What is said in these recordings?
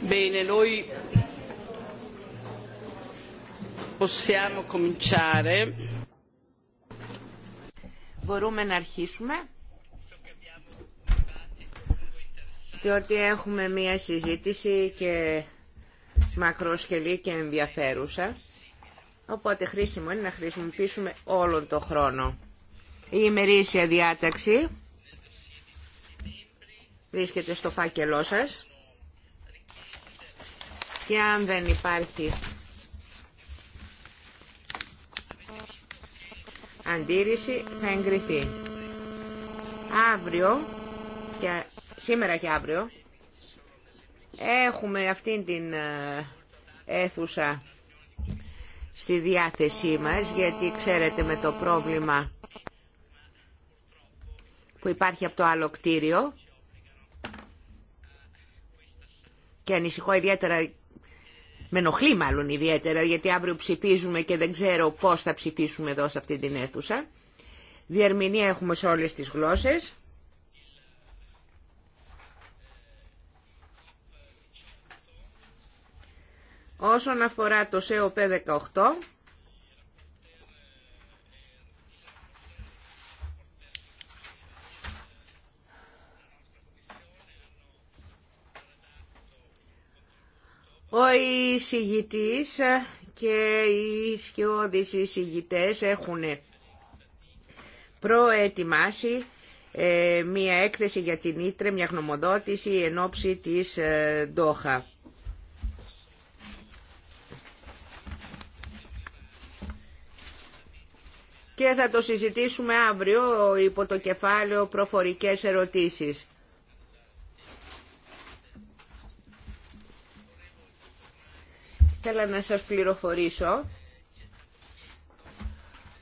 Bene, noi possiamo cominciare. Μπορούμε να αρχίσουμε διότι έχουμε μία συζήτηση και μακροσκελή και ενδιαφέρουσα. Οπότε χρήσιμο είναι να χρησιμοποιήσουμε όλο το χρόνο. Η ημερήσια διάταξη βρίσκεται στο φάκελό σας και αν δεν υπάρχει αντίρρηση θα εγκριθεί. Αύριο, και σήμερα και αύριο, έχουμε αυτήν την ε, αίθουσα στη διάθεσή μας γιατί ξέρετε με το πρόβλημα που υπάρχει από το άλλο κτίριο και ανησυχώ ιδιαίτερα με ενοχλεί μάλλον ιδιαίτερα γιατί αύριο ψηφίζουμε και δεν ξέρω πώς θα ψηφίσουμε εδώ σε αυτή την αίθουσα διερμηνία έχουμε σε όλες τις γλώσσες Όσον αφορά το ΣΕΟΠ 18, Ο εισηγητής και οι σκιώδεις εισηγητές έχουν προετοιμάσει ε, μία έκθεση για την Ήτρε, μια γνωμοδότηση εν ώψη της ε, Ντόχα. και θα το συζητήσουμε αύριο υπό το κεφάλαιο προφορικές ερωτήσεις. Θέλω να σας πληροφορήσω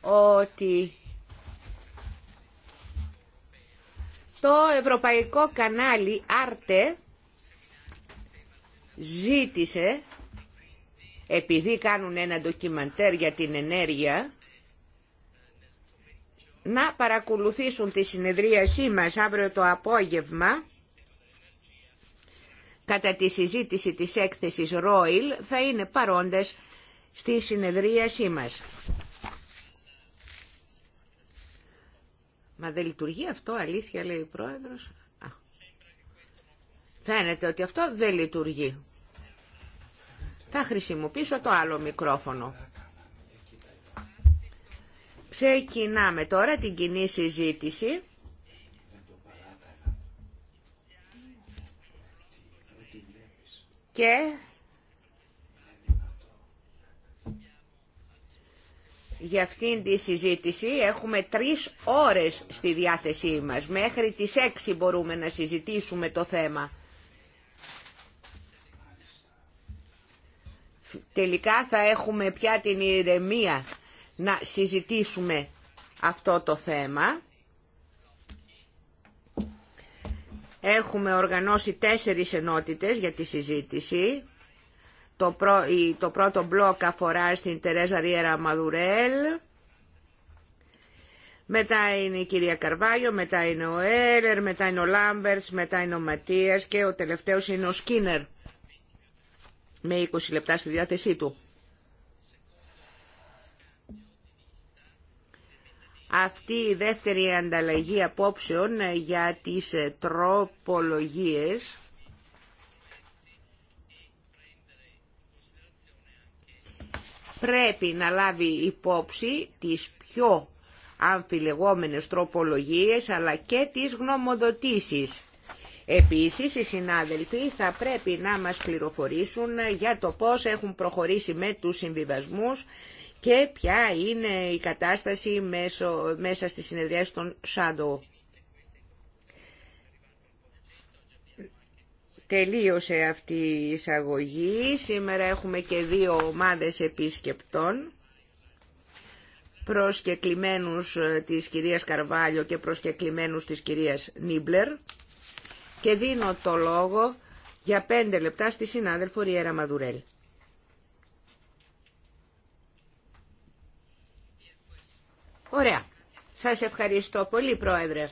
ότι το ευρωπαϊκό κανάλι Άρτε ζήτησε επειδή κάνουν ένα ντοκιμαντέρ για την ενέργεια να παρακολουθήσουν τη συνεδρίασή μας αύριο το απόγευμα κατά τη συζήτηση της έκθεσης Ρόιλ θα είναι παρόντες στη συνεδρίασή μας. Μα δεν λειτουργεί αυτό, αλήθεια λέει ο πρόεδρος. Α. Φαίνεται ότι αυτό δεν λειτουργεί. Θα χρησιμοποιήσω το άλλο μικρόφωνο. Ξεκινάμε τώρα την κοινή συζήτηση. Και για αυτήν τη συζήτηση έχουμε τρεις ώρες στη διάθεσή μας. Μέχρι τις έξι μπορούμε να συζητήσουμε το θέμα. Τελικά θα έχουμε πια την ηρεμία να συζητήσουμε αυτό το θέμα. Έχουμε οργανώσει τέσσερις ενότητες για τη συζήτηση. Το, το πρώτο μπλοκ αφορά στην Τερέζα Ριέρα Μαδουρέλ. Μετά είναι η κυρία Καρβάγιο, μετά είναι ο Έλερ, μετά είναι ο Λάμπερτς, μετά είναι ο Ματίας και ο τελευταίος είναι ο Σκίνερ με 20 λεπτά στη διάθεσή του. αυτή η δεύτερη ανταλλαγή απόψεων ε, για τις ε, τροπολογίες πρέπει να λάβει υπόψη τις πιο αμφιλεγόμενες τροπολογίες αλλά και τις γνωμοδοτήσεις. Επίσης οι συνάδελφοι θα πρέπει να μας πληροφορήσουν ε, για το πώς έχουν προχωρήσει με τους συμβιβασμούς και ποια είναι η κατάσταση μέσα στις συνεδριές των σαντο. Τελείωσε αυτή η εισαγωγή. Σήμερα έχουμε και δύο ομάδες επισκεπτών προσκεκλημένους της κυρίας Καρβάλιο και προσκεκλημένους της κυρίας Νίμπλερ και δίνω το λόγο για πέντε λεπτά στη συνάδελφο Ριέρα Μαδουρέλ. Ωραία. Σας ευχαριστώ πολύ, Πρόεδρε.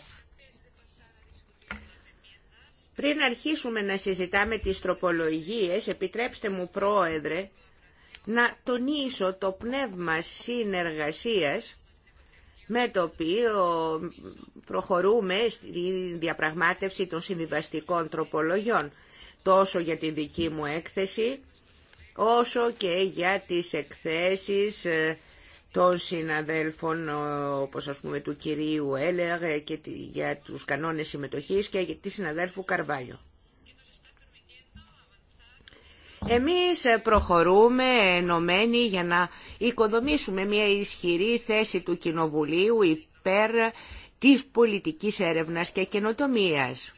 Πριν αρχίσουμε να συζητάμε τις τροπολογίες, επιτρέψτε μου, Πρόεδρε, να τονίσω το πνεύμα συνεργασίας με το οποίο προχωρούμε στη διαπραγμάτευση των συμβιβαστικών τροπολογιών, τόσο για τη δική μου έκθεση, όσο και για τις εκθέσεις ε, των συναδέλφων όπως ας πούμε του κυρίου Έλεγ και για τους κανόνες συμμετοχής και τη συναδέλφου Καρβάλιο. Εμείς προχωρούμε ενωμένοι για να οικοδομήσουμε μια ισχυρή θέση του Κοινοβουλίου υπέρ της πολιτικής έρευνας και καινοτομίας.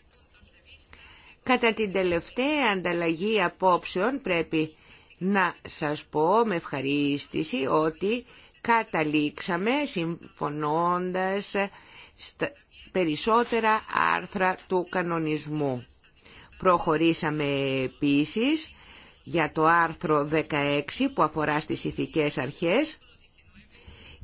Κατά την τελευταία ανταλλαγή απόψεων πρέπει να σας πω με ευχαρίστηση ότι καταλήξαμε συμφωνώντας στα περισσότερα άρθρα του κανονισμού. Προχωρήσαμε επίσης για το άρθρο 16 που αφορά στις ηθικές αρχές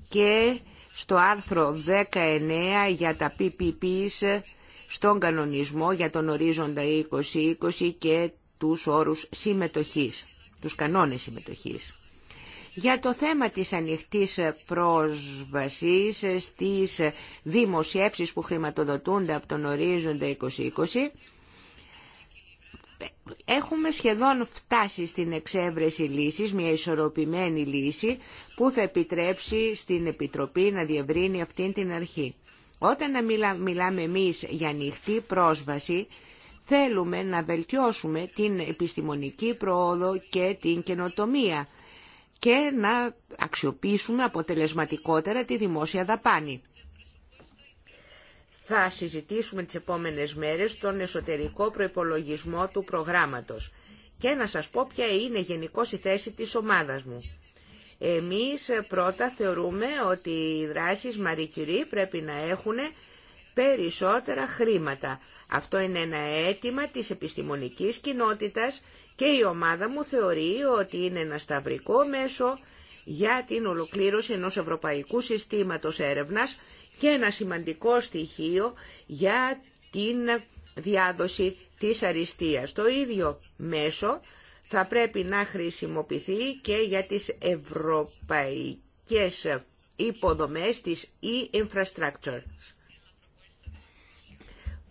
και στο άρθρο 19 για τα PPPs στον κανονισμό για τον ορίζοντα 2020 και τους όρους συμμετοχής, τους κανόνες συμμετοχής για το θέμα της ανοιχτής πρόσβασης στις δημοσιεύσεις που χρηματοδοτούνται από τον ορίζοντα 2020 έχουμε σχεδόν φτάσει στην εξέβρεση λύσης, μια ισορροπημένη λύση που θα επιτρέψει στην Επιτροπή να διευρύνει αυτή την αρχή. Όταν μιλάμε εμείς για ανοιχτή πρόσβαση, θέλουμε να βελτιώσουμε την επιστημονική πρόοδο και την καινοτομία και να αξιοποιήσουμε αποτελεσματικότερα τη δημόσια δαπάνη. Θα συζητήσουμε τις επόμενες μέρες τον εσωτερικό προϋπολογισμό του προγράμματος και να σας πω ποια είναι γενικώ η θέση της ομάδας μου. Εμείς πρώτα θεωρούμε ότι οι δράσεις μαρικυρί πρέπει να έχουν περισσότερα χρήματα. Αυτό είναι ένα αίτημα της επιστημονικής κοινότητας και η ομάδα μου θεωρεί ότι είναι ένα σταυρικό μέσο για την ολοκλήρωση ενός ευρωπαϊκού συστήματος έρευνας και ένα σημαντικό στοιχείο για την διάδοση της αριστείας. Το ίδιο μέσο θα πρέπει να χρησιμοποιηθεί και για τις ευρωπαϊκές υποδομές της e-infrastructure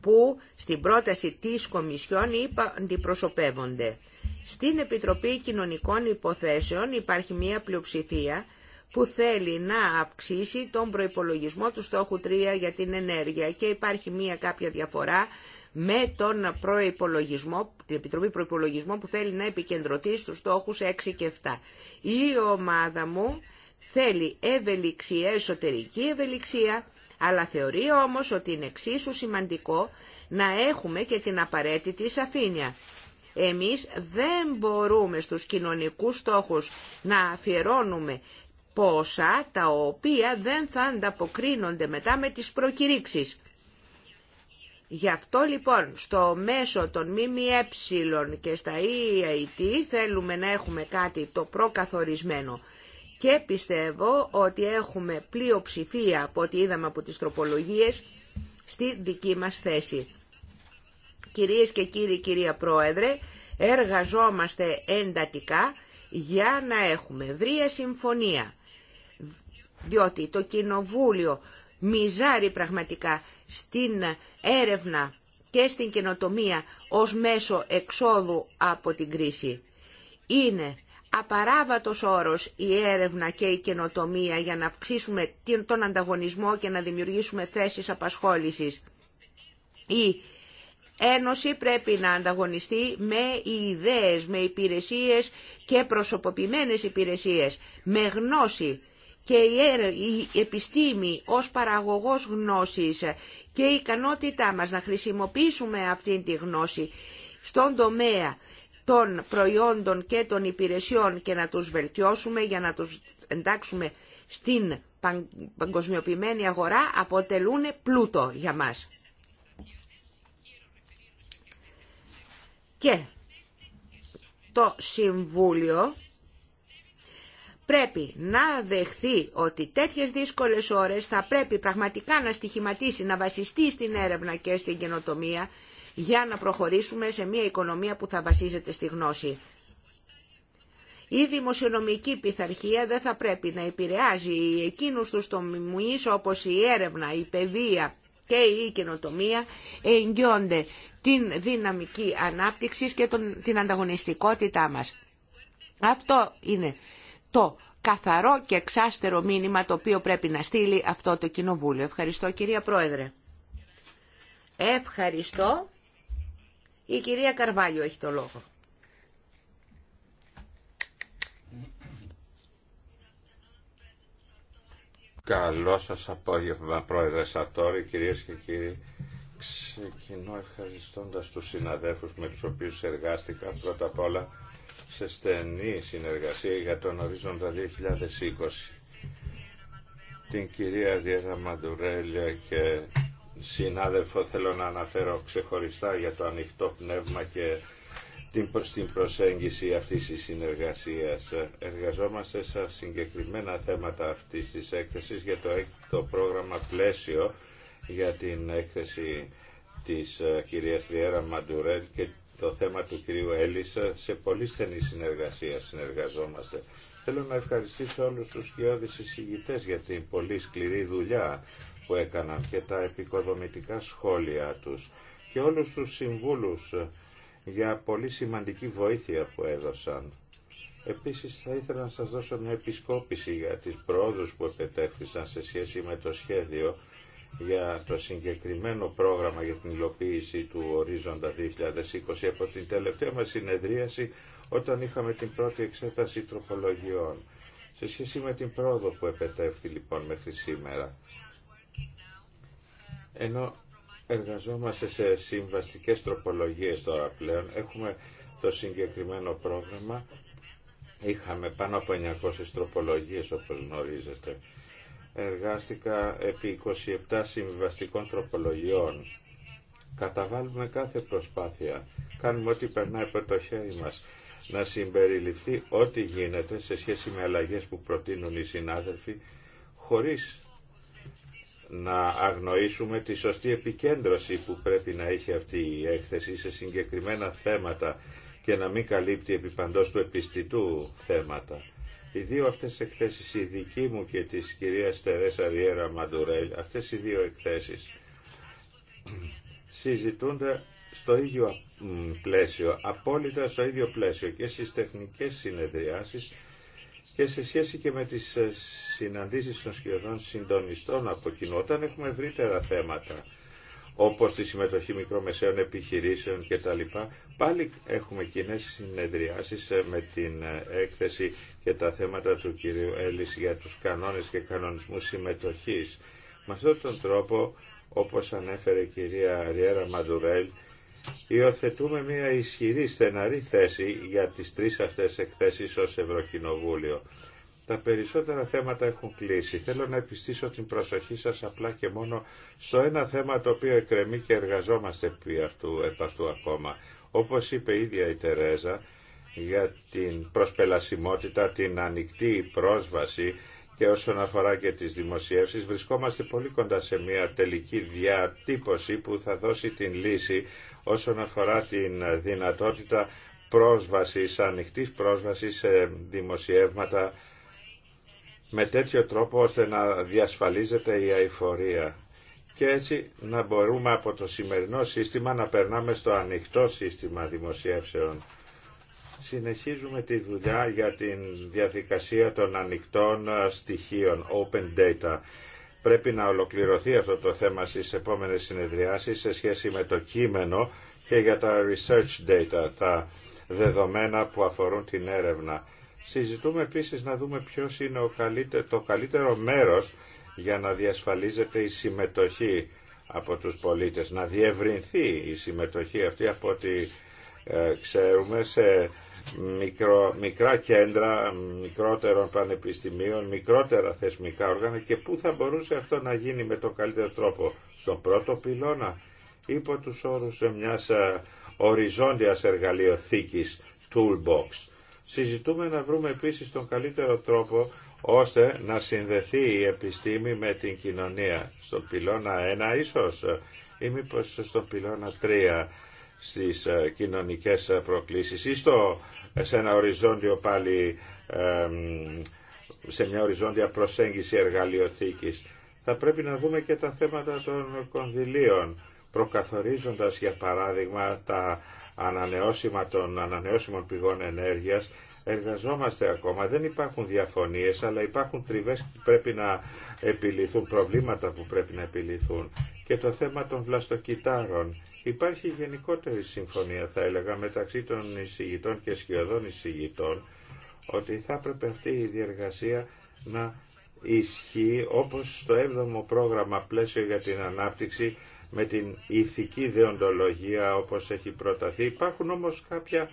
που στην πρόταση της Κομισιόν αντιπροσωπεύονται. Στην Επιτροπή Κοινωνικών Υποθέσεων υπάρχει μία πλειοψηφία που θέλει να αυξήσει τον προϋπολογισμό του στόχου 3 για την ενέργεια και υπάρχει μία κάποια διαφορά με τον προϋπολογισμό, την Επιτροπή Προϋπολογισμών που θέλει να επικεντρωθεί στους στόχους 6 και 7. Η ομάδα μου θέλει ευελιξία, εσωτερική ευελιξία, αλλά θεωρεί όμως ότι είναι εξίσου σημαντικό να έχουμε και την απαραίτητη σαφήνεια. Εμείς δεν μπορούμε στους κοινωνικούς στόχους να αφιερώνουμε πόσα τα οποία δεν θα ανταποκρίνονται μετά με τις προκηρύξεις. Γι' αυτό λοιπόν στο μέσο των ΜΜΕ και στα EIT θέλουμε να έχουμε κάτι το προκαθορισμένο και πιστεύω ότι έχουμε πλειοψηφία από ό,τι είδαμε από τις τροπολογίες στη δική μας θέση. Κυρίες και κύριοι, κυρία Πρόεδρε, εργαζόμαστε εντατικά για να έχουμε βρία συμφωνία. Διότι το Κοινοβούλιο μιζάρει πραγματικά στην έρευνα και στην καινοτομία ως μέσο εξόδου από την κρίση. Είναι απαράβατος όρος η έρευνα και η καινοτομία για να αυξήσουμε τον ανταγωνισμό και να δημιουργήσουμε θέσεις απασχόλησης. Ένωση πρέπει να ανταγωνιστεί με ιδέες, με υπηρεσίες και προσωποποιημένες υπηρεσίες, με γνώση και η ε, επιστήμη ως παραγωγός γνώσης και η ικανότητά μας να χρησιμοποιήσουμε αυτή τη γνώση στον τομέα των προϊόντων και των υπηρεσιών και να τους βελτιώσουμε για να τους εντάξουμε στην παγκοσμιοποιημένη αγορά αποτελούν πλούτο για μας. και το Συμβούλιο πρέπει να δεχθεί ότι τέτοιες δύσκολες ώρες θα πρέπει πραγματικά να στοιχηματίσει, να βασιστεί στην έρευνα και στην καινοτομία για να προχωρήσουμε σε μια οικονομία που θα βασίζεται στη γνώση. Η δημοσιονομική πειθαρχία δεν θα πρέπει να επηρεάζει εκείνους τους τομείς όπως η έρευνα, η παιδεία και η καινοτομία εγγυώνται την δυναμική ανάπτυξη και τον, την ανταγωνιστικότητά μας. Αυτό είναι το καθαρό και εξάστερο μήνυμα το οποίο πρέπει να στείλει αυτό το Κοινοβούλιο. Ευχαριστώ κυρία Πρόεδρε. Ευχαριστώ. Η κυρία Καρβάλιο έχει το λόγο. Καλό σας απόγευμα, Πρόεδρε Σατόρη, κυρίες και κύριοι ξεκινώ ευχαριστώντας τους συναδέλφους με τους οποίους εργάστηκα πρώτα απ' όλα σε στενή συνεργασία για τον ορίζοντα 2020. Την κυρία Διέρα Μαντουρέλια και συνάδελφο θέλω να αναφέρω ξεχωριστά για το ανοιχτό πνεύμα και την προσέγγιση αυτής της συνεργασίας. Εργαζόμαστε σε συγκεκριμένα θέματα αυτής της έκθεσης για το πρόγραμμα πλαίσιο για την έκθεση της ε, κυρίας Ριέρα Μαντουρέλ και το θέμα του κυρίου Έλισσα ε, σε πολύ στενή συνεργασία συνεργαζόμαστε. Θέλω να ευχαριστήσω όλους τους κοιόδης εισηγητές για την πολύ σκληρή δουλειά που έκαναν και τα επικοδομητικά σχόλια τους και όλους τους συμβούλους ε, για πολύ σημαντική βοήθεια που έδωσαν. Επίσης θα ήθελα να σας δώσω μια επισκόπηση για τις πρόοδους που επετέχθησαν σε σχέση με το σχέδιο για το συγκεκριμένο πρόγραμμα για την υλοποίηση του ορίζοντα 2020 από την τελευταία μας συνεδρίαση όταν είχαμε την πρώτη εξέταση τροπολογιών. Σε σχέση με την πρόοδο που επετεύχθη λοιπόν μέχρι σήμερα, ενώ εργαζόμαστε σε συμβαστικές τροπολογίες τώρα πλέον, έχουμε το συγκεκριμένο πρόγραμμα, είχαμε πάνω από 900 τροπολογίες όπως γνωρίζετε εργάστηκα επί 27 συμβιβαστικών τροπολογιών. Καταβάλουμε κάθε προσπάθεια. Κάνουμε ό,τι περνάει από το χέρι μας να συμπεριληφθεί ό,τι γίνεται σε σχέση με αλλαγές που προτείνουν οι συνάδελφοι χωρίς να αγνοήσουμε τη σωστή επικέντρωση που πρέπει να έχει αυτή η έκθεση σε συγκεκριμένα θέματα και να μην καλύπτει επί του επιστητού θέματα. Οι δύο αυτές εκθέσεις, η δική μου και της κυρίας Τερέσα Διέρα Μαντουρέλ, αυτές οι δύο εκθέσεις συζητούνται στο ίδιο πλαίσιο, απόλυτα στο ίδιο πλαίσιο και στις τεχνικές συνεδριάσεις και σε σχέση και με τις ε, συναντήσεις των σχεδόν συντονιστών από κοινό, όταν έχουμε ευρύτερα θέματα όπως τη συμμετοχή μικρομεσαίων επιχειρήσεων κτλ. Πάλι έχουμε κοινέ συνεδριάσεις ε, με την ε, έκθεση και τα θέματα του κυρίου Έλλης για τους κανόνες και κανονισμού συμμετοχής. Με αυτόν τον τρόπο, όπως ανέφερε η κυρία Ριέρα Μαντουρέλ, υιοθετούμε μια ισχυρή στεναρή θέση για τις τρεις αυτές εκθέσεις ως Ευρωκοινοβούλιο. Τα περισσότερα θέματα έχουν κλείσει. Θέλω να επιστήσω την προσοχή σας απλά και μόνο στο ένα θέμα το οποίο εκκρεμεί και εργαζόμαστε επί αυτού, επ' αυτού ακόμα. Όπως είπε η ίδια η Τερέζα για την προσπελασιμότητα, την ανοιχτή πρόσβαση και όσον αφορά και τις δημοσιεύσεις βρισκόμαστε πολύ κοντά σε μια τελική διατύπωση που θα δώσει την λύση όσον αφορά την δυνατότητα πρόσβασης, ανοιχτής πρόσβασης σε δημοσιεύματα με τέτοιο τρόπο ώστε να διασφαλίζεται η αηφορία και έτσι να μπορούμε από το σημερινό σύστημα να περνάμε στο ανοιχτό σύστημα δημοσίευσεων. Συνεχίζουμε τη δουλειά για τη διαδικασία των ανοιχτών ε, στοιχείων, open data. Πρέπει να ολοκληρωθεί αυτό το θέμα στις επόμενες συνεδριάσεις σε σχέση με το κείμενο και για τα research data, τα δεδομένα που αφορούν την έρευνα Συζητούμε επίσης να δούμε ποιος είναι ο το καλύτερο μέρος για να διασφαλίζεται η συμμετοχή από τους πολίτες, να διευρυνθεί η συμμετοχή αυτή από ό,τι ε, ξέρουμε σε μικρό, μικρά κέντρα μικρότερων πανεπιστημίων, μικρότερα θεσμικά όργανα και πού θα μπορούσε αυτό να γίνει με τον καλύτερο τρόπο. Στον πρώτο πυλώνα, υπό τους όρους μιας ε, οριζόντιας εργαλειοθήκης, toolbox Συζητούμε να βρούμε επίσης τον καλύτερο τρόπο ώστε να συνδεθεί η επιστήμη με την κοινωνία. Στον πυλώνα 1 ίσως ή μήπως στον πυλώνα 3 στις ε, κοινωνικές ε, προκλήσεις ή στο, σε ένα οριζόντιο πάλι σε μια οριζόντια προσέγγιση εργαλειοθήκης. Θα πρέπει να δούμε και τα θέματα των κονδυλίων, προκαθορίζοντας για παράδειγμα τα ανανεώσιμα των ανανεώσιμων πηγών ενέργειας εργαζόμαστε ακόμα, δεν υπάρχουν διαφωνίες, αλλά υπάρχουν τριβές που πρέπει να επιληθούν, προβλήματα που πρέπει να επιληθούν. Και το θέμα των βλαστοκυτάρων. Υπάρχει γενικότερη συμφωνία, θα έλεγα, μεταξύ των εισηγητών και σχεδόν εισηγητών, ότι θα έπρεπε αυτή η διεργασία να ισχύει όπως στο 7ο πρόγραμμα πλαίσιο για την ανάπτυξη με την ηθική δεοντολογία όπως έχει προταθεί. Υπάρχουν όμως κάποια,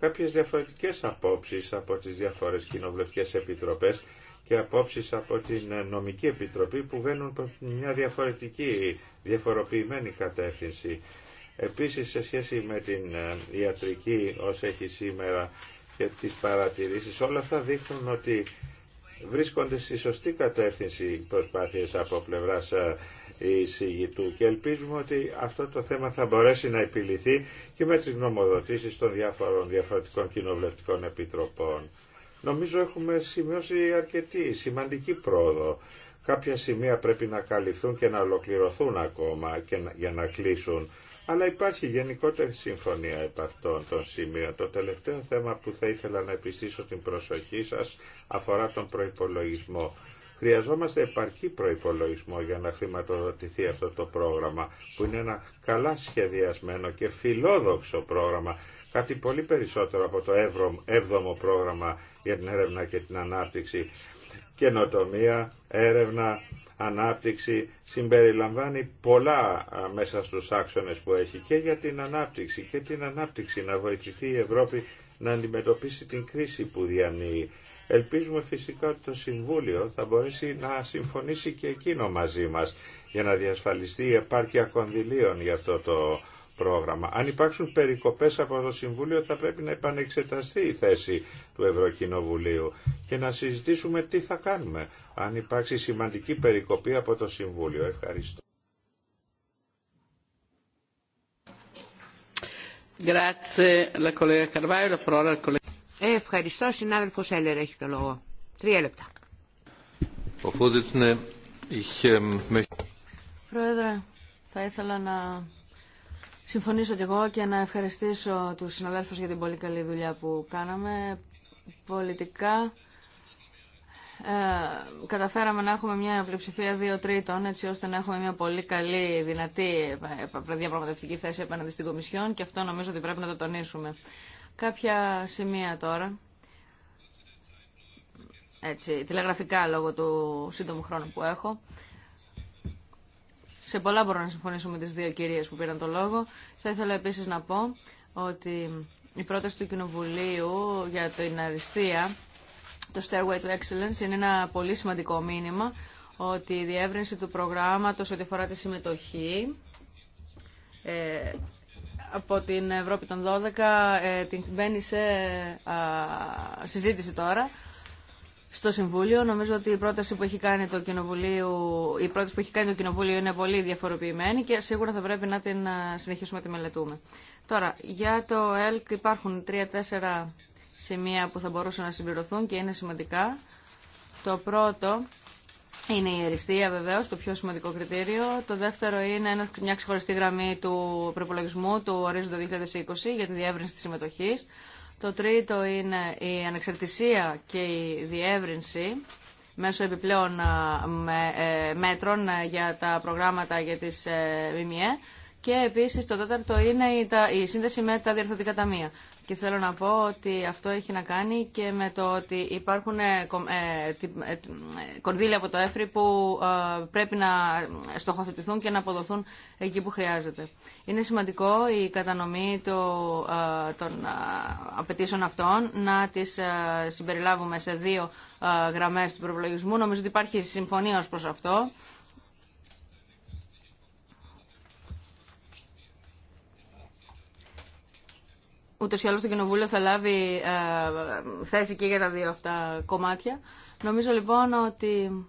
κάποιες διαφορετικές απόψεις από τις διάφορες κοινοβουλευτικές επιτροπές και απόψεις από την νομική επιτροπή που βαίνουν μια διαφορετική, διαφοροποιημένη κατεύθυνση. Επίσης σε σχέση με την ε, ιατρική όσο έχει σήμερα και τις παρατηρήσεις, όλα αυτά δείχνουν ότι βρίσκονται στη σωστή κατεύθυνση προσπάθειες από πλευράς ε, εισηγητού και ελπίζουμε ότι αυτό το θέμα θα μπορέσει να επιληθεί και με τις γνωμοδοτήσεις των διάφορων διαφορετικών κοινοβουλευτικών επιτροπών. Νομίζω έχουμε σημειώσει αρκετή σημαντική πρόοδο. Κάποια σημεία πρέπει να καλυφθούν και να ολοκληρωθούν ακόμα και να, για να κλείσουν. Αλλά υπάρχει γενικότερη συμφωνία επ' αυτών των σημείων. Το τελευταίο θέμα που θα ήθελα να επιστήσω την προσοχή σας αφορά τον προϋπολογισμό. Χρειαζόμαστε επαρκή προϋπολογισμό για να χρηματοδοτηθεί αυτό το πρόγραμμα, που είναι ένα καλά σχεδιασμένο και φιλόδοξο πρόγραμμα, κάτι πολύ περισσότερο από το 7ο πρόγραμμα για την έρευνα και την ανάπτυξη. Καινοτομία, έρευνα, ανάπτυξη συμπεριλαμβάνει πολλά μέσα στους άξονες που έχει και για την ανάπτυξη και την ανάπτυξη να βοηθηθεί η Ευρώπη να αντιμετωπίσει την κρίση που διανύει. Ελπίζουμε φυσικά ότι το Συμβούλιο θα μπορέσει να συμφωνήσει και εκείνο μαζί μας για να διασφαλιστεί η επάρκεια κονδυλίων για αυτό το πρόγραμμα. Αν υπάρξουν περικοπές από το Συμβούλιο θα πρέπει να επανεξεταστεί η θέση του Ευρωκοινοβουλίου και να συζητήσουμε τι θα κάνουμε αν υπάρξει σημαντική περικοπή από το Συμβούλιο. Ευχαριστώ. Grazie la collega ε, ευχαριστώ. Συνάδελφο Έλερ έχει το λόγο. Τρία λεπτά. Πρόεδρε, θα ήθελα να συμφωνήσω κι εγώ και να ευχαριστήσω τους συναδέλφους για την πολύ καλή δουλειά που κάναμε. Πολιτικά ε, καταφέραμε να έχουμε μια πλειοψηφία δύο τρίτων, έτσι ώστε να έχουμε μια πολύ καλή, δυνατή ε, ε, διαπραγματευτική θέση απέναντι στην Κομισιόν και αυτό νομίζω ότι πρέπει να το τονίσουμε. Κάποια σημεία τώρα, έτσι, τηλεγραφικά λόγω του σύντομου χρόνου που έχω. Σε πολλά μπορώ να συμφωνήσω με τις δύο κυρίες που πήραν το λόγο. Θα ήθελα επίσης να πω ότι η πρόταση του Κοινοβουλίου για την αριστεία, το Stairway to Excellence, είναι ένα πολύ σημαντικό μήνυμα ότι η διεύρυνση του προγράμματος ό,τι αφορά τη συμμετοχή ε, από την Ευρώπη των 12 ε, την μπαίνει σε συζήτηση τώρα στο Συμβούλιο. Νομίζω ότι η πρόταση που έχει κάνει το Κοινοβουλίο, η πρόταση που έχει κάνει το Κοινοβούλιο είναι πολύ διαφοροποιημένη και σίγουρα θα πρέπει να την συνεχίσουμε να τη μελετούμε. Τώρα, για το ΕΛΚ υπάρχουν τρία-τέσσερα σημεία που θα μπορούσαν να συμπληρωθούν και είναι σημαντικά. Το πρώτο είναι η αριστεία βεβαίω, το πιο σημαντικό κριτήριο. Το δεύτερο είναι μια ξεχωριστή γραμμή του προπολογισμού του ορίζοντα 2020 για τη διεύρυνση τη συμμετοχή. Το τρίτο είναι η ανεξαρτησία και η διεύρυνση μέσω επιπλέον ε, ε, μέτρων ε, για τα προγράμματα για τις ΜΜΕ. Και επίση το τέταρτο είναι η, σύνδεση με τα διαρθρωτικά ταμεία. Και θέλω να πω ότι αυτό έχει να κάνει και με το ότι υπάρχουν ε, ε, ε, κονδύλια από το ΕΦΡΙ που πρέπει να στοχοθετηθούν και να αποδοθούν εκεί που χρειάζεται. Είναι σημαντικό η κατανομή των απαιτήσεων αυτών να τις συμπεριλάβουμε σε δύο γραμμές του προπολογισμού. Νομίζω ότι υπάρχει συμφωνία ως προς αυτό. ούτως ή άλλως το Κοινοβούλιο θα λάβει ε, θέση και για τα δύο αυτά κομμάτια. Νομίζω λοιπόν ότι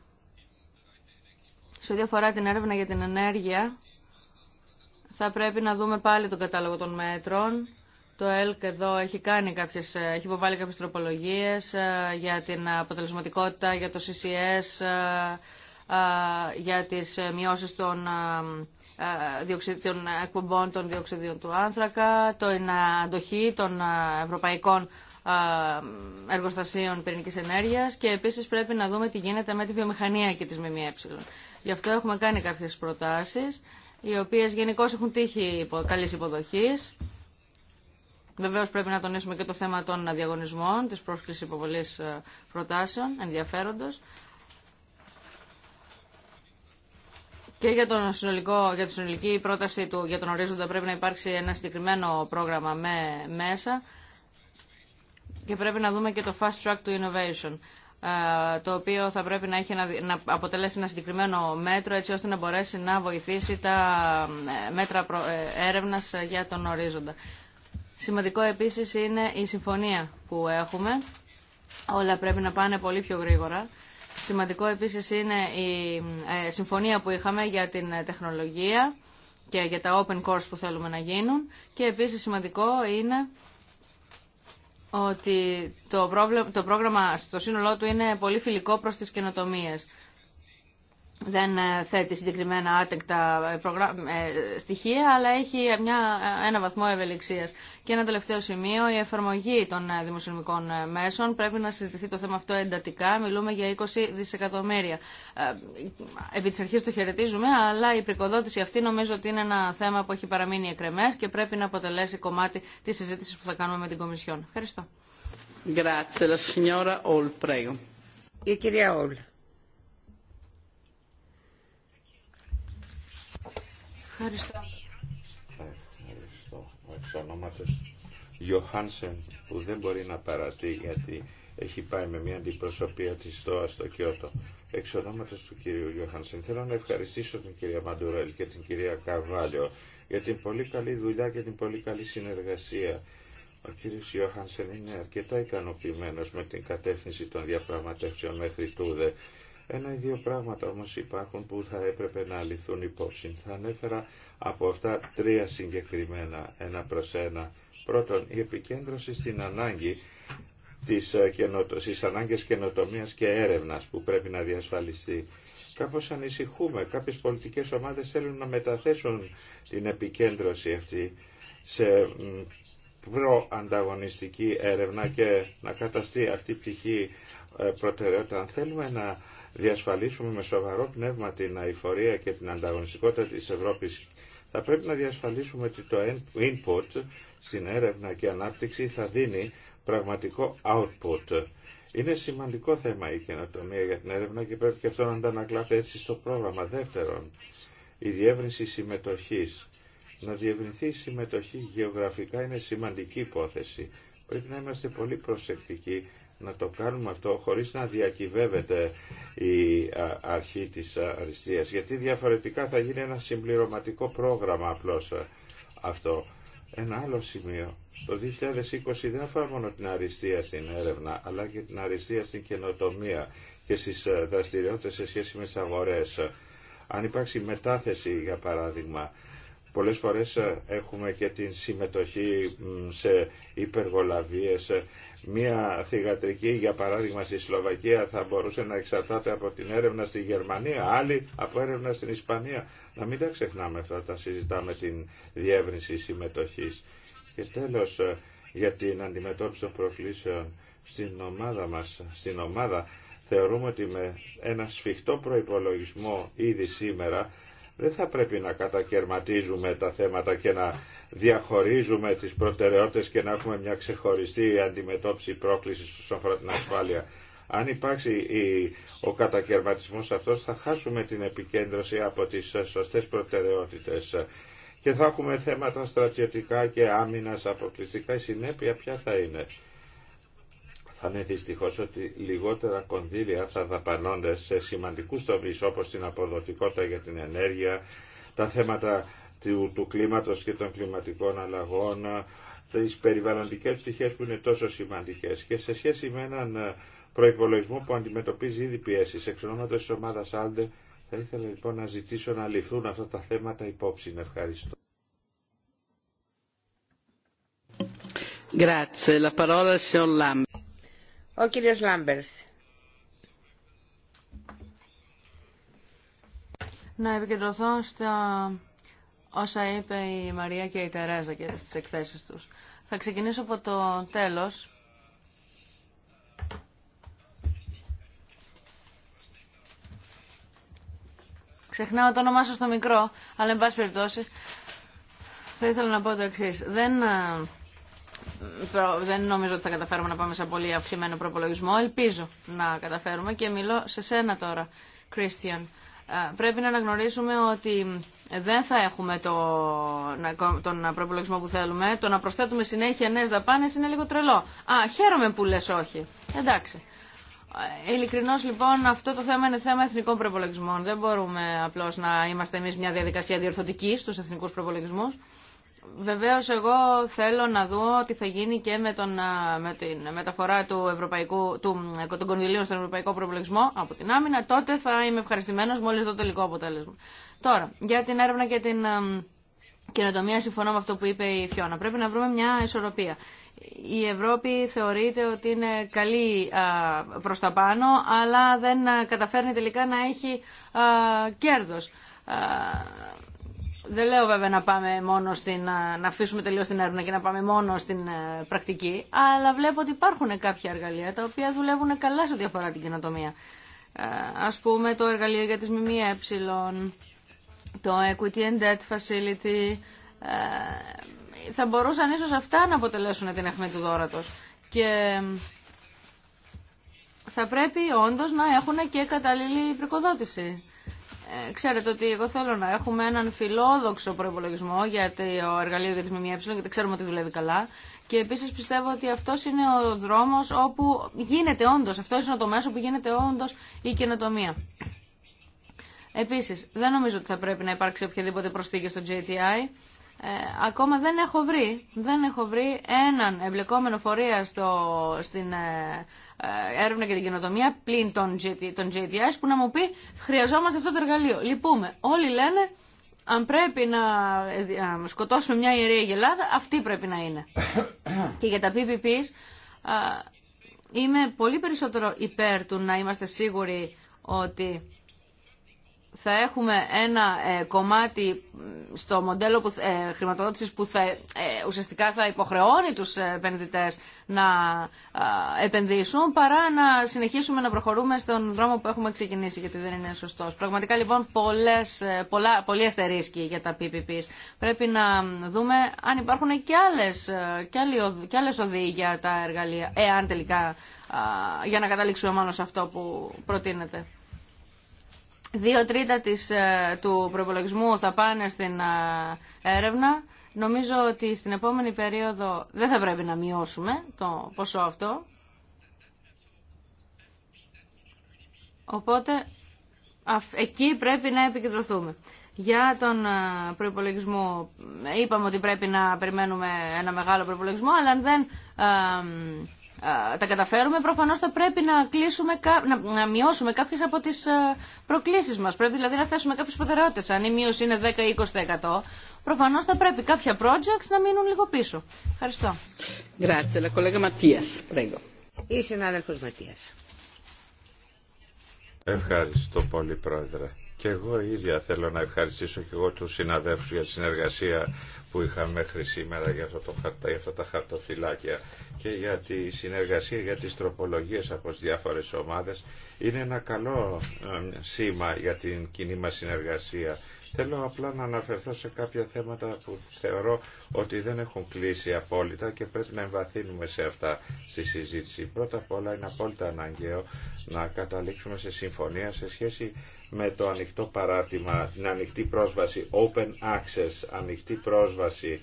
σε ό,τι αφορά την έρευνα για την ενέργεια θα πρέπει να δούμε πάλι τον κατάλογο των μέτρων. Το ΕΛΚ εδώ έχει, κάνει κάποιες, ε, έχει υποβάλει κάποιες τροπολογίες ε, για την αποτελεσματικότητα, για το CCS, για τις μειώσεις των των εκπομπών των διοξιδίων του άνθρακα, το εναντοχή των ε, ευρωπαϊκών ε, εργοστασίων πυρηνικής ενέργειας και επίσης πρέπει να δούμε τι γίνεται με τη βιομηχανία και τις ΜΜΕ. Γι' αυτό έχουμε κάνει κάποιες προτάσεις, οι οποίες γενικώ έχουν τύχει καλής υποδοχής. Βεβαίω πρέπει να τονίσουμε και το θέμα των διαγωνισμών, τη πρόσκληση υποβολής ε, προτάσεων, ενδιαφέροντο. Και για, τον συνολικό, για τη συνολική πρόταση του για τον ορίζοντα πρέπει να υπάρξει ένα συγκεκριμένο πρόγραμμα με μέσα και πρέπει να δούμε και το fast track to innovation ε, το οποίο θα πρέπει να, έχει να, αποτελέσει ένα συγκεκριμένο μέτρο έτσι ώστε να μπορέσει να βοηθήσει τα ε, μέτρα προ, ε, έρευνας για τον ορίζοντα. Σημαντικό επίσης είναι η συμφωνία που έχουμε. Όλα πρέπει να πάνε πολύ πιο γρήγορα Σημαντικό επίσης είναι η ε, συμφωνία που είχαμε για την ε, τεχνολογία και για τα open course που θέλουμε να γίνουν και επίσης σημαντικό είναι ότι το, το πρόγραμμα στο σύνολό του είναι πολύ φιλικό προς τις καινοτομίες δεν ε, θέτει συγκεκριμένα άτεκτα ε, ε, στοιχεία, αλλά έχει μια, ένα βαθμό ευελιξία. Και ένα τελευταίο σημείο, η εφαρμογή των δημοσιονομικών μέσων. Πρέπει να συζητηθεί το θέμα αυτό εντατικά. Μιλούμε για 20 δισεκατομμύρια. Επί τη αρχή το χαιρετίζουμε, αλλά η πρικοδότηση αυτή νομίζω ότι είναι ένα θέμα που έχει παραμείνει εκρεμέ και πρέπει να αποτελέσει κομμάτι τη συζήτηση που θα κάνουμε με την Κομισιόν. Ευχαριστώ. Η κυρία Ευχαριστώ. Ευχαριστώ. Εξ ονόματος Γιωχάνσεν που δεν μπορεί να παραστεί γιατί έχει πάει με μια αντιπροσωπεία της ΣΤΟΑ στο Κιώτο. Εξ του κυρίου Γιώχανσεν θέλω να ευχαριστήσω την κυρία Μαντουρέλ και την κυρία Καρβάλιο για την πολύ καλή δουλειά και την πολύ καλή συνεργασία. Ο κύριος Γιώχανσεν είναι αρκετά ικανοποιημένος με την κατεύθυνση των διαπραγματεύσεων μέχρι τούδε ένα ή δύο πράγματα όμως υπάρχουν που θα έπρεπε να ληφθούν υπόψη. Θα ανέφερα από αυτά τρία συγκεκριμένα ένα προς ένα. Πρώτον, η επικέντρωση στην ανάγκη της, ε, στις ανάγκες καινοτομίας και έρευνας που πρέπει να διασφαλιστεί. Κάπως ανησυχούμε, κάποιες πολιτικές ομάδες θέλουν να μεταθέσουν την επικέντρωση αυτή σε προανταγωνιστική έρευνα και να καταστεί αυτή η πτυχή ε, προτεραιότητα. Αν θέλουμε να διασφαλίσουμε με σοβαρό πνεύμα την αηφορία και την ανταγωνιστικότητα της Ευρώπης, θα πρέπει να διασφαλίσουμε ότι το input στην έρευνα και ανάπτυξη θα δίνει πραγματικό output. Είναι σημαντικό θέμα η καινοτομία για την έρευνα και πρέπει και αυτό να αντανακλάται έτσι στο πρόγραμμα. Δεύτερον, η διεύρυνση συμμετοχής. Να διευρυνθεί η συμμετοχή γεωγραφικά είναι σημαντική υπόθεση. Πρέπει να είμαστε πολύ προσεκτικοί να το κάνουμε αυτό χωρίς να διακυβεύεται η αρχή της αριστείας γιατί διαφορετικά θα γίνει ένα συμπληρωματικό πρόγραμμα απλώς αυτό. Ένα άλλο σημείο. Το 2020 δεν αφορά μόνο την αριστεία στην έρευνα αλλά και την αριστεία στην καινοτομία και στις δραστηριότητες σε σχέση με τις αγορές. Αν υπάρξει μετάθεση για παράδειγμα Πολλές φορές έχουμε και την συμμετοχή σε υπεργολαβίες Μία θηγατρική, για παράδειγμα, στη Σλοβακία θα μπορούσε να εξαρτάται από την έρευνα στη Γερμανία, άλλη από έρευνα στην Ισπανία. Να μην τα ξεχνάμε αυτά τα συζητάμε την διεύρυνση συμμετοχής. Και τέλος, ε, για την αντιμετώπιση των προκλήσεων στην ομάδα μας, στην ομάδα, θεωρούμε ότι με ένα σφιχτό προϋπολογισμό ήδη σήμερα δεν θα πρέπει να κατακαιρματίζουμε τα θέματα και να διαχωρίζουμε τις προτεραιότητες και να έχουμε μια ξεχωριστή αντιμετώπιση πρόκλησης όσον αφορά την ασφάλεια. Αν υπάρξει ο κατακαιρματισμός αυτός θα χάσουμε την επικέντρωση από τις σωστές προτεραιότητες και θα έχουμε θέματα στρατιωτικά και άμυνας αποκλειστικά. Η συνέπεια ποια θα είναι θα είναι δυστυχώς ότι λιγότερα κονδύλια θα δαπανώνται σε σημαντικούς τομείς όπως την αποδοτικότητα για την ενέργεια, τα θέματα του, του κλίματος και των κλιματικών αλλαγών, τις περιβαλλοντικές πτυχές που είναι τόσο σημαντικές και σε σχέση με έναν ε, προϋπολογισμό που αντιμετωπίζει ήδη πιέσεις εξ ονόματος της ομάδας Άλντε θα ήθελα λοιπόν να ζητήσω να ληφθούν αυτά τα θέματα υπόψη. Ευχαριστώ. Grazie, la parola al signor Lambert. Ο κύριος Λάμπερς. Να επικεντρωθώ στα όσα είπε η Μαρία και η Τερέζα και στις εκθέσεις τους. Θα ξεκινήσω από το τέλος. Ξεχνάω το όνομά σας στο μικρό, αλλά εν πάση περιπτώσει θα ήθελα να πω το εξή. Δεν ε, δεν νομίζω ότι θα καταφέρουμε να πάμε σε πολύ αυξημένο προπολογισμό. Ελπίζω να καταφέρουμε και μιλώ σε σένα τώρα, Κρίστιαν. Ε, πρέπει να αναγνωρίσουμε ότι δεν θα έχουμε το, τον προπολογισμό που θέλουμε. Το να προσθέτουμε συνέχεια νέε δαπάνε είναι λίγο τρελό. Α, χαίρομαι που λε όχι. Εντάξει. Ε, Ειλικρινώ λοιπόν αυτό το θέμα είναι θέμα εθνικών προπολογισμών. Δεν μπορούμε απλώ να είμαστε εμεί μια διαδικασία διορθωτική στου εθνικού προπολογισμού. Βεβαίω εγώ θέλω να δω τι θα γίνει και με, τον, με την μεταφορά του, ευρωπαϊκού, του των κονδυλίων στον ευρωπαϊκό προβλεψμό από την άμυνα. Τότε θα είμαι ευχαριστημένο μόλι δω το τελικό αποτέλεσμα. Τώρα, για την έρευνα και την καινοτομία συμφωνώ με αυτό που είπε η Φιώνα. Πρέπει να βρούμε μια ισορροπία. Η Ευρώπη θεωρείται ότι είναι καλή προς τα πάνω, αλλά δεν καταφέρνει τελικά να έχει κέρδος. Δεν λέω βέβαια να πάμε μόνο στην, να αφήσουμε τελείως την έρευνα και να πάμε μόνο στην ε, πρακτική, αλλά βλέπω ότι υπάρχουν κάποια εργαλεία τα οποία δουλεύουν καλά σε ό,τι αφορά την κοινοτομία. Ε, Α πούμε το εργαλείο για τις ΜΜΕ, το Equity and Debt Facility, ε, θα μπορούσαν ίσως αυτά να αποτελέσουν την αιχμή του δώρατος. Και θα πρέπει όντω να έχουν και κατάλληλη πρικοδότηση. Ε, ξέρετε ότι εγώ θέλω να έχουμε έναν φιλόδοξο προπολογισμό για το εργαλείο για τις ΜΜΕ, γιατί ξέρουμε ότι δουλεύει καλά. Και επίση πιστεύω ότι αυτό είναι ο δρόμο όπου γίνεται όντω, αυτό είναι το μέσο που γίνεται όντω η καινοτομία. Επίση, δεν νομίζω ότι θα πρέπει να υπάρξει οποιαδήποτε προσθήκη στο JTI. Ε, ακόμα δεν έχω βρει, δεν έχω βρει έναν εμπλεκόμενο φορέα στο, στην, ε, ε, έρευνα και την καινοτομία πλην των, GT, που να μου πει χρειαζόμαστε αυτό το εργαλείο. Λυπούμε. Όλοι λένε αν πρέπει να ε, σκοτώσουμε μια ιερία γελάδα, αυτή πρέπει να είναι. και για τα PPPs ε, είμαι πολύ περισσότερο υπέρ του να είμαστε σίγουροι ότι θα έχουμε ένα ε, κομμάτι στο μοντέλο που, ε, χρηματοδότησης που θα, ε, ουσιαστικά θα υποχρεώνει τους επενδυτές να επενδύσουν παρά να συνεχίσουμε να προχωρούμε στον δρόμο που έχουμε ξεκινήσει γιατί δεν είναι σωστός. Πραγματικά λοιπόν πολλές, πολλά, πολλοί αστερίσκοι για τα PPPs. Πρέπει να δούμε αν υπάρχουν και άλλες, και άλλες οδοί για τα εργαλεία, εάν τελικά για να καταλήξουμε μόνο σε αυτό που προτείνεται. Δύο τρίτα της, ε, του προπολογισμού θα πάνε στην ε, έρευνα. Νομίζω ότι στην επόμενη περίοδο δεν θα πρέπει να μειώσουμε το ποσό αυτό. Οπότε εκεί πρέπει να επικεντρωθούμε. Για τον ε, προπολογισμό, είπαμε ότι πρέπει να περιμένουμε ένα μεγάλο προπολογισμό, αλλά αν δεν τα καταφέρουμε, προφανώ θα πρέπει να, κλείσουμε, να, μειώσουμε κάποιε από τι προκλήσει μα. Πρέπει δηλαδή να θέσουμε κάποιε προτεραιότητε. Αν η μείωση είναι 10-20%, προφανώς θα πρέπει κάποια projects να μείνουν λίγο πίσω. Ευχαριστώ. Ευχαριστώ πολύ, Πρόεδρε. Και εγώ ίδια θέλω να ευχαριστήσω και εγώ τους συναδέλφους για τη συνεργασία που είχα μέχρι σήμερα για, αυτό το χαρτά, για αυτά τα χαρτοφυλάκια και για τη συνεργασία για τις τροπολογίες από τις διάφορες ομάδες είναι ένα καλό ε, σήμα για την κοινή μας συνεργασία. Θέλω απλά να αναφερθώ σε κάποια θέματα που θεωρώ ότι δεν έχουν κλείσει απόλυτα και πρέπει να εμβαθύνουμε σε αυτά στη συζήτηση. Πρώτα απ' όλα είναι απόλυτα αναγκαίο να καταλήξουμε σε συμφωνία σε σχέση με το ανοιχτό παράρτημα, την ανοιχτή πρόσβαση, open access, ανοιχτή πρόσβαση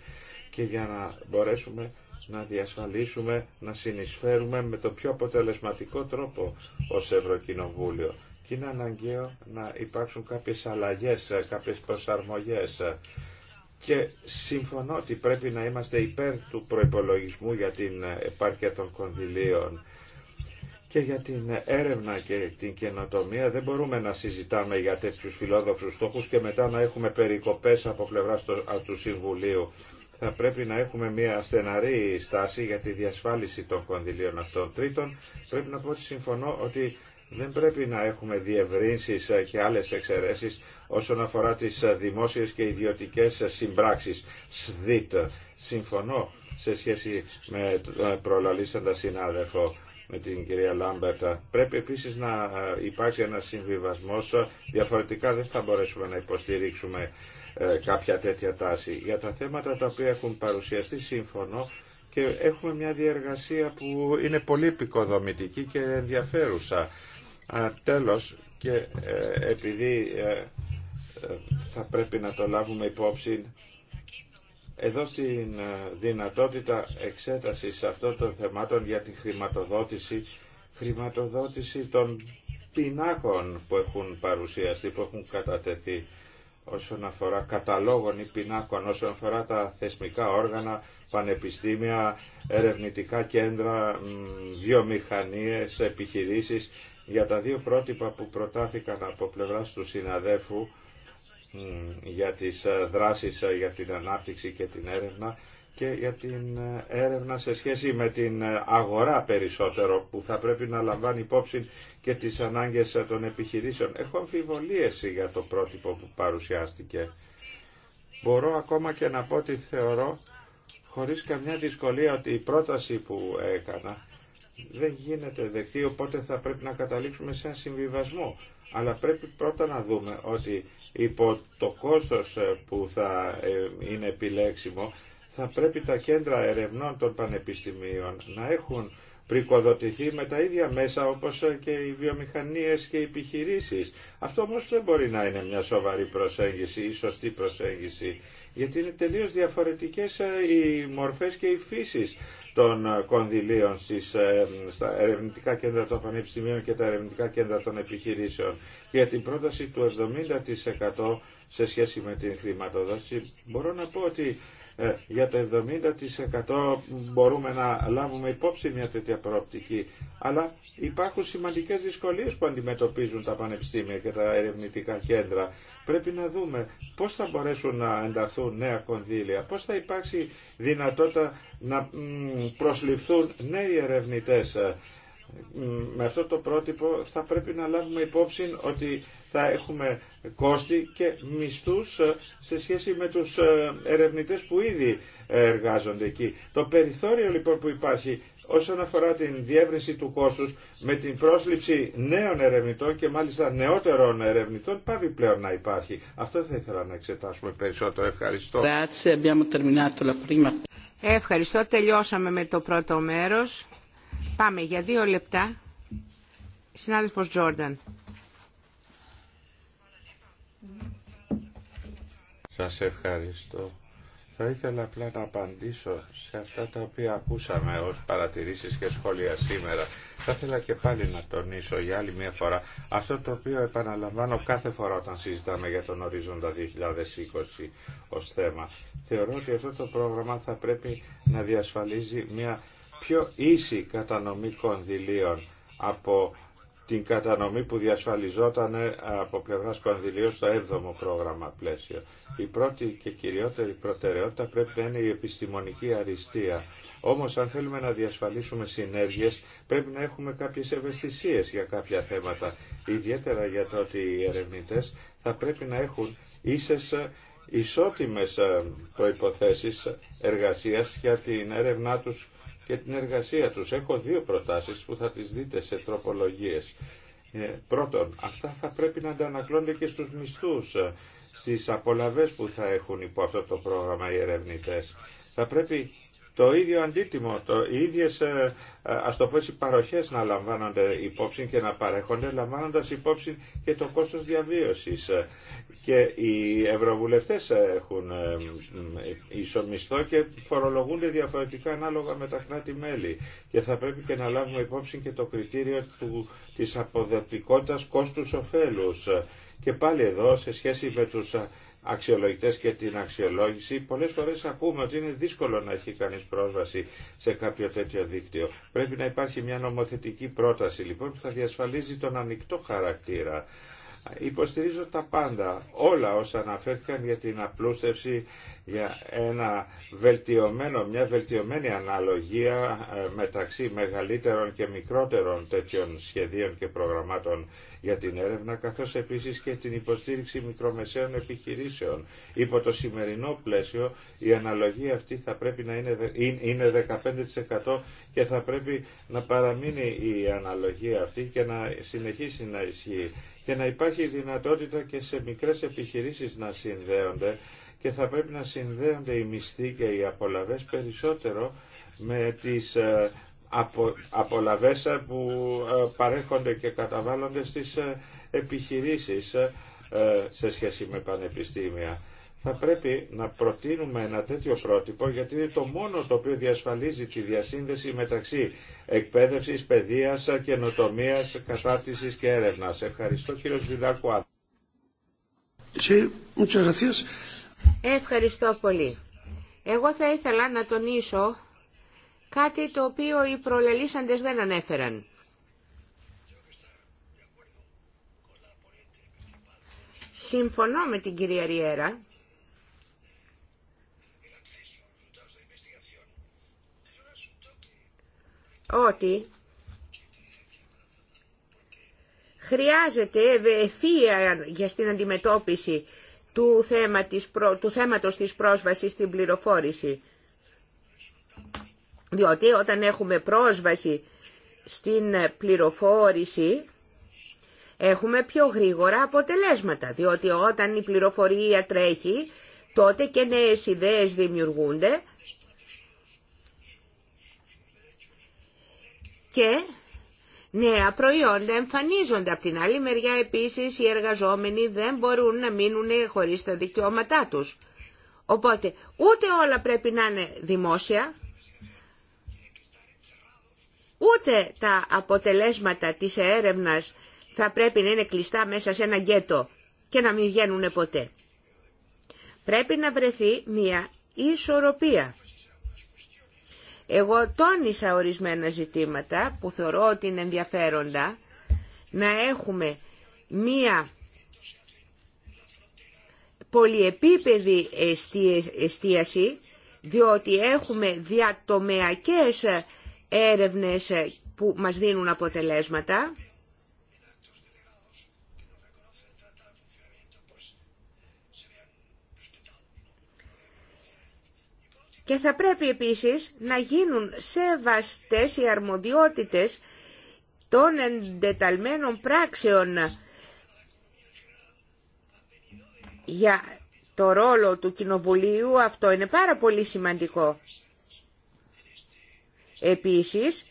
και για να μπορέσουμε να διασφαλίσουμε, να συνεισφέρουμε με το πιο αποτελεσματικό τρόπο ως Ευρωκοινοβούλιο. Και είναι αναγκαίο να υπάρξουν κάποιες αλλαγές, κάποιες προσαρμογές. Και συμφωνώ ότι πρέπει να είμαστε υπέρ του προϋπολογισμού για την επάρκεια των κονδυλίων. Και για την έρευνα και την καινοτομία δεν μπορούμε να συζητάμε για τέτοιου φιλόδοξους στόχους και μετά να έχουμε περικοπές από πλευρά του Συμβουλίου θα πρέπει να έχουμε μια στεναρή στάση για τη διασφάλιση των κονδυλίων αυτών. Τρίτον, πρέπει να πω ότι συμφωνώ ότι δεν πρέπει να έχουμε διευρύνσεις και άλλες εξαιρέσεις όσον αφορά τις δημόσιες και ιδιωτικές συμπράξεις, ΣΔΙΤ. Συμφωνώ σε σχέση με τον προλαλήσαντα συνάδελφο με την κυρία Λάμπερτα. Πρέπει επίσης να ε, υπάρξει ένα συμβιβασμό, διαφορετικά δεν θα μπορέσουμε να υποστηρίξουμε ε, κάποια τέτοια τάση. Για τα θέματα τα οποία έχουν παρουσιαστεί σύμφωνο και έχουμε μια διεργασία που είναι πολύ επικοδομητική και ενδιαφέρουσα. τέλος, και ε, επειδή ε, θα πρέπει να το λάβουμε υπόψη, εδώ στην δυνατότητα εξέτασης αυτών των θεμάτων για τη χρηματοδότηση, χρηματοδότηση των πινάκων που έχουν παρουσιαστεί, που έχουν κατατεθεί όσον αφορά καταλόγων ή πινάκων, όσον αφορά τα θεσμικά όργανα, πανεπιστήμια, ερευνητικά κέντρα, βιομηχανίες, επιχειρήσεις. Για τα δύο πρότυπα που προτάθηκαν από πλευράς του συναδέφου για τις ε, δράσεις ε, για την ανάπτυξη και την έρευνα, και για την ε, έρευνα σε σχέση με την ε, αγορά περισσότερο που θα πρέπει να λαμβάνει υπόψη και τις ανάγκες ε, των επιχειρήσεων. Έχω αμφιβολίες για το πρότυπο που παρουσιάστηκε. Μπορώ ακόμα και να πω ότι θεωρώ χωρίς καμιά δυσκολία ότι η πρόταση που έκανα δεν γίνεται δεκτή, οπότε θα πρέπει να καταλήξουμε σε ένα συμβιβασμό. Αλλά πρέπει πρώτα να δούμε ότι υπό το κόστος που θα είναι επιλέξιμο θα πρέπει τα κέντρα ερευνών των πανεπιστημίων να έχουν πρικοδοτηθεί με τα ίδια μέσα όπως και οι βιομηχανίες και οι επιχειρήσεις. Αυτό όμως δεν μπορεί να είναι μια σοβαρή προσέγγιση ή σωστή προσέγγιση, γιατί είναι τελείως διαφορετικές ε, οι μορφές και οι φύσεις των κονδυλίων στις, ε, στα ερευνητικά κέντρα των πανεπιστημίων και τα ερευνητικά κέντρα των επιχειρήσεων. για την πρόταση του 70% σε σχέση με την χρηματοδότηση, μπορώ να πω ότι ε, για το 70% μπορούμε να λάβουμε υπόψη μια τέτοια προοπτική. Αλλά υπάρχουν σημαντικές δυσκολίες που αντιμετωπίζουν τα πανεπιστήμια και τα ερευνητικά κέντρα. Πρέπει να δούμε πώς θα μπορέσουν να ενταχθούν νέα κονδύλια, πώς θα υπάρξει δυνατότητα να προσληφθούν νέοι ερευνητές ε, με αυτό το πρότυπο θα πρέπει να λάβουμε υπόψη ότι θα έχουμε κόστη και μισθούς ε, σε σχέση με τους ε, ερευνητές που ήδη εργάζονται εκεί. Το περιθώριο λοιπόν που υπάρχει όσον αφορά την διεύρυνση του κόστους με την πρόσληψη νέων ερευνητών και μάλιστα νεότερων ερευνητών πάβει πλέον να υπάρχει. Αυτό θα ήθελα να εξετάσουμε περισσότερο. Ευχαριστώ. Ευχαριστώ. Τελειώσαμε με το πρώτο μέρος. Πάμε για δύο λεπτά. Συνάδελφος Τζόρνταν. Σας ευχαριστώ. Θα ήθελα απλά να απαντήσω σε αυτά τα οποία ακούσαμε ως παρατηρήσεις και σχόλια σήμερα. Θα ήθελα και πάλι να τονίσω για άλλη μια φορά αυτό το οποίο επαναλαμβάνω κάθε φορά όταν συζητάμε για τον ορίζοντα 2020 ως θέμα. Θεωρώ ότι αυτό το πρόγραμμα θα πρέπει να διασφαλίζει μια πιο ίση κατανομή κονδυλίων από την κατανομή που διασφαλιζόταν από πλευρά κονδυλίων στο 7ο πρόγραμμα πλαίσιο. Η πρώτη και κυριότερη προτεραιότητα πρέπει να είναι η επιστημονική αριστεία. Όμω, αν θέλουμε να διασφαλίσουμε συνέργειες πρέπει να έχουμε κάποιε ευαισθησίε για κάποια θέματα. Ιδιαίτερα για το ότι οι ερευνητέ θα πρέπει να έχουν ίσες ισότιμες ε, προϋποθέσεις εργασίας για την έρευνά τους και την εργασία τους. Έχω δύο προτάσεις που θα τις δείτε σε τροπολογίες. Ε, πρώτον, αυτά θα πρέπει να αντανακλώνται και στους μισθούς, ε, στις απολαβές που θα έχουν υπό αυτό το πρόγραμμα οι ερευνητές. Θα πρέπει το ίδιο αντίτιμο, το, οι ίδιες ε, ε, ας το πω παροχές να λαμβάνονται υπόψη και να παρέχονται λαμβάνοντας υπόψη και το κόστος διαβίωσης. Ε, και οι ευρωβουλευτές έχουν ισομισθό και φορολογούνται διαφορετικά ανάλογα με τα κράτη-μέλη. Και θα πρέπει και να λάβουμε υπόψη και το κριτήριο του, της αποδοτικότητας κόστους-οφέλους. Και πάλι εδώ, σε σχέση με τους αξιολογητές και την αξιολόγηση, πολλές φορές ακούμε ότι είναι δύσκολο να έχει κανείς πρόσβαση σε κάποιο τέτοιο δίκτυο. Πρέπει να υπάρχει μια νομοθετική πρόταση λοιπόν που θα διασφαλίζει τον ανοιχτό χαρακτήρα Υποστηρίζω τα πάντα, όλα όσα αναφέρθηκαν για την απλούστευση, για ένα βελτιωμένο, μια βελτιωμένη αναλογία ε, μεταξύ μεγαλύτερων και μικρότερων τέτοιων σχεδίων και προγραμμάτων για την έρευνα, καθώς επίσης και την υποστήριξη μικρομεσαίων επιχειρήσεων. Υπό το σημερινό πλαίσιο η αναλογία αυτή θα πρέπει να είναι, είναι 15% και θα πρέπει να παραμείνει η αναλογία αυτή και να συνεχίσει να ισχύει και να υπάρχει δυνατότητα και σε μικρές επιχειρήσεις να συνδέονται και θα πρέπει να συνδέονται οι μισθοί και οι απολαβές περισσότερο με τις ε, απο, ε, που ε, παρέχονται και καταβάλλονται στις επιχειρήσεις σε σχέση με πανεπιστήμια θα πρέπει να προτείνουμε ένα τέτοιο πρότυπο γιατί είναι το μόνο το οποίο διασφαλίζει τη διασύνδεση μεταξύ εκπαίδευσης, παιδείας, καινοτομίας, κατάρτισης και έρευνας. Ευχαριστώ κύριο Ζιδάκου. Ευχαριστώ πολύ. Εγώ θα ήθελα να τονίσω κάτι το οποίο οι προλελήσαντες δεν ανέφεραν. Συμφωνώ με την κυρία Ριέρα ότι χρειάζεται ευεφία για στην αντιμετώπιση του, θέμα του θέματος της πρόσβασης στην πληροφόρηση. Διότι όταν έχουμε πρόσβαση στην πληροφόρηση έχουμε πιο γρήγορα αποτελέσματα. Διότι όταν η πληροφορία τρέχει τότε και νέες ιδέες δημιουργούνται και νέα προϊόντα εμφανίζονται. Απ' την άλλη μεριά επίσης οι εργαζόμενοι δεν μπορούν να μείνουν χωρίς τα δικαιώματά τους. Οπότε ούτε όλα πρέπει να είναι δημόσια, ούτε τα αποτελέσματα της έρευνας θα πρέπει να είναι κλειστά μέσα σε ένα γκέτο και να μην βγαίνουν ποτέ. Πρέπει να βρεθεί μια ισορροπία. Εγώ τόνισα ορισμένα ζητήματα που θεωρώ ότι είναι ενδιαφέροντα να έχουμε μία πολυεπίπεδη εστίαση διότι έχουμε διατομεακές έρευνες που μας δίνουν αποτελέσματα Και θα πρέπει επίσης να γίνουν σεβαστές οι αρμοδιότητες των εντεταλμένων πράξεων για το ρόλο του Κοινοβουλίου. Αυτό είναι πάρα πολύ σημαντικό. Επίσης,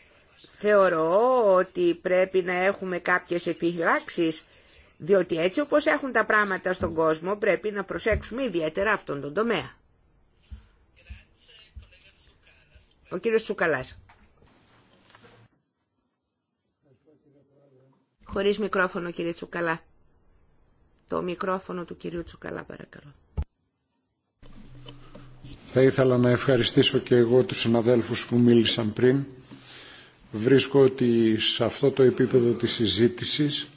θεωρώ ότι πρέπει να έχουμε κάποιες επιφυλάξεις, διότι έτσι όπως έχουν τα πράγματα στον κόσμο πρέπει να προσέξουμε ιδιαίτερα αυτόν τον τομέα. Ο κύριο Τσουκαλάς. Χωρίς μικρόφωνο κύριε Τσουκαλά. Το μικρόφωνο του κυρίου Τσουκαλά παρακαλώ. Θα ήθελα να ευχαριστήσω και εγώ τους συναδέλφους που μίλησαν πριν. Βρίσκω ότι σε αυτό το επίπεδο της συζήτησης,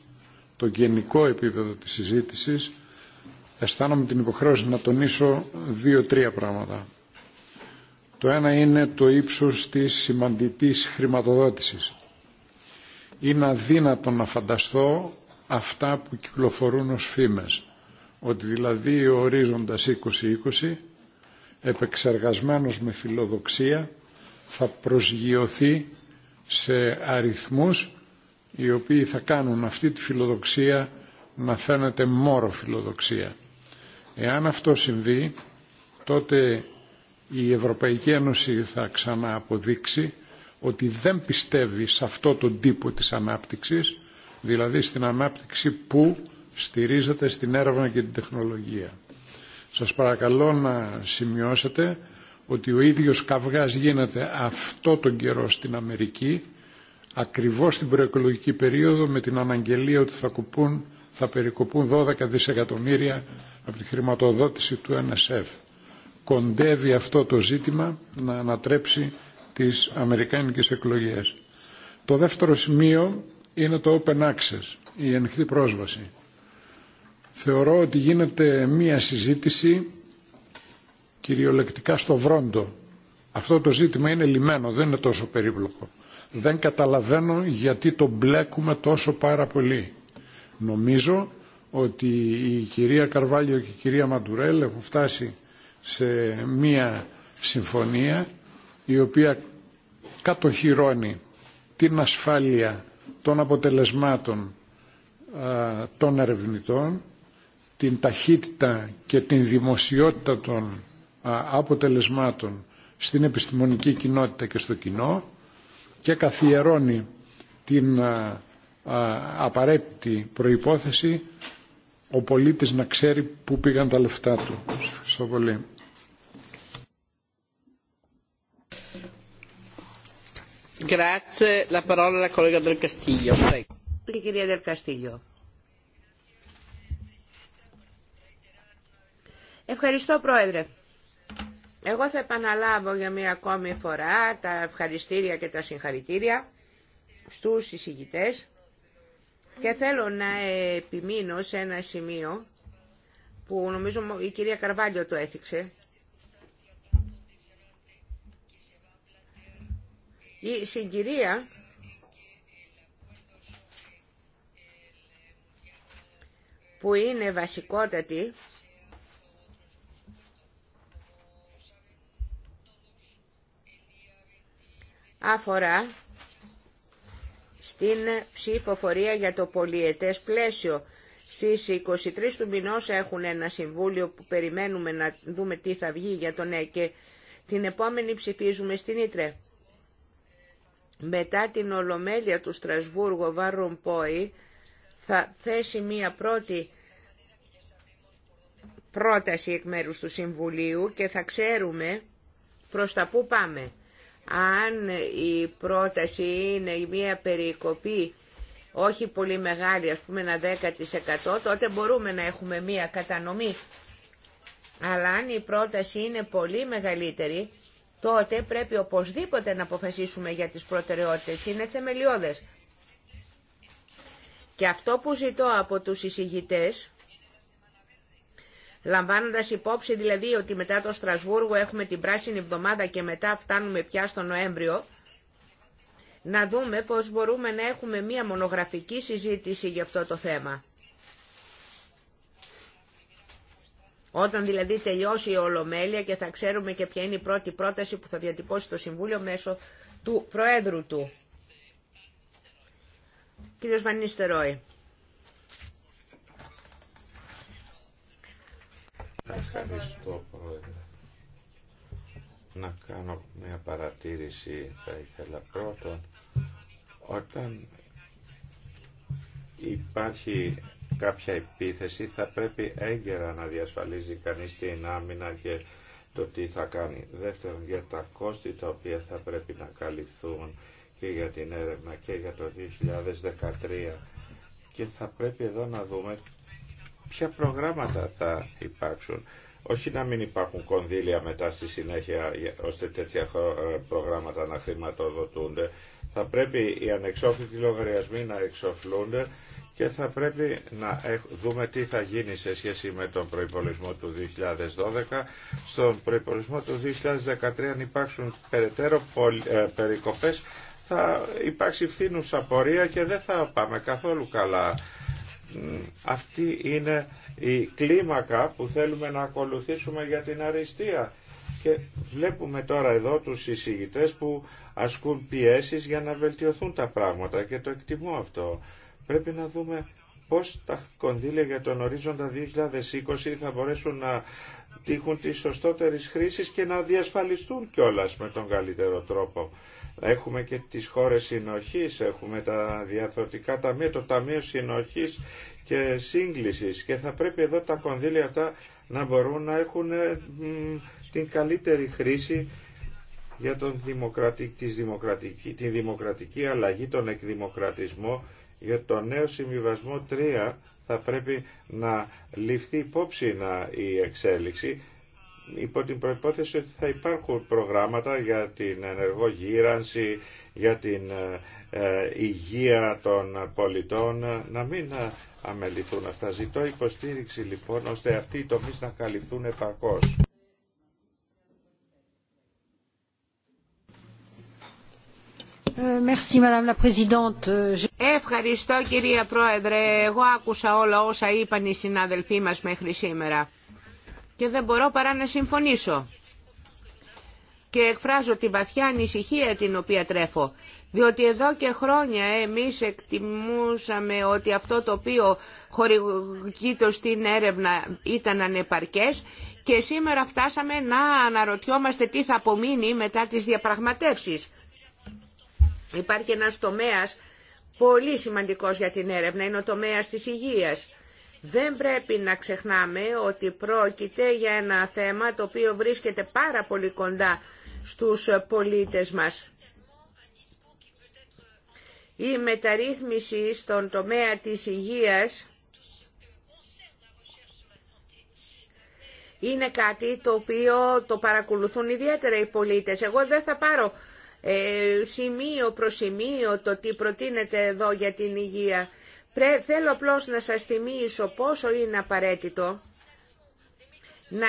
το γενικό επίπεδο της συζήτησης, αισθάνομαι την υποχρέωση να τονίσω δύο-τρία πράγματα. Το ένα είναι το ύψος της σημαντικής χρηματοδότησης. Είναι αδύνατο να φανταστώ αυτά που κυκλοφορούν ως φήμες. Ότι δηλαδή ο ορίζοντας 2020 επεξεργασμένος με φιλοδοξία θα προσγειωθεί σε αριθμούς οι οποίοι θα κάνουν αυτή τη φιλοδοξία να φαίνεται μόρο φιλοδοξία. Εάν αυτό συμβεί, τότε η Ευρωπαϊκή Ένωση θα ξανααποδείξει ότι δεν πιστεύει σε αυτό τον τύπο της ανάπτυξης, δηλαδή στην ανάπτυξη που στηρίζεται στην έρευνα και την τεχνολογία. Σας παρακαλώ να σημειώσετε ότι ο ίδιος καυγάς γίνεται αυτό τον καιρό στην Αμερική, ακριβώς στην προεκλογική περίοδο με την αναγγελία ότι θα, κουπούν, θα περικοπούν 12 δισεκατομμύρια από τη χρηματοδότηση του NSF κοντεύει αυτό το ζήτημα να ανατρέψει τις αμερικάνικες εκλογές. Το δεύτερο σημείο είναι το open access, η ανοιχτή πρόσβαση. Θεωρώ ότι γίνεται μία συζήτηση κυριολεκτικά στο βρόντο. Αυτό το ζήτημα είναι λιμένο, δεν είναι τόσο περίπλοκο. Δεν καταλαβαίνω γιατί το μπλέκουμε τόσο πάρα πολύ. Νομίζω ότι η κυρία Καρβάλιο και η κυρία Μαντουρέλ έχουν φτάσει σε μία συμφωνία η οποία κατοχυρώνει την ασφάλεια των αποτελεσμάτων των ερευνητών, την ταχύτητα και την δημοσιότητα των αποτελεσμάτων στην επιστημονική κοινότητα και στο κοινό και καθιερώνει την απαραίτητη προϋπόθεση ο πολίτης να ξέρει πού πήγαν τα λεφτά του. ευχαριστώ πολύ. Ευχαριστώ Πρόεδρε. Εγώ θα επαναλάβω για μία ακόμη φορά τα ευχαριστήρια και τα συγχαρητήρια στους εισηγητές και θέλω να επιμείνω σε ένα σημείο που νομίζω η κυρία Καρβάλιο το έθιξε η συγκυρία που είναι βασικότατη αφορά στην ψηφοφορία για το πολιετές πλαίσιο. Στις 23 του μηνός έχουν ένα συμβούλιο που περιμένουμε να δούμε τι θα βγει για τον ΕΚΕ. Την επόμενη ψηφίζουμε στην Ήτρε μετά την Ολομέλεια του Στρασβούργου ο Πόη θα θέσει μία πρώτη πρόταση εκ μέρους του Συμβουλίου και θα ξέρουμε προς τα πού πάμε. Αν η πρόταση είναι μία περικοπή όχι πολύ μεγάλη, ας πούμε ένα 10% τότε μπορούμε να έχουμε μία κατανομή. Αλλά αν η πρόταση είναι πολύ μεγαλύτερη τότε πρέπει οπωσδήποτε να αποφασίσουμε για τις προτεραιότητες. Είναι θεμελιώδες. Και αυτό που ζητώ από τους εισηγητές, λαμβάνοντας υπόψη δηλαδή ότι μετά το Στρασβούργο έχουμε την πράσινη εβδομάδα και μετά φτάνουμε πια στο Νοέμβριο, να δούμε πώς μπορούμε να έχουμε μία μονογραφική συζήτηση για αυτό το θέμα. Όταν δηλαδή τελειώσει η Ολομέλεια και θα ξέρουμε και ποια είναι η πρώτη πρόταση που θα διατυπώσει το Συμβούλιο μέσω του Προέδρου του. Κύριος Βανίστερόη. Ευχαριστώ, Πρόεδρε. Να κάνω μια παρατήρηση, θα ήθελα πρώτον. Όταν υπάρχει κάποια επίθεση θα πρέπει έγκαιρα να διασφαλίζει κανείς την άμυνα και το τι θα κάνει. Δεύτερον, για τα κόστη τα οποία θα πρέπει να καλυφθούν και για την έρευνα και για το 2013. Και θα πρέπει εδώ να δούμε ποια προγράμματα θα υπάρξουν όχι να μην υπάρχουν κονδύλια μετά στη συνέχεια ώστε τέτοια ε, προγράμματα να χρηματοδοτούνται. Θα πρέπει οι ανεξόφλητοι λογαριασμοί να εξοφλούνται και θα πρέπει να δούμε τι θα γίνει σε σχέση με τον προϋπολογισμό του 2012. Στον προϋπολογισμό του 2013 αν υπάρξουν περαιτέρω ε, περικοπές θα υπάρξει φθήνουσα πορεία και δεν θα πάμε καθόλου καλά αυτή είναι η κλίμακα που θέλουμε να ακολουθήσουμε για την αριστεία. Και βλέπουμε τώρα εδώ τους εισηγητές που ασκούν πιέσεις για να βελτιωθούν τα πράγματα και το εκτιμώ αυτό. Πρέπει να δούμε πώς τα κονδύλια για τον ορίζοντα 2020 θα μπορέσουν να τύχουν τις σωστότερες χρήσεις και να διασφαλιστούν κιόλας με τον καλύτερο τρόπο. Έχουμε και τις χώρες συνοχής, έχουμε τα διαφορετικά ταμεία, το Ταμείο Συνοχής και Σύγκλησης και θα πρέπει εδώ τα κονδύλια αυτά να μπορούν να έχουν ε, την καλύτερη χρήση για τον της δημοκρατική, την δημοκρατική αλλαγή, τον εκδημοκρατισμό, για το νέο συμβιβασμό 3 θα πρέπει να ληφθεί υπόψη η εξέλιξη υπό την προϋπόθεση ότι θα υπάρχουν προγράμματα για την ενεργό για την ε, ε, υγεία των πολιτών, ε, να μην αμεληθούν αυτά. Ζητώ υποστήριξη λοιπόν ώστε αυτοί οι τομείς να καλυφθούν επαρκώς. Ευχαριστώ κυρία Πρόεδρε. Εγώ άκουσα όλα όσα είπαν οι συνάδελφοί μας μέχρι σήμερα και δεν μπορώ παρά να συμφωνήσω. Και εκφράζω τη βαθιά ανησυχία την οποία τρέφω. Διότι εδώ και χρόνια εμείς εκτιμούσαμε ότι αυτό το οποίο χορηγείται στην έρευνα ήταν ανεπαρκές και σήμερα φτάσαμε να αναρωτιόμαστε τι θα απομείνει μετά τις διαπραγματεύσεις. Υπάρχει ένας τομέας πολύ σημαντικός για την έρευνα, είναι ο τομέας της υγείας. Δεν πρέπει να ξεχνάμε ότι πρόκειται για ένα θέμα το οποίο βρίσκεται πάρα πολύ κοντά στους πολίτες μας. Η μεταρρύθμιση στον τομέα της υγείας είναι κάτι το οποίο το παρακολουθούν ιδιαίτερα οι πολίτες. Εγώ δεν θα πάρω ε, σημείο προς σημείο το τι προτείνεται εδώ για την υγεία. Θέλω απλώς να σας θυμίσω πόσο είναι απαραίτητο να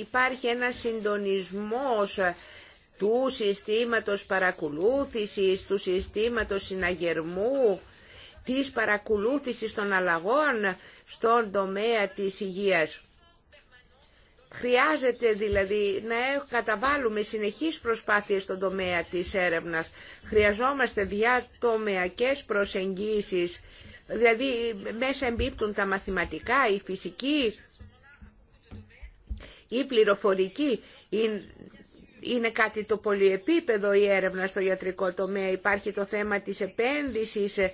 υπάρχει ένα συντονισμός του συστήματος παρακολούθησης, του συστήματος συναγερμού, της παρακολούθησης των αλλαγών στον τομέα της υγείας. Χρειάζεται δηλαδή να καταβάλουμε συνεχείς προσπάθειες στον τομέα της έρευνας. Χρειαζόμαστε διατομεακές προσεγγίσεις δηλαδή μέσα εμπίπτουν τα μαθηματικά, η φυσική, η πληροφορική, είναι κάτι το πολυεπίπεδο η έρευνα στο ιατρικό τομέα. Υπάρχει το θέμα της επένδυσης, ε,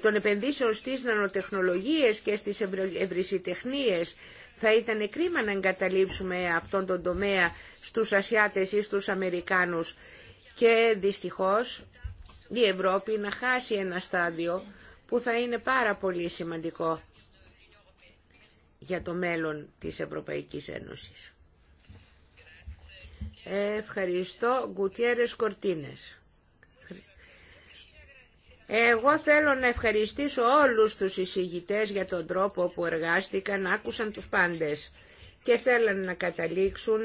των επενδύσεων στις νανοτεχνολογίες και στις ευρυσιτεχνίες. Θα ήταν κρίμα να εγκαταλείψουμε αυτόν τον τομέα στους Ασιάτες ή στους Αμερικάνους. Και δυστυχώς η Ευρώπη να χάσει ένα στάδιο που θα είναι πάρα πολύ σημαντικό για το μέλλον της Ευρωπαϊκής Ένωσης. Ευχαριστώ. Γκουτιέρες Κορτίνες. Εγώ θέλω να ευχαριστήσω όλους τους εισηγητές για τον τρόπο που εργάστηκαν, άκουσαν τους πάντες και θέλαν να καταλήξουν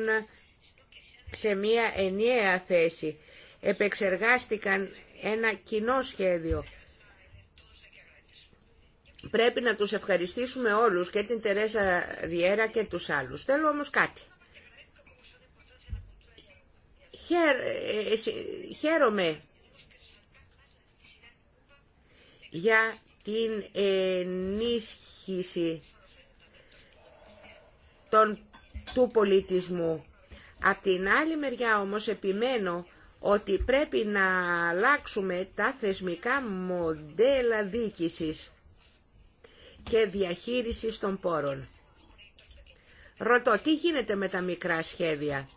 σε μία ενιαία θέση. Επεξεργάστηκαν ένα κοινό σχέδιο πρέπει να τους ευχαριστήσουμε όλους και την Τερέζα Ριέρα και τους άλλους. Θέλω όμως κάτι. Ε, χαίρομαι για την ενίσχυση των, του πολιτισμού. Απ' την άλλη μεριά όμως επιμένω ότι πρέπει να αλλάξουμε τα θεσμικά μοντέλα δίκησης και διαχείριση των πόρων. Ρωτώ, τι γίνεται με τα μικρά σχέδια.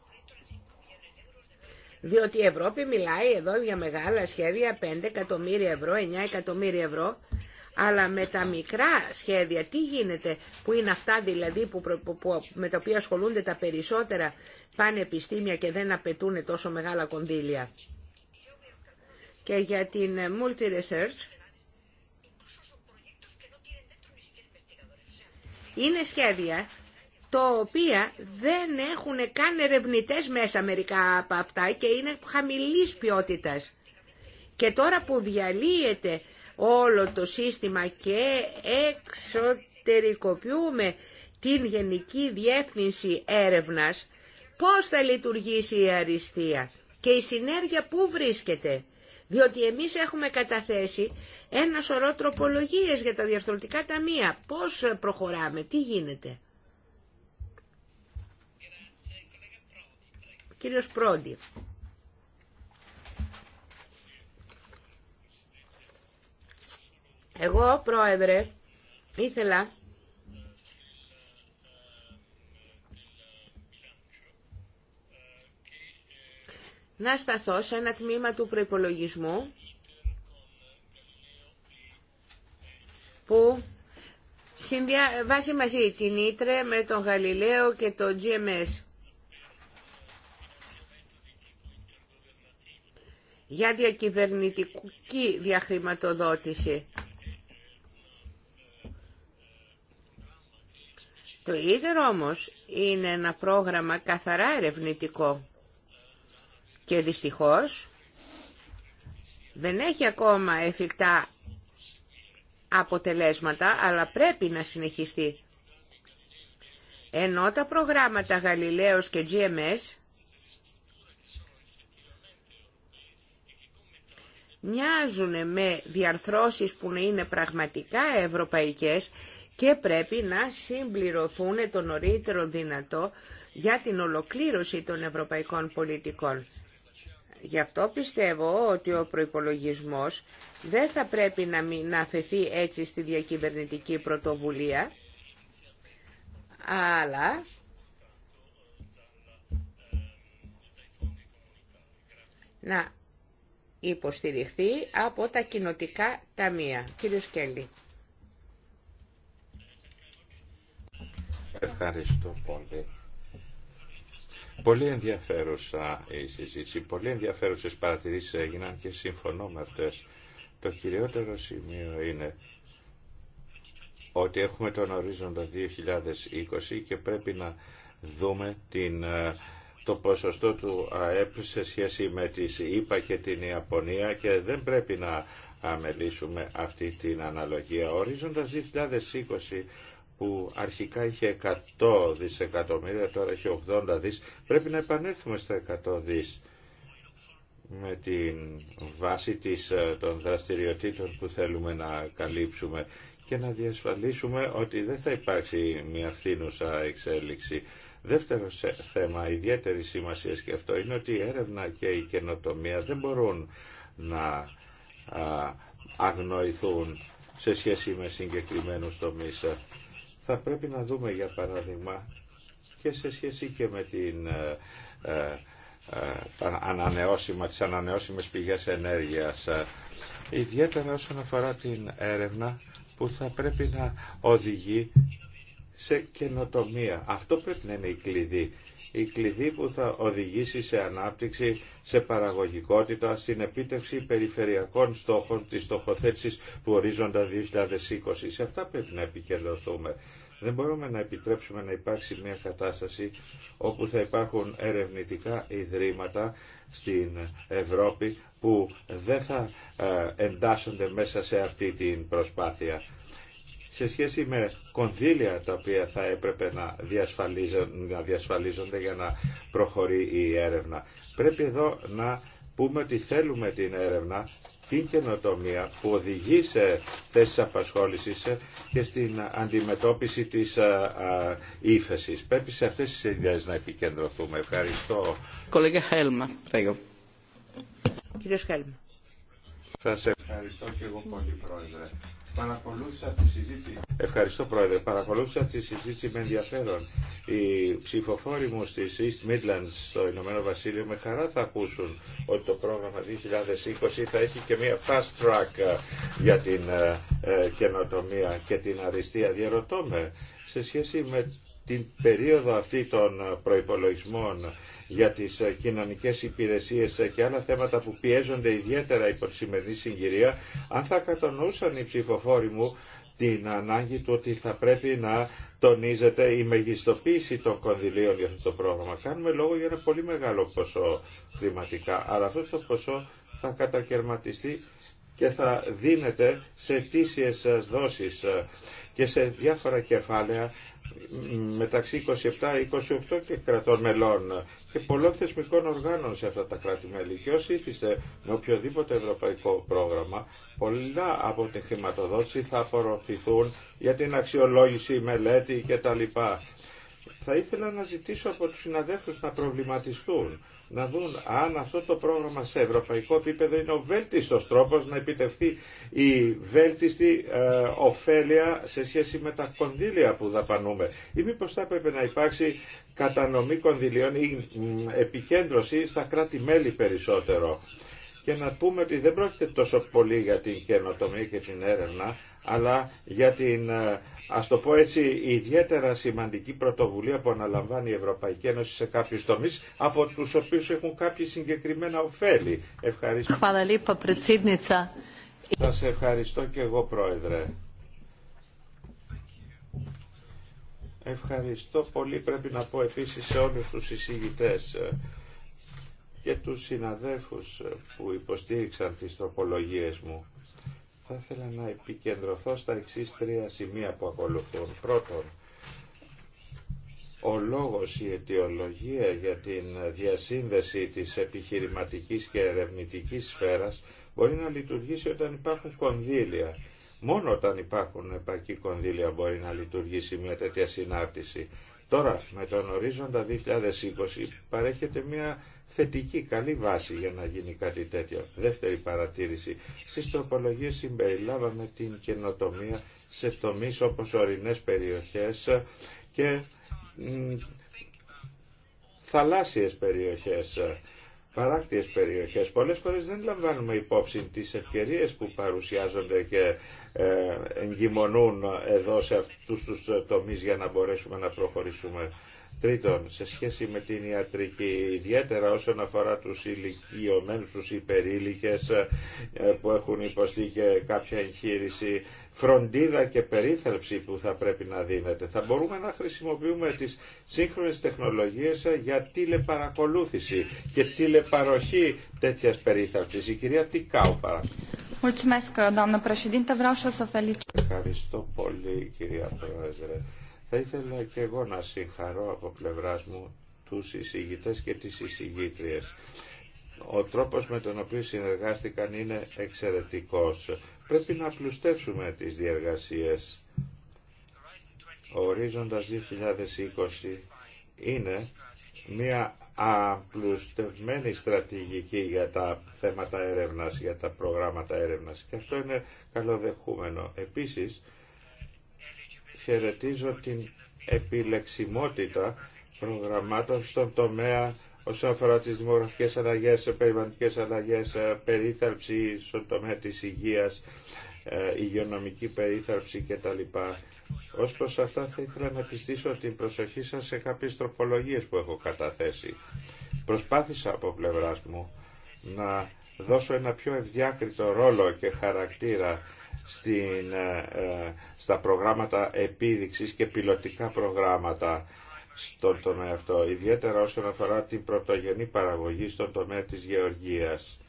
Διότι η Ευρώπη μιλάει εδώ για μεγάλα σχέδια, 5 εκατομμύρια ευρώ, 9 εκατομμύρια ευρώ, αλλά με τα μικρά σχέδια τι γίνεται, που είναι αυτά δηλαδή που, με τα οποία ασχολούνται τα περισσότερα πανεπιστήμια και δεν απαιτούν τόσο μεγάλα κονδύλια. Και για την multi-research, είναι σχέδια τα οποία δεν έχουν καν ερευνητέ μέσα μερικά από αυτά και είναι χαμηλής ποιότητας. Και τώρα που διαλύεται όλο το σύστημα και εξωτερικοποιούμε την Γενική Διεύθυνση Έρευνας, πώς θα λειτουργήσει η αριστεία και η συνέργεια που βρίσκεται. Διότι εμείς έχουμε καταθέσει ένα σωρό τροπολογίες για τα διαρθρωτικά ταμεία. Πώς προχωράμε, τι γίνεται. Κύριος Πρόντι. Εγώ, Πρόεδρε, ήθελα να σταθώ σε ένα τμήμα του προϋπολογισμού που βάζει μαζί την Ήτρε με τον Γαλιλαίο και το GMS. για διακυβερνητική διαχρηματοδότηση. Το ίδιο όμως είναι ένα πρόγραμμα καθαρά ερευνητικό και δυστυχώς δεν έχει ακόμα εφικτά αποτελέσματα, αλλά πρέπει να συνεχιστεί. Ενώ τα προγράμματα Γαλιλαίος και GMS μοιάζουν με διαρθρώσεις που είναι πραγματικά ευρωπαϊκές και πρέπει να συμπληρωθούν το νωρίτερο δυνατό για την ολοκλήρωση των ευρωπαϊκών πολιτικών. Γι' αυτό πιστεύω ότι ο προϋπολογισμός δεν θα πρέπει να, μην, να αφαιθεί έτσι στη διακυβερνητική πρωτοβουλία, αλλά να υποστηριχθεί από τα κοινοτικά ταμεία. Κύριε Σκέλη. Ευχαριστώ πολύ. Πολύ ενδιαφέρουσα η συζήτηση, πολύ ενδιαφέρουσες παρατηρήσεις έγιναν και συμφωνώ με αυτές. Το κυριότερο σημείο είναι ότι έχουμε τον ορίζοντα 2020 και πρέπει να δούμε την, ε, το ποσοστό του ΑΕΠ σε σχέση με τις ΗΠΑ και την Ιαπωνία και δεν πρέπει να αμελήσουμε αυτή την αναλογία. ορίζοντα ορίζοντας 2020 που αρχικά είχε 100 δισεκατομμύρια, τώρα έχει 80 δις, πρέπει να επανέλθουμε στα 100 δις με την βάση της, ε, των δραστηριοτήτων που θέλουμε να καλύψουμε και να διασφαλίσουμε ότι δεν θα υπάρξει μια φθήνουσα εξέλιξη. Δεύτερο θέμα ιδιαίτερη σημασία και αυτό είναι ότι η έρευνα και η καινοτομία δεν μπορούν να αγνοηθούν σε σχέση με συγκεκριμένους τομείς θα πρέπει να δούμε για παράδειγμα και σε σχέση και με την ε, ε, ε, τα ανανεώσιμα, τις ανανεώσιμες πηγές ενέργειας ιδιαίτερα όσον αφορά την έρευνα που θα πρέπει να οδηγεί σε καινοτομία. Αυτό πρέπει να είναι η κλειδί η κλειδί που θα οδηγήσει σε ανάπτυξη, σε παραγωγικότητα, στην επίτευξη περιφερειακών στόχων της στοχοθέτησης του ορίζοντα 2020. Σε αυτά πρέπει να επικεντρωθούμε. Δεν μπορούμε να επιτρέψουμε να υπάρξει μια κατάσταση όπου θα υπάρχουν ερευνητικά ιδρύματα στην Ευρώπη που δεν θα ε, εντάσσονται μέσα σε αυτή την προσπάθεια σε σχέση με κονδύλια τα οποία θα έπρεπε να, να διασφαλίζονται για να προχωρεί η έρευνα. Πρέπει εδώ να πούμε ότι θέλουμε την έρευνα την καινοτομία που οδηγεί σε θέσεις απασχόλησης και στην αντιμετώπιση της ύφεση. Πρέπει σε αυτές τις ιδέες να επικεντρωθούμε. Ευχαριστώ. Κολέγια Χέλμα, Χέλμα. Σας ευχαριστώ και εγώ πολύ, Παρακολούθησα τη συζήτηση. Ευχαριστώ Πρόεδρε. Παρακολούθησα τη συζήτηση με ενδιαφέρον. Οι ψηφοφόροι μου στι East Midlands στο Ηνωμένο Βασίλειο με χαρά θα ακούσουν ότι το πρόγραμμα 2020 θα έχει και μια fast track ε, για την ε, ε, καινοτομία και την αριστεία. Διαρωτώ με σε σχέση με την περίοδο αυτή των προϋπολογισμών για τις κοινωνικές υπηρεσίες και άλλα θέματα που πιέζονται ιδιαίτερα υπό τη σημερινή συγκυρία, αν θα κατανοούσαν οι ψηφοφόροι μου την ανάγκη του ότι θα πρέπει να τονίζεται η μεγιστοποίηση των κονδυλίων για αυτό το πρόγραμμα. Κάνουμε λόγο για ένα πολύ μεγάλο ποσό χρηματικά, αλλά αυτό το ποσό θα κατακαιρματιστεί και θα δίνεται σε αιτήσιες δόσεις και σε διάφορα κεφάλαια μεταξύ 27, 28 και κρατών μελών και πολλών θεσμικών οργάνων σε αυτά τα κράτη-μέλη. Και όσοι ήθιστε με οποιοδήποτε ευρωπαϊκό πρόγραμμα, πολλά από τη χρηματοδότηση θα απορροφηθούν για την αξιολόγηση, μελέτη κτλ. Θα ήθελα να ζητήσω από τους συναδέλφους να προβληματιστούν να δουν αν αυτό το πρόγραμμα σε ευρωπαϊκό επίπεδο είναι ο βέλτιστος τρόπος να επιτευχθεί η βέλτιστη ε, ωφέλεια σε σχέση με τα κονδύλια που δαπανούμε. Ή μήπως θα έπρεπε να υπάρξει κατανομή κονδυλίων ή επικέντρωση στα κράτη-μέλη περισσότερο. Και να πούμε ότι δεν πρόκειται τόσο πολύ για την καινοτομία και την έρευνα, αλλά για την ε, ας το πω έτσι, ιδιαίτερα σημαντική πρωτοβουλία που αναλαμβάνει η Ευρωπαϊκή Ένωση σε κάποιου τομείς, από τους οποίους έχουν κάποιοι συγκεκριμένα ωφέλη. Ευχαριστώ. Σας ευχαριστώ και εγώ, Πρόεδρε. Ευχαριστώ πολύ, πρέπει να πω επίσης σε όλους τους εισηγητές ε, και τους συναδέλφους ε, που υποστήριξαν τις τροπολογίες μου θα ήθελα να επικεντρωθώ στα εξής τρία σημεία που ακολουθούν. Πρώτον, ο λόγος, η αιτιολογία για την διασύνδεση της επιχειρηματικής και ερευνητικής σφαίρας μπορεί να λειτουργήσει όταν υπάρχουν κονδύλια. Μόνο όταν υπάρχουν επαρκή κονδύλια μπορεί να λειτουργήσει μια τέτοια συνάρτηση. Τώρα με τον ορίζοντα 2020 παρέχεται μια θετική, καλή βάση για να γίνει κάτι τέτοιο. Δεύτερη παρατήρηση. Στις τροπολογίες συμπεριλάβαμε την καινοτομία σε τομείς όπως ορεινές περιοχές και θαλάσσιες περιοχές παράκτιες περιοχές. Πολλές φορές δεν λαμβάνουμε υπόψη τις ευκαιρίες που παρουσιάζονται και ε, εγκυμονούν εδώ σε αυτούς τους τομείς για να μπορέσουμε να προχωρήσουμε. Τρίτον, σε σχέση με την ιατρική, ιδιαίτερα όσον αφορά τους ηλικιωμένους, τους υπερήλικες ε, που έχουν υποστεί και κάποια εγχείρηση, φροντίδα και περίθαλψη που θα πρέπει να δίνεται. Θα μπορούμε να χρησιμοποιούμε τις σύγχρονες τεχνολογίες για τηλεπαρακολούθηση και τηλεπαροχή τέτοιας περίθαλψης. Η κυρία Τικάου παρακολουθεί. Ευχαριστώ πολύ κυρία Πρόεδρε. Θα ήθελα και εγώ να συγχαρώ από πλευράς μου τους εισηγητές και τις εισηγήτριες. Ο τρόπος με τον οποίο συνεργάστηκαν είναι εξαιρετικός. Πρέπει να πλουστεύσουμε τις διεργασίες. Ο ορίζοντας 2020 είναι μια απλουστευμένη στρατηγική για τα θέματα έρευνας, για τα προγράμματα έρευνας και αυτό είναι καλοδεχούμενο. Επίσης, χαιρετίζω την επιλεξιμότητα προγραμμάτων στον τομέα όσον αφορά τις δημογραφικές αλλαγές, περιβαλλοντικές αλλαγές, περίθαλψη στον τομέα της υγείας, ε, υγειονομική περίθαλψη κτλ. Ως προς αυτά θα ήθελα να πιστήσω την προσοχή σας σε κάποιες τροπολογίες που έχω καταθέσει. Προσπάθησα από πλευράς μου να δώσω ένα πιο ευδιάκριτο ρόλο και χαρακτήρα ε, ε, στα προγράμματα επίδειξης και πιλωτικά προγράμματα στον τομέα αυτό, ιδιαίτερα όσον αφορά την πρωτογενή παραγωγή στον τομέα της γεωργίας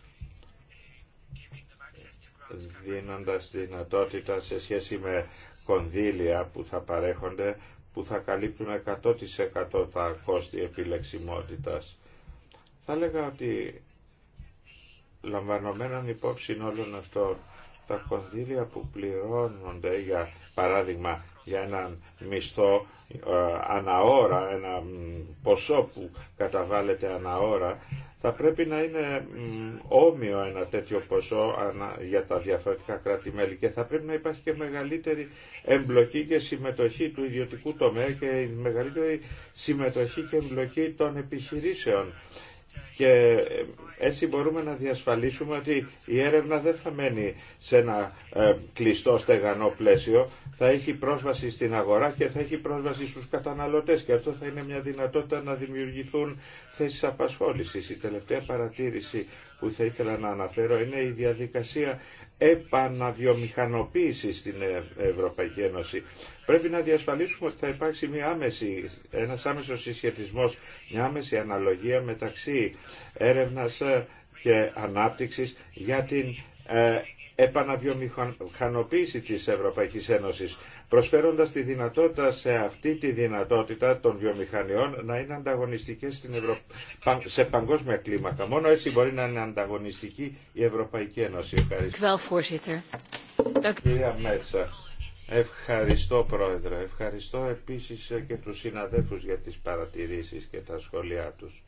δίνοντας δυνατότητα σε σχέση με κονδύλια που θα παρέχονται που θα καλύπτουν 100% τα κόστη επιλεξιμότητας. Θα έλεγα ότι λαμβανομένων υπόψη όλων αυτών τα κονδύλια που πληρώνονται για παράδειγμα για έναν μισθό ε, αναώρα, ένα ποσό που καταβάλλεται αναώρα, θα πρέπει να είναι όμοιο ένα τέτοιο ποσό για τα διαφορετικά κράτη-μέλη και θα πρέπει να υπάρχει και μεγαλύτερη εμπλοκή και συμμετοχή του ιδιωτικού τομέα και μεγαλύτερη συμμετοχή και εμπλοκή των επιχειρήσεων και έτσι μπορούμε να διασφαλίσουμε ότι η έρευνα δεν θα μένει σε ένα ε, κλειστό στεγανό πλαίσιο, θα έχει πρόσβαση στην αγορά και θα έχει πρόσβαση στους καταναλωτές και αυτό θα είναι μια δυνατότητα να δημιουργηθούν θέσεις απασχόλησης. Η τελευταία παρατήρηση που θα ήθελα να αναφέρω είναι η διαδικασία επαναβιομηχανοποίηση στην ε- Ευρωπαϊκή Ένωση. Πρέπει να διασφαλίσουμε ότι θα υπάρξει μια άμεση, ένας άμεσος συσχετισμός, μια άμεση αναλογία μεταξύ έρευνας ε, και ανάπτυξης για την ε, επαναβιομηχανοποίηση της Ευρωπαϊκής Ένωσης, προσφέροντας τη δυνατότητα σε αυτή τη δυνατότητα των βιομηχανιών να είναι ανταγωνιστικές στην σε παγκόσμια κλίμακα. Μόνο έτσι μπορεί να είναι ανταγωνιστική η Ευρωπαϊκή Ένωση. Ευχαριστώ. ευχαριστώ Πρόεδρε. Ευχαριστώ επίσης και τους συναδέλφους για τις παρατηρήσεις και τα σχόλιά τους.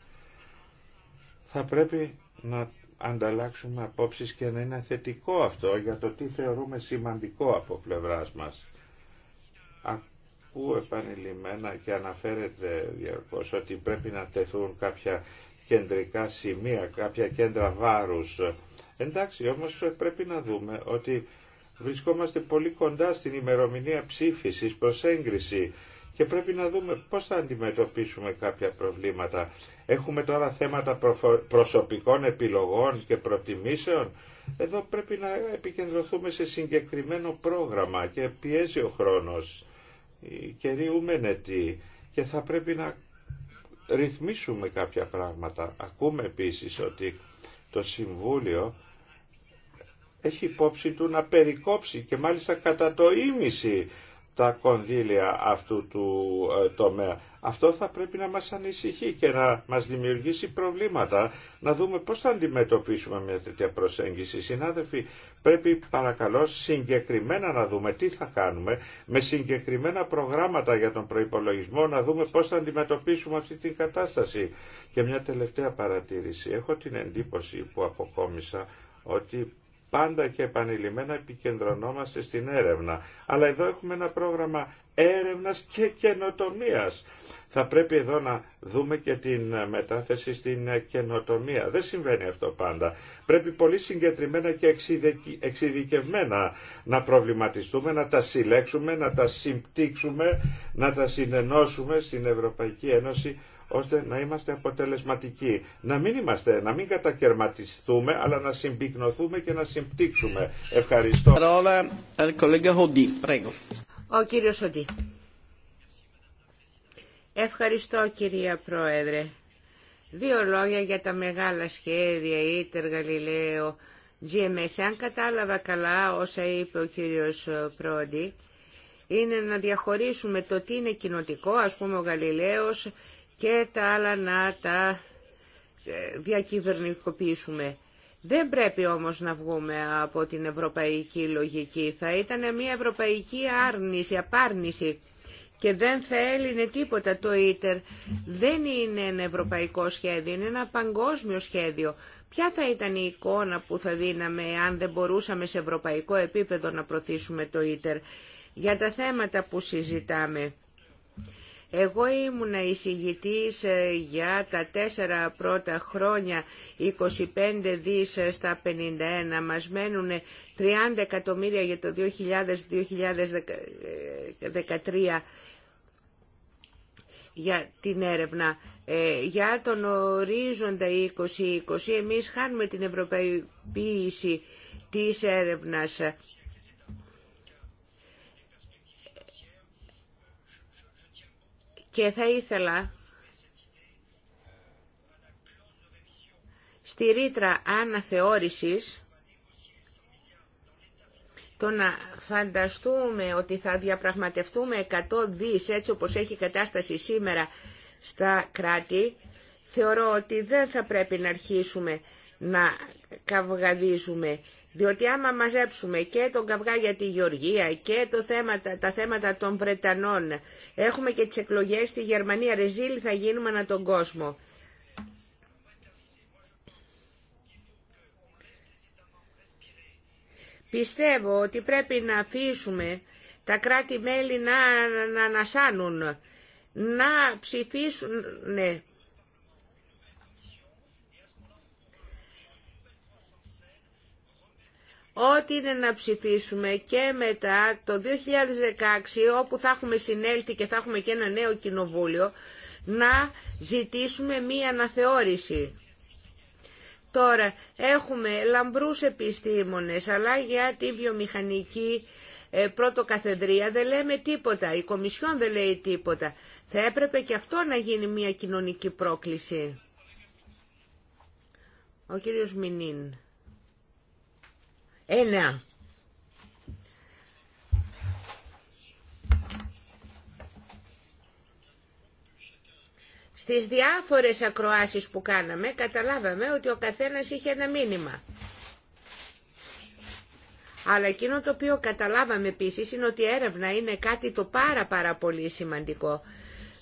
Θα πρέπει να ανταλλάξουμε απόψεις και να είναι θετικό αυτό για το τι θεωρούμε σημαντικό από πλευράς μας. Ακούω επανειλημμένα και αναφέρεται διαρκώς ότι πρέπει να τεθούν κάποια κεντρικά σημεία, κάποια κέντρα βάρους. Εντάξει, όμως πρέπει να δούμε ότι βρισκόμαστε πολύ κοντά στην ημερομηνία ψήφισης προς έγκριση και πρέπει να δούμε πώς θα αντιμετωπίσουμε κάποια προβλήματα. Έχουμε τώρα θέματα προσωπικών επιλογών και προτιμήσεων. Εδώ πρέπει να επικεντρωθούμε σε συγκεκριμένο πρόγραμμα και πιέζει ο χρόνος. ριούμενε τι και θα πρέπει να ρυθμίσουμε κάποια πράγματα. Ακούμε επίσης ότι το Συμβούλιο έχει υπόψη του να περικόψει και μάλιστα κατά το ίμιση τα κονδύλια αυτού του ε, τομέα. Αυτό θα πρέπει να μας ανησυχεί και να μας δημιουργήσει προβλήματα, να δούμε πώς θα αντιμετωπίσουμε μια τέτοια προσέγγιση. Συνάδελφοι, πρέπει παρακαλώ συγκεκριμένα να δούμε τι θα κάνουμε, με συγκεκριμένα προγράμματα για τον προϋπολογισμό, να δούμε πώς θα αντιμετωπίσουμε αυτή την κατάσταση. Και μια τελευταία παρατήρηση. Έχω την εντύπωση που αποκόμισα ότι πάντα και επανειλημμένα επικεντρωνόμαστε στην έρευνα. Αλλά εδώ έχουμε ένα πρόγραμμα έρευνας και καινοτομίας. Θα πρέπει εδώ να δούμε και την μετάθεση στην καινοτομία. Δεν συμβαίνει αυτό πάντα. Πρέπει πολύ συγκεκριμένα και εξειδικευμένα να προβληματιστούμε, να τα συλλέξουμε, να τα συμπτύξουμε, να τα συνενώσουμε στην Ευρωπαϊκή Ένωση ώστε να είμαστε αποτελεσματικοί. Να μην είμαστε, να μην κατακαιρματιστούμε, αλλά να συμπυκνωθούμε και να συμπτύξουμε. Ευχαριστώ. Ο κύριος Οντή. Ευχαριστώ κυρία Πρόεδρε. Δύο λόγια για τα μεγάλα σχέδια, Ήτερ, Γαλιλαίο, GMS. Αν κατάλαβα καλά όσα είπε ο κύριος Πρόντι, είναι να διαχωρίσουμε το τι είναι κοινοτικό, ας πούμε ο Γαλιλαίος και τα άλλα να τα ε, διακυβερνικοποιήσουμε. Δεν πρέπει όμως να βγούμε από την ευρωπαϊκή λογική. Θα ήταν μια ευρωπαϊκή άρνηση, απάρνηση και δεν θα έλυνε τίποτα το ίτερ. Δεν είναι ένα ευρωπαϊκό σχέδιο, είναι ένα παγκόσμιο σχέδιο. Ποια θα ήταν η εικόνα που θα δίναμε αν δεν μπορούσαμε σε ευρωπαϊκό επίπεδο να προωθήσουμε το ίτερ για τα θέματα που συζητάμε. Εγώ ήμουν εισηγητής ε, για τα τέσσερα πρώτα χρόνια 25 δις ε, στα 51. Μας μένουν 30 εκατομμύρια για το 2000-2013 ε, για την έρευνα. για τον ορίζοντα 2020 εμείς χάνουμε την ευρωπαϊκή της έρευνας Και θα ήθελα στη ρήτρα αναθεώρησης το να φανταστούμε ότι θα διαπραγματευτούμε 100 δις έτσι όπως έχει κατάσταση σήμερα στα κράτη, θεωρώ ότι δεν θα πρέπει να αρχίσουμε να καυγαδίζουμε διότι άμα μαζέψουμε και τον καυγά για τη Γεωργία και το τα θέματα των Βρετανών, έχουμε και τις εκλογές στη Γερμανία, ρεζίλ θα γίνουμε ανά τον κόσμο. Πιστεύω ότι πρέπει να αφήσουμε τα κράτη-μέλη να ανασάνουν, να ψηφίσουν, ναι, ό,τι είναι να ψηφίσουμε και μετά το 2016 όπου θα έχουμε συνέλθει και θα έχουμε και ένα νέο κοινοβούλιο να ζητήσουμε μία αναθεώρηση. Τώρα έχουμε λαμπρούς επιστήμονες αλλά για τη βιομηχανική ε, καθεδρία δεν λέμε τίποτα, η Κομισιόν δεν λέει τίποτα. Θα έπρεπε και αυτό να γίνει μία κοινωνική πρόκληση. Ο κύριος Μινίν. Στι Στις διάφορες ακροάσεις που κάναμε καταλάβαμε ότι ο καθένας είχε ένα μήνυμα. Αλλά εκείνο το οποίο καταλάβαμε επίσης είναι ότι η έρευνα είναι κάτι το πάρα πάρα πολύ σημαντικό.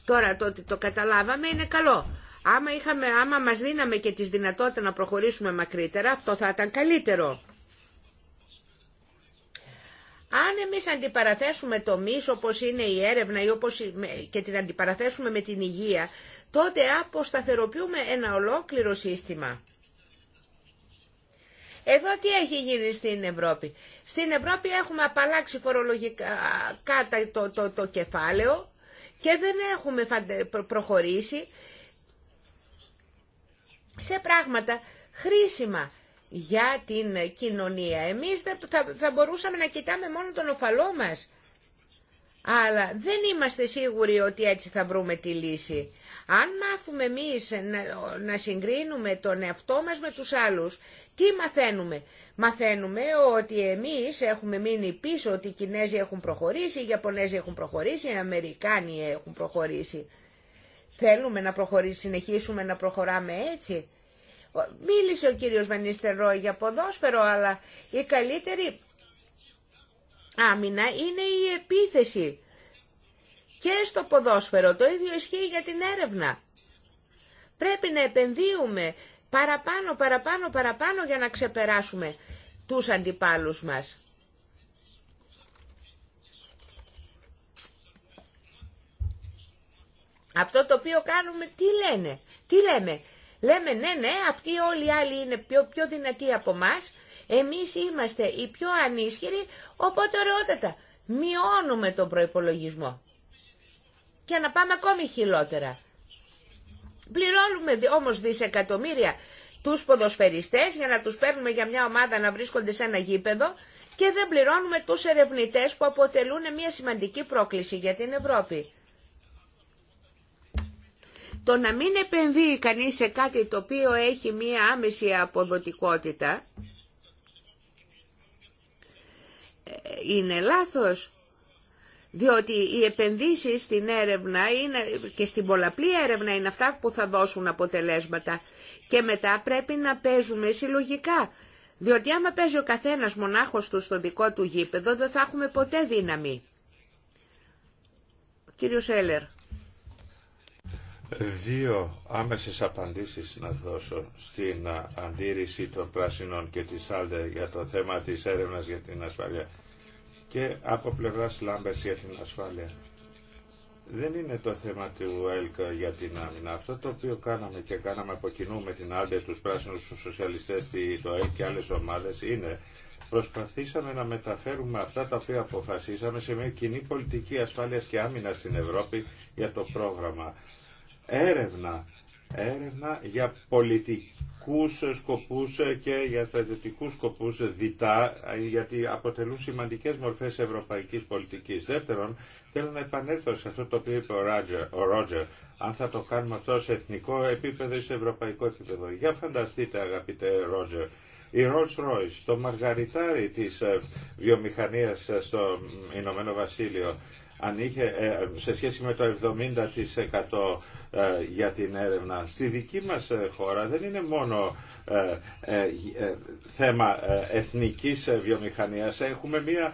Τώρα το ότι το καταλάβαμε είναι καλό. Άμα, είχαμε, άμα μας δίναμε και τις δυνατότητα να προχωρήσουμε μακρύτερα αυτό θα ήταν καλύτερο. Αν εμείς αντιπαραθέσουμε το μίσο όπως είναι η έρευνα ή όπως και την αντιπαραθέσουμε με την υγεία, τότε αποσταθεροποιούμε ένα ολόκληρο σύστημα. Εδώ τι έχει γίνει στην Ευρώπη. Στην Ευρώπη έχουμε απαλλάξει φορολογικά κάτω το, το, το κεφάλαιο και δεν έχουμε προχωρήσει σε πράγματα χρήσιμα για την κοινωνία. Εμείς θα, θα, θα μπορούσαμε να κοιτάμε μόνο τον οφαλό μας. Αλλά δεν είμαστε σίγουροι ότι έτσι θα βρούμε τη λύση. Αν μάθουμε εμείς να, συγκρίνουμε τον εαυτό μας με τους άλλους, τι μαθαίνουμε. Μαθαίνουμε ότι εμείς έχουμε μείνει πίσω, ότι οι Κινέζοι έχουν προχωρήσει, οι Ιαπωνέζοι έχουν προχωρήσει, οι Αμερικάνοι έχουν προχωρήσει. Θέλουμε να προχωρήσουμε, συνεχίσουμε να προχωράμε έτσι. Μίλησε ο κύριος Βανίστερο για ποδόσφαιρο, αλλά η καλύτερη άμυνα είναι η επίθεση. Και στο ποδόσφαιρο το ίδιο ισχύει για την έρευνα. Πρέπει να επενδύουμε παραπάνω, παραπάνω, παραπάνω για να ξεπεράσουμε τους αντιπάλους μας. Αυτό το οποίο κάνουμε, τι λένε, τι λέμε, Λέμε ναι, ναι, αυτοί όλοι οι άλλοι είναι πιο, πιο δυνατοί από εμά. Εμείς είμαστε οι πιο ανίσχυροι, οπότε ωραιότατα. Μειώνουμε τον προϋπολογισμό. Και να πάμε ακόμη χειλότερα. Πληρώνουμε όμως δισεκατομμύρια τους ποδοσφαιριστές για να τους παίρνουμε για μια ομάδα να βρίσκονται σε ένα γήπεδο και δεν πληρώνουμε τους ερευνητές που αποτελούν μια σημαντική πρόκληση για την Ευρώπη. Το να μην επενδύει κανείς σε κάτι το οποίο έχει μία άμεση αποδοτικότητα ε, είναι λάθος. Διότι οι επενδύσεις στην έρευνα είναι, και στην πολλαπλή έρευνα είναι αυτά που θα δώσουν αποτελέσματα και μετά πρέπει να παίζουμε συλλογικά. Διότι άμα παίζει ο καθένας μονάχος του στο δικό του γήπεδο δεν θα έχουμε ποτέ δύναμη. Κύριο Έλερ. Δύο άμεσες απαντήσεις να δώσω στην αντίρρηση των πράσινων και της Άλντε για το θέμα της έρευνας για την ασφάλεια και από πλευράς Λάμπερς για την ασφάλεια. Δεν είναι το θέμα του ΕΛΚ για την άμυνα. Αυτό το οποίο κάναμε και κάναμε από κοινού με την Άλντε, τους πράσινους τους σοσιαλιστές, το ΕΛΚ και άλλες ομάδες είναι προσπαθήσαμε να μεταφέρουμε αυτά τα οποία αποφασίσαμε σε μια κοινή πολιτική ασφάλειας και άμυνας στην Ευρώπη για το πρόγραμμα έρευνα. Έρευνα για πολιτικούς σκοπούς και για στρατιωτικούς σκοπούς διτά, γιατί αποτελούν σημαντικές μορφές ευρωπαϊκής πολιτικής. Δεύτερον, θέλω να επανέλθω σε αυτό το οποίο είπε ο Ρότζερ, αν θα το κάνουμε αυτό σε εθνικό επίπεδο ή σε ευρωπαϊκό επίπεδο. Για φανταστείτε αγαπητέ Ρότζερ, η Rolls Royce, το μαργαριτάρι της ε, βιομηχανίας στο Ηνωμένο Βασίλειο, αν είχε ε, σε σχέση με το 70% ε, για την έρευνα. Στη δική μας ε, χώρα δεν είναι μόνο θέμα εθνικής βιομηχανίας. Έχουμε μια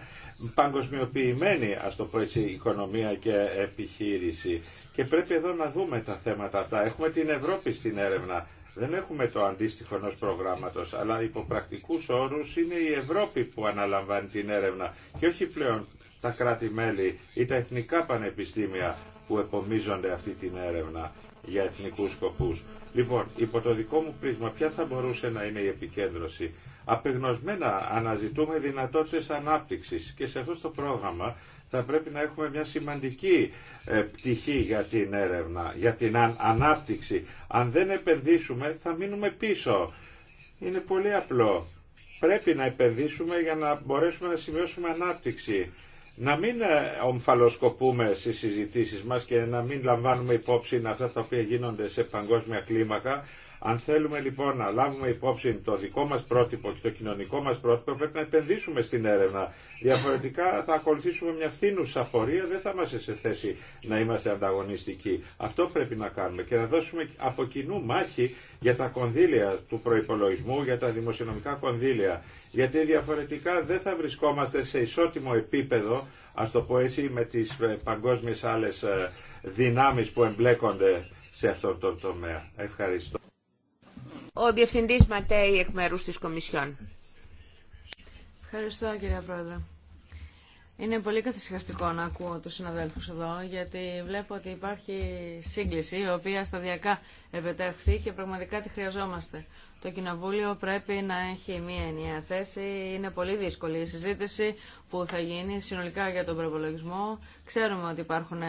παγκοσμιοποιημένη, ας οικονομία και επιχείρηση. Και πρέπει εδώ να δούμε τα θέματα αυτά. Έχουμε την Ευρώπη στην έρευνα δεν έχουμε το αντίστοιχο ενό προγράμματο, αλλά υπό πρακτικού όρου είναι η Ευρώπη που αναλαμβάνει την έρευνα και όχι πλέον τα κράτη-μέλη ή τα εθνικά πανεπιστήμια που επομίζονται αυτή την έρευνα για εθνικούς σκοπούς. Λοιπόν, υπό το δικό μου πρίσμα, ποια θα μπορούσε να είναι η επικέντρωση. Απεγνωσμένα αναζητούμε δυνατότητε ανάπτυξη και σε αυτό το πρόγραμμα θα πρέπει να έχουμε μια σημαντική ε, πτυχή για την έρευνα, για την ανάπτυξη. Αν δεν επενδύσουμε θα μείνουμε πίσω. Είναι πολύ απλό. Πρέπει να επενδύσουμε για να μπορέσουμε να σημειώσουμε ανάπτυξη. Να μην ε, ομφαλοσκοπούμε στις συζητήσεις μας και να μην λαμβάνουμε υπόψη αυτά τα οποία γίνονται σε παγκόσμια κλίμακα, αν θέλουμε λοιπόν να λάβουμε υπόψη το δικό μας πρότυπο και το κοινωνικό μας πρότυπο πρέπει να επενδύσουμε στην έρευνα. Διαφορετικά θα ακολουθήσουμε μια φθήνουσα πορεία, δεν θα είμαστε σε θέση να είμαστε ανταγωνιστικοί. Αυτό πρέπει να κάνουμε και να δώσουμε από κοινού μάχη για τα κονδύλια του προπολογισμού, για τα δημοσιονομικά κονδύλια. Γιατί διαφορετικά δεν θα βρισκόμαστε σε ισότιμο επίπεδο, ας το πω έτσι, με τις ε, παγκόσμιες άλλες ε, δυνάμεις που εμπλέκονται σε αυτό το τομέα. Ευχαριστώ. Ο Διευθυντής Ματέη εκ μέρους της Κομισιόν. Ευχαριστώ κύριε Πρόεδρε. Είναι πολύ καθησυχαστικό να ακούω τους συναδέλφους εδώ, γιατί βλέπω ότι υπάρχει σύγκληση, η οποία σταδιακά επετεύχθη και πραγματικά τη χρειαζόμαστε. Το Κοινοβούλιο πρέπει να έχει μία ενιαία θέση. Είναι πολύ δύσκολη η συζήτηση που θα γίνει συνολικά για τον προπολογισμό. Ξέρουμε ότι υπάρχουν ε,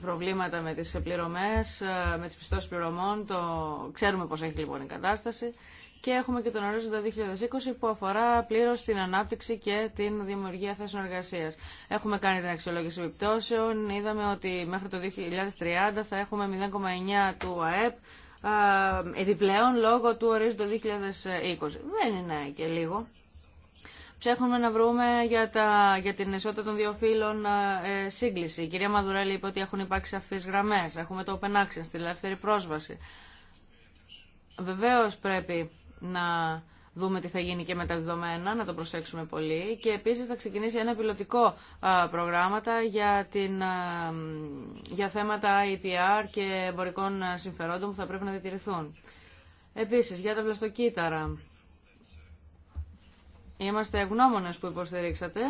προβλήματα με τις πληρωμές, ε, με τις πιστώσεις πληρωμών. Το... Ξέρουμε πώς έχει λοιπόν η κατάσταση και έχουμε και τον ορίζοντα 2020 που αφορά πλήρω την ανάπτυξη και την δημιουργία θέσεων εργασία. Έχουμε κάνει την αξιολόγηση επιπτώσεων, είδαμε ότι μέχρι το 2030 θα έχουμε 0,9 του ΑΕΠ επιπλέον λόγω του ορίζοντα 2020. Δεν είναι και λίγο. Ψέχνουμε να βρούμε για, την ισότητα των δύο φύλων ε, σύγκληση. Η κυρία Μαδουρέλη είπε ότι έχουν υπάρξει σαφεί γραμμέ. Έχουμε το open access, τη ελεύθερη πρόσβαση. Βεβαίω πρέπει να δούμε τι θα γίνει και με τα δεδομένα, να το προσέξουμε πολύ. Και επίσης θα ξεκινήσει ένα πιλωτικό προγράμματα για, την, για θέματα IPR και εμπορικών συμφερόντων που θα πρέπει να διατηρηθούν. Επίσης, για τα βλαστοκύτταρα. Είμαστε ευγνώμονες που υποστηρίξατε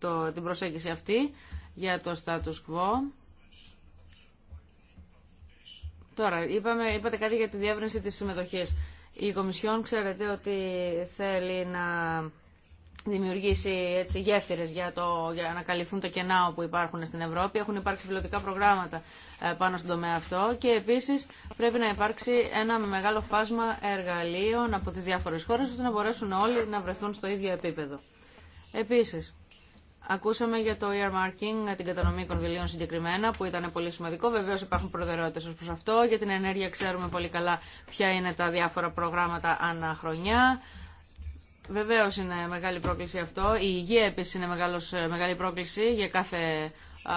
το, την προσέγγιση αυτή για το status quo. Τώρα, είπατε κάτι για τη διεύρυνση της συμμετοχής. Η Κομισιόν ξέρετε ότι θέλει να δημιουργήσει έτσι, γέφυρες για, το, για να καλυφθούν τα κενά που υπάρχουν στην Ευρώπη. Έχουν υπάρξει πιλωτικά προγράμματα ε, πάνω στον τομέα αυτό και επίσης πρέπει να υπάρξει ένα μεγάλο φάσμα εργαλείων από τις διάφορες χώρες ώστε να μπορέσουν όλοι να βρεθούν στο ίδιο επίπεδο. Επίσης, Ακούσαμε για το earmarking, την κατανομή κονδυλίων συγκεκριμένα, που ήταν πολύ σημαντικό. Βεβαίω υπάρχουν προτεραιότητε ω προ αυτό. Για την ενέργεια ξέρουμε πολύ καλά ποια είναι τα διάφορα προγράμματα ανά χρονιά. Βεβαίω είναι μεγάλη πρόκληση αυτό. Η υγεία επίση είναι μεγάλος, ε, μεγάλη πρόκληση για κάθε α,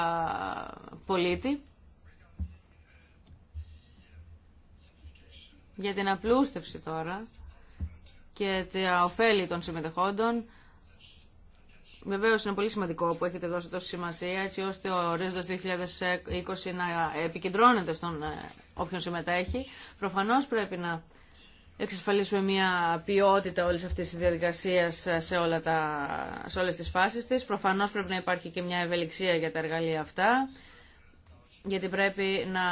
πολίτη. Για την απλούστευση τώρα και τα ωφέλη των συμμετεχόντων. Βεβαίω είναι πολύ σημαντικό που έχετε δώσει τόση σημασία έτσι ώστε ο ορίζοντα 2020 να επικεντρώνεται στον ε, όποιον συμμετέχει. Προφανώ πρέπει να εξασφαλίσουμε μια ποιότητα όλη αυτή τη διαδικασία ε, σε, όλα τα, σε όλες τις φάσεις της. Προφανώς πρέπει να υπάρχει και μια ευελιξία για τα εργαλεία αυτά, γιατί πρέπει να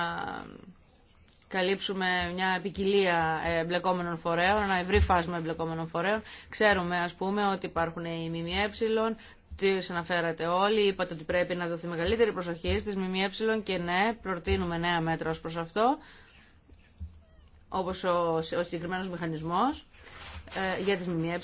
καλύψουμε μια ποικιλία ε, εμπλεκόμενων φορέων, ένα ευρύ φάσμα εμπλεκόμενων φορέων. Ξέρουμε, ας πούμε, ότι υπάρχουν οι ΜΜΕ, τι αναφέρατε όλοι, είπατε ότι πρέπει να δοθεί μεγαλύτερη προσοχή στις ΜΜΕ και ναι, προτείνουμε νέα μέτρα ως προς αυτό, όπως ο, ο συγκεκριμένο μηχανισμός ε, για τις ΜΜΕ.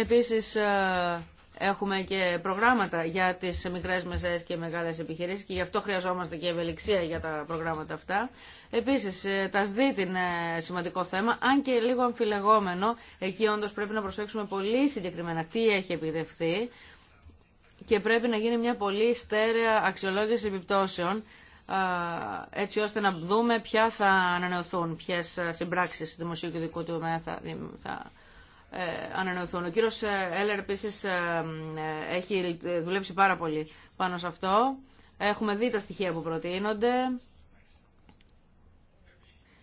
Επίσης, ε, Έχουμε και προγράμματα για τις μικρές, μεσαίες και μεγάλες επιχειρήσεις και γι' αυτό χρειαζόμαστε και ευελιξία για τα προγράμματα αυτά. Επίσης, ε, τα ΣΔΙΤ είναι σημαντικό θέμα, αν και λίγο αμφιλεγόμενο. Εκεί όντως πρέπει να προσέξουμε πολύ συγκεκριμένα τι έχει επιδευθεί και πρέπει να γίνει μια πολύ στέρεα αξιολόγηση επιπτώσεων έτσι ώστε να δούμε ποια θα ανανεωθούν, ποιες ε, συμπράξεις δημοσίου και δικού του θα, θα ανανεωθούν. Ε, ο κύριος ε, Έλερ επίσης ε, έχει δουλέψει πάρα πολύ πάνω σε αυτό. Έχουμε δει τα στοιχεία που προτείνονται.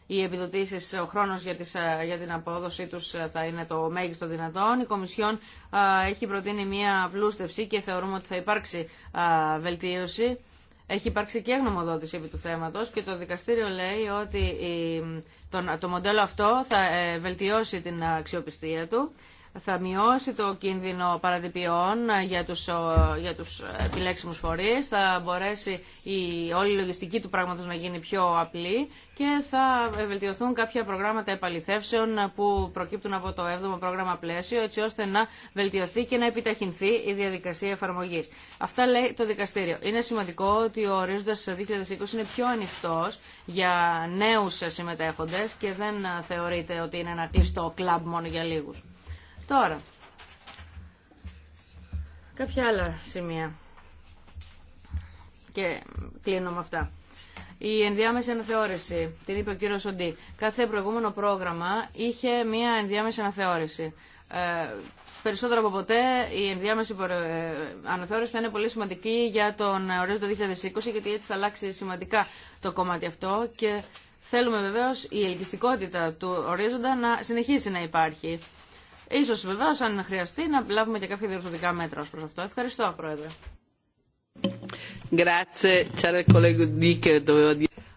Οι επιδοτήσεις, ο χρόνος για, την απόδοσή τους θα είναι το μέγιστο δυνατόν. Η Κομισιόν έχει προτείνει μία πλούστευση και θεωρούμε ότι θα υπάρξει βελτίωση. Έχει υπάρξει και γνωμοδότηση επί του θέματος και το δικαστήριο λέει ότι το μοντέλο αυτό θα ε, βελτιώσει την αξιοπιστία του θα μειώσει το κίνδυνο παρατυπιών για τους, για τους επιλέξιμους φορείς, θα μπορέσει η όλη η λογιστική του πράγματος να γίνει πιο απλή και θα βελτιωθούν κάποια προγράμματα επαληθεύσεων που προκύπτουν από το 7ο πρόγραμμα πλαίσιο, έτσι ώστε να βελτιωθεί και να επιταχυνθεί η διαδικασία εφαρμογής. Αυτά λέει το δικαστήριο. Είναι σημαντικό ότι ο ορίζοντας 2020 είναι πιο ανοιχτό για νέους συμμετέχοντες και δεν θεωρείται ότι είναι ένα κλειστό κλαμπ μόνο για λίγου. Τώρα, κάποια άλλα σημεία. Και κλείνω με αυτά. Η ενδιάμεση αναθεώρηση, την είπε ο κύριο Σοντή. Κάθε προηγούμενο πρόγραμμα είχε μία ενδιάμεση αναθεώρηση. Ε, περισσότερο από ποτέ η ενδιάμεση ε, αναθεώρηση θα είναι πολύ σημαντική για τον ορίζοντα 2020, γιατί έτσι θα αλλάξει σημαντικά το κομμάτι αυτό και θέλουμε βεβαίω η ελκυστικότητα του ορίζοντα να συνεχίσει να υπάρχει. Ίσως βεβαίως αν χρειαστεί να λάβουμε και κάποια διορθωτικά μέτρα ως προς αυτό. Ευχαριστώ Πρόεδρε.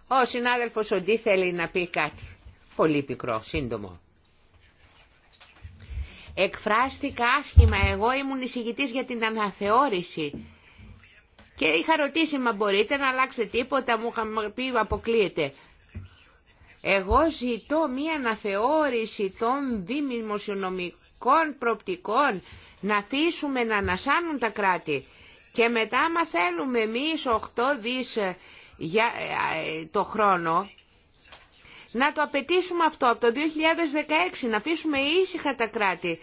Ο συνάδελφος Οντί θέλει να πει κάτι. Πολύ πικρό, σύντομο. Εκφράστηκα άσχημα, εγώ ήμουν εισηγητής για την αναθεώρηση και είχα ρωτήσει μα μπορείτε να αλλάξετε τίποτα, μου είχαν πει αποκλείεται. Εγώ ζητώ μία αναθεώρηση των δημοσιονομικών προπτικών να αφήσουμε να ανασάνουν τα κράτη και μετά άμα θέλουμε εμείς 8 δις ε, για, ε, ε, το χρόνο να το απαιτήσουμε αυτό από το 2016 να αφήσουμε ήσυχα τα κράτη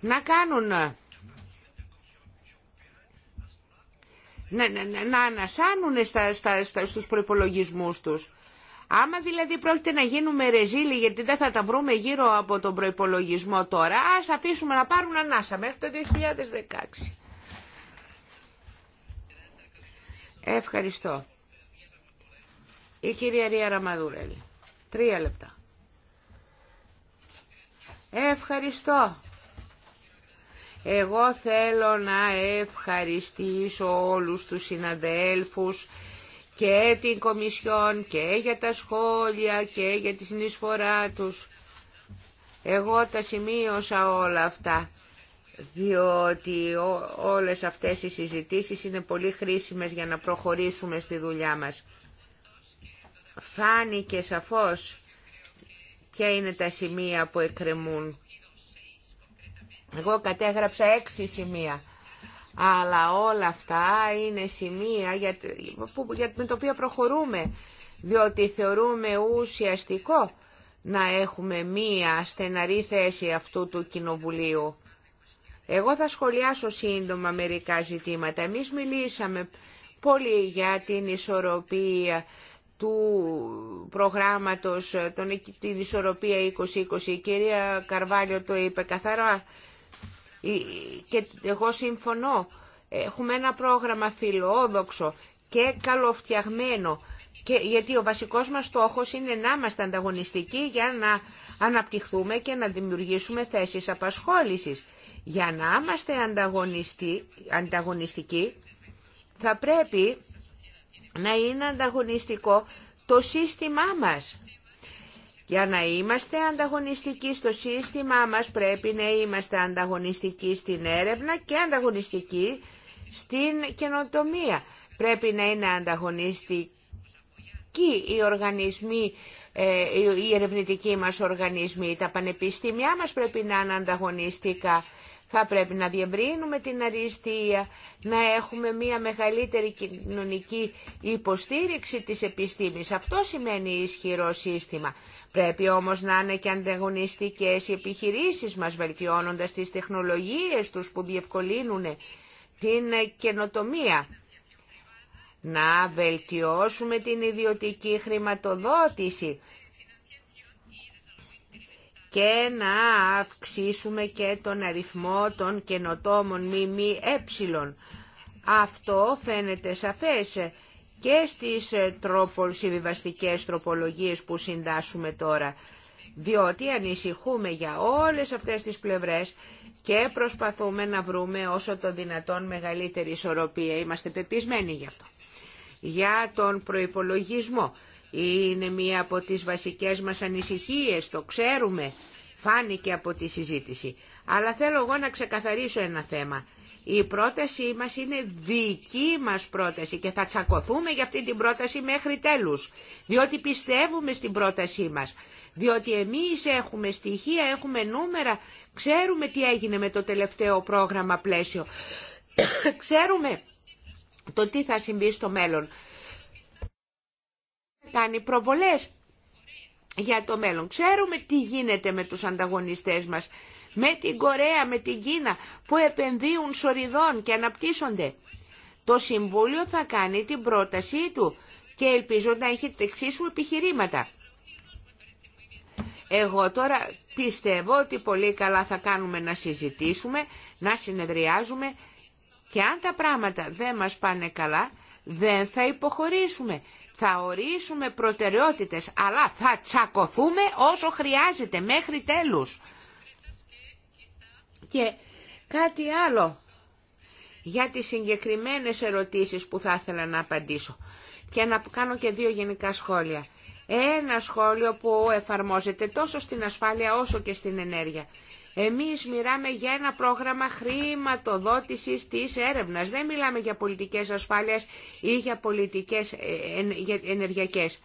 να κάνουν να, ανασάνουν στα, στα, στα, στους προϋπολογισμούς τους. Άμα δηλαδή πρόκειται να γίνουμε ρεζίλοι γιατί δεν θα τα βρούμε γύρω από τον προϋπολογισμό τώρα, ας αφήσουμε να πάρουν ανάσα μέχρι το 2016. Ευχαριστώ. Η κυρία Ρία Ραμαδούρελη. Τρία λεπτά. Ευχαριστώ. Εγώ θέλω να ευχαριστήσω όλους τους συναδέλφους και την Κομισιόν και για τα σχόλια και για τη συνεισφορά τους. Εγώ τα σημείωσα όλα αυτά, διότι όλες αυτές οι συζητήσεις είναι πολύ χρήσιμες για να προχωρήσουμε στη δουλειά μας. Φάνηκε σαφώς ποια είναι τα σημεία που εκκρεμούν. Εγώ κατέγραψα έξι σημεία αλλά όλα αυτά είναι σημεία για, που, για, με τα οποία προχωρούμε, διότι θεωρούμε ουσιαστικό να έχουμε μία στεναρή θέση αυτού του Κοινοβουλίου. Εγώ θα σχολιάσω σύντομα μερικά ζητήματα. Εμείς μιλήσαμε πολύ για την ισορροπία του προγράμματος, τον, την ισορροπία 2020. Η κυρία Καρβάλιο το είπε καθαρά ε, και εγώ συμφωνώ, έχουμε ένα πρόγραμμα φιλόδοξο και καλοφτιαγμένο, γιατί ο βασικός μας στόχος είναι να είμαστε ανταγωνιστικοί για να αναπτυχθούμε και να δημιουργήσουμε θέσεις απασχόλησης. Για να είμαστε ανταγωνιστικοί θα πρέπει να είναι ανταγωνιστικό το σύστημά μας. Για να είμαστε ανταγωνιστικοί στο σύστημά μας πρέπει να είμαστε ανταγωνιστικοί στην έρευνα και ανταγωνιστικοί στην καινοτομία. Πρέπει να είναι ανταγωνιστικοί οι οργανισμοί, ε, οι ερευνητικοί μας οργανισμοί, τα πανεπιστήμια μας πρέπει να είναι ανταγωνιστικά θα πρέπει να διευρύνουμε την αριστεία, να έχουμε μια μεγαλύτερη κοινωνική υποστήριξη της επιστήμης. Αυτό σημαίνει ισχυρό σύστημα. Πρέπει όμως να είναι και ανταγωνιστικές οι επιχειρήσεις μας, βελτιώνοντας τις τεχνολογίες τους που διευκολύνουν την καινοτομία. Να βελτιώσουμε την ιδιωτική χρηματοδότηση και να αυξήσουμε και τον αριθμό των καινοτόμων μήμη ε. Αυτό φαίνεται σαφές και στις τροπο, συμβιβαστικές τροπολογίες που συντάσσουμε τώρα, διότι ανησυχούμε για όλες αυτές τις πλευρές και προσπαθούμε να βρούμε όσο το δυνατόν μεγαλύτερη ισορροπία. Είμαστε πεπισμένοι γι' αυτό. Για τον προϋπολογισμό είναι μία από τις βασικές μας ανησυχίες, το ξέρουμε, φάνηκε από τη συζήτηση. Αλλά θέλω εγώ να ξεκαθαρίσω ένα θέμα. Η πρότασή μας είναι δική μας πρόταση και θα τσακωθούμε για αυτή την πρόταση μέχρι τέλους. Διότι πιστεύουμε στην πρότασή μας. Διότι εμείς έχουμε στοιχεία, έχουμε νούμερα, ξέρουμε τι έγινε με το τελευταίο πρόγραμμα πλαίσιο. ξέρουμε το τι θα συμβεί στο μέλλον κάνει προβολές για το μέλλον. Ξέρουμε τι γίνεται με τους ανταγωνιστές μας, με την Κορέα, με την Κίνα, που επενδύουν σοριδών και αναπτύσσονται. Το Συμβούλιο θα κάνει την πρότασή του και ελπίζω να έχει εξίσου επιχειρήματα. Εγώ τώρα πιστεύω ότι πολύ καλά θα κάνουμε να συζητήσουμε, να συνεδριάζουμε και αν τα πράγματα δεν μας πάνε καλά, δεν θα υποχωρήσουμε. Θα ορίσουμε προτεραιότητες, αλλά θα τσακωθούμε όσο χρειάζεται, μέχρι τέλους. Και κάτι άλλο για τις συγκεκριμένες ερωτήσεις που θα ήθελα να απαντήσω και να κάνω και δύο γενικά σχόλια. Ένα σχόλιο που εφαρμόζεται τόσο στην ασφάλεια όσο και στην ενέργεια. Εμείς μιλάμε για ένα πρόγραμμα χρηματοδότησης της έρευνας. Δεν μιλάμε για πολιτικές ασφάλειας ή για πολιτικές ε, ενεργειακές.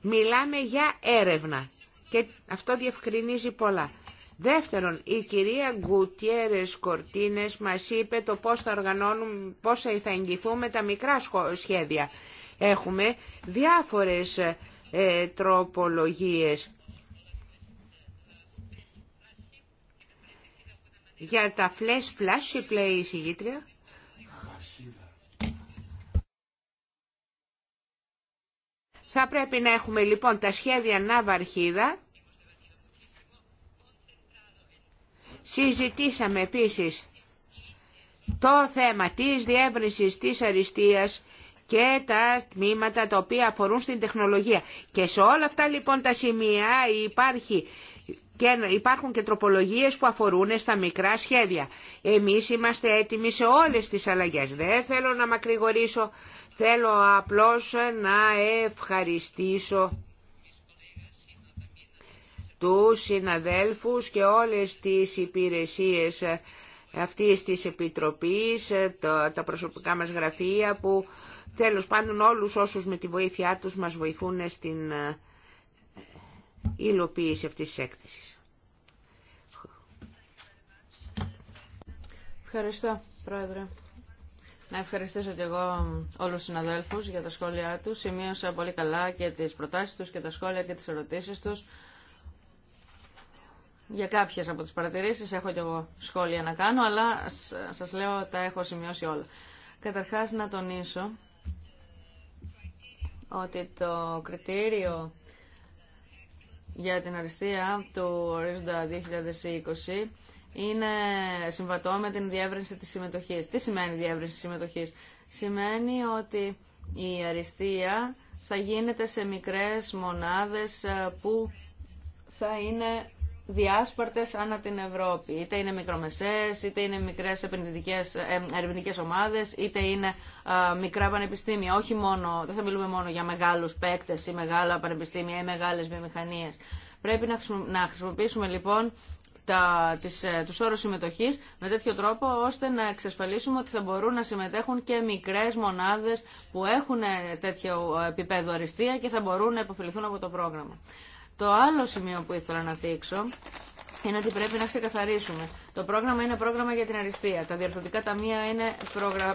Μιλάμε για έρευνα και αυτό διευκρινίζει πολλά. Δεύτερον, η κυρία Γκουτιέρες Κορτίνες μας είπε το πώς θα οργανώνουμε, πώς θα εγγυθούμε τα μικρά σχέδια. Έχουμε διάφορες ε, τροπολογίες. Για τα flash flash play η συγγήτρια. Θα πρέπει να έχουμε λοιπόν τα σχέδια ναυαρχίδα. Συζητήσαμε επίσης το θέμα της διεύρυνσης της αριστείας και τα τμήματα τα οποία αφορούν στην τεχνολογία. Και σε όλα αυτά λοιπόν τα σημεία υπάρχει και υπάρχουν και τροπολογίες που αφορούν στα μικρά σχέδια. Εμείς είμαστε έτοιμοι σε όλες τις αλλαγές. Δεν θέλω να μακρηγορήσω, θέλω απλώς να ευχαριστήσω τους συναδέλφους και όλες τις υπηρεσίες αυτής τη επιτροπή, τα προσωπικά μας γραφεία που τέλος πάντων όλους όσους με τη βοήθειά τους μας βοηθούν στην η υλοποίηση αυτής της έκθεσης. Ευχαριστώ, Πρόεδρε. Να ευχαριστήσω και εγώ όλους τους συναδέλφους για τα σχόλιά τους. Σημείωσα πολύ καλά και τις προτάσεις τους και τα σχόλια και τις ερωτήσεις τους. Για κάποιες από τις παρατηρήσεις έχω και εγώ σχόλια να κάνω, αλλά σας λέω τα έχω σημειώσει όλα. Καταρχάς να τονίσω ότι το κριτήριο για την αριστεία του ορίζοντα 2020 είναι συμβατό με την διεύρυνση της συμμετοχής. Τι σημαίνει διεύρυνση της συμμετοχής? Σημαίνει ότι η αριστεία θα γίνεται σε μικρές μονάδες ε, που θα είναι διάσπαρτες ανά την Ευρώπη. Είτε είναι μικρομεσαίες, είτε είναι μικρές επενδυτικές, ε, ερευνητικές ομάδες, είτε είναι μικρά πανεπιστήμια. Όχι μόνο, δεν θα μιλούμε μόνο για μεγάλους παίκτες ή μεγάλα πανεπιστήμια ή μεγάλες βιομηχανίες. Πρέπει να χρησιμοποιήσουμε λοιπόν τα, τις, ε, τους όρους συμμετοχής με τέτοιο τρόπο ώστε να εξασφαλίσουμε ότι θα μπορούν να συμμετέχουν και μικρές μονάδες που έχουν ε, τέτοιο επίπεδο αριστεία και θα μπορούν να υποφεληθούν από το πρόγραμμα. Το άλλο σημείο που ήθελα να δείξω είναι ότι πρέπει να ξεκαθαρίσουμε. Το πρόγραμμα είναι πρόγραμμα για την αριστεία. Τα διορθωτικά ταμεία είναι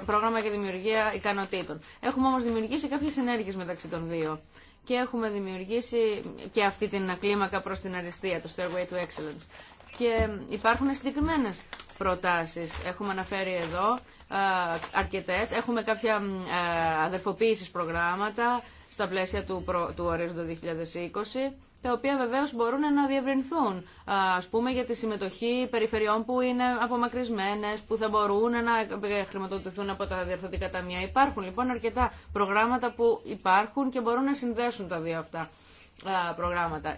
πρόγραμμα για δημιουργία ικανοτήτων. Έχουμε όμω δημιουργήσει κάποιε ενέργειε μεταξύ των δύο. Και έχουμε δημιουργήσει και αυτή την κλίμακα προ την αριστεία, το Stairway to Excellence. Και υπάρχουν συγκεκριμένε προτάσει. Έχουμε αναφέρει εδώ αρκετέ. Έχουμε κάποια αδερφοποίηση προγράμματα στα πλαίσια του, του ορίζοντα 2020 τα οποία βεβαίως μπορούν να διευρυνθούν, α πούμε για τη συμμετοχή περιφερειών που είναι απομακρυσμένε, που θα μπορούν να χρηματοδοτηθούν από τα διαρθωτικά ταμεία. Υπάρχουν λοιπόν αρκετά προγράμματα που υπάρχουν και μπορούν να συνδέσουν τα δύο αυτά προγράμματα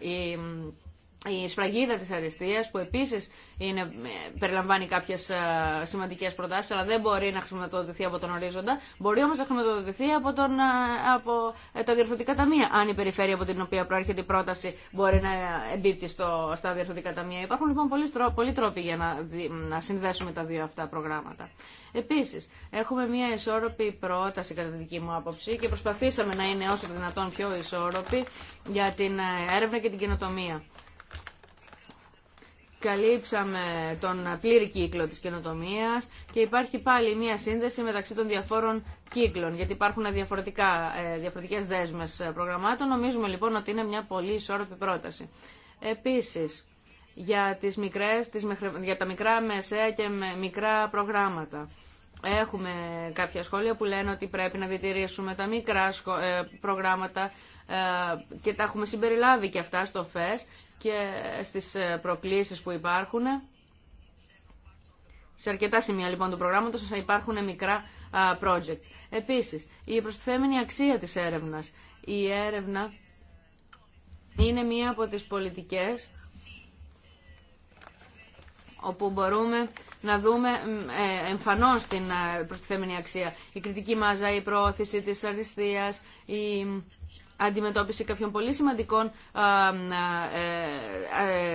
η σφραγίδα της αριστείας που επίσης είναι, περιλαμβάνει κάποιες ε, σημαντικές προτάσεις αλλά δεν μπορεί να χρηματοδοτηθεί από τον ορίζοντα μπορεί όμως να χρηματοδοτηθεί από, τον, ε, από ε, τα διορθωτικά ταμεία αν η περιφέρεια από την οποία προέρχεται η πρόταση μπορεί να εμπίπτει στο, στα διορθωτικά ταμεία υπάρχουν λοιπόν πολλοί, πολλοί τρόποι για να, να συνδέσουμε τα δύο αυτά προγράμματα Επίσης, έχουμε μια ισόρροπη πρόταση κατά τη δική μου άποψη και προσπαθήσαμε να είναι όσο το δυνατόν πιο ισόρροπη για την έρευνα και την καινοτομία καλύψαμε τον πλήρη κύκλο της καινοτομία και υπάρχει πάλι μία σύνδεση μεταξύ των διαφόρων κύκλων, γιατί υπάρχουν διαφορετικά, ε, διαφορετικές δέσμες προγραμμάτων. Νομίζουμε λοιπόν ότι είναι μια πολύ ισόρροπη πρόταση. Επίσης, για, τις μικρές, τις, για τα μικρά, μεσαία και μικρά προγράμματα. Έχουμε κάποια σχόλια που λένε ότι πρέπει να διατηρήσουμε τα μικρά ε, προγράμματα ε, και τα έχουμε συμπεριλάβει και αυτά στο ΦΕΣ και στις ε, προκλήσεις που υπάρχουν. Σε αρκετά σημεία λοιπόν του προγράμματος θα υπάρχουν μικρά project. Επίσης, η προστιθέμενη αξία της έρευνας. Η έρευνα είναι μία από τις πολιτικές όπου μπορούμε να δούμε ε, εμφανώς την ε, προστιθέμενη αξία. Η κριτική μάζα, η προώθηση της αριστείας, η αντιμετώπιση κάποιων πολύ σημαντικών ε,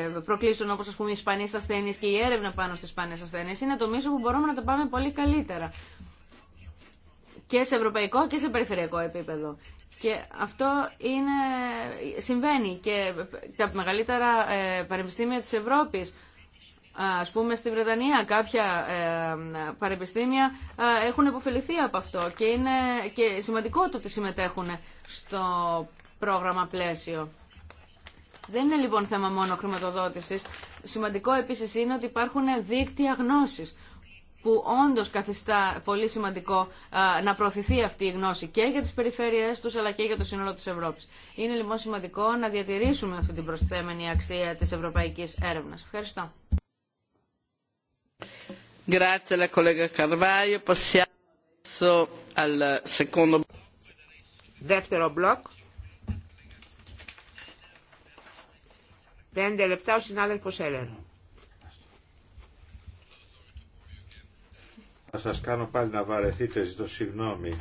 ε, προκλήσεων όπως ας πούμε οι σπανίες ασθένειες και η έρευνα πάνω στις σπανίες ασθένειες είναι το μίσο που μπορούμε να τα πάμε πολύ καλύτερα και σε ευρωπαϊκό και σε περιφερειακό επίπεδο. Και αυτό είναι, συμβαίνει και τα μεγαλύτερα ε, πανεπιστήμια της Ευρώπης Ας πούμε στη Βρετανία κάποια ε, πανεπιστήμια ε, έχουν υποφεληθεί από αυτό και είναι και σημαντικό το ότι συμμετέχουν στο πρόγραμμα πλαίσιο. Δεν είναι λοιπόν θέμα μόνο χρηματοδότησης. Σημαντικό επίσης είναι ότι υπάρχουν δίκτυα γνώσης που όντως καθιστά πολύ σημαντικό ε, να προωθηθεί αυτή η γνώση και για τις περιφέρειές τους αλλά και για το σύνολο της Ευρώπης. Είναι λοιπόν σημαντικό να διατηρήσουμε αυτή την προσθέμενη αξία της ευρωπαϊκής έρευνας. Ευχαριστώ. Grazie alla collega Carvaio. Passiamo adesso al secondo Δεύτερο μπλοκ. Πέντε λεπτά ο συνάδελφος Έλερ. Θα σας κάνω πάλι να βαρεθείτε, ζητώ συγγνώμη.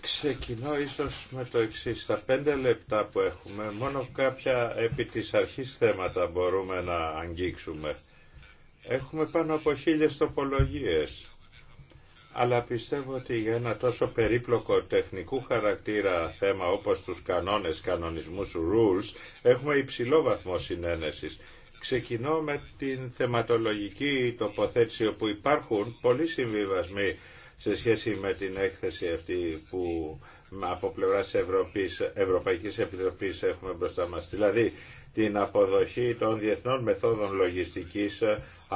Ξεκινώ ίσως με το εξή. Στα πέντε λεπτά που έχουμε, μόνο κάποια επί της αρχής θέματα μπορούμε να αγγίξουμε Έχουμε πάνω από χίλιες τοπολογίες. Αλλά πιστεύω ότι για ένα τόσο περίπλοκο τεχνικού χαρακτήρα θέμα όπως τους κανόνες, κανονισμούς, rules, έχουμε υψηλό βαθμό συνένεσης. Ξεκινώ με την θεματολογική τοποθέτηση όπου υπάρχουν πολλοί συμβιβασμοί σε σχέση με την έκθεση αυτή που από πλευράς Ευρωπής, Ευρωπαϊκής Επιτροπής έχουμε μπροστά μας. Δηλαδή την αποδοχή των διεθνών μεθόδων λογιστικής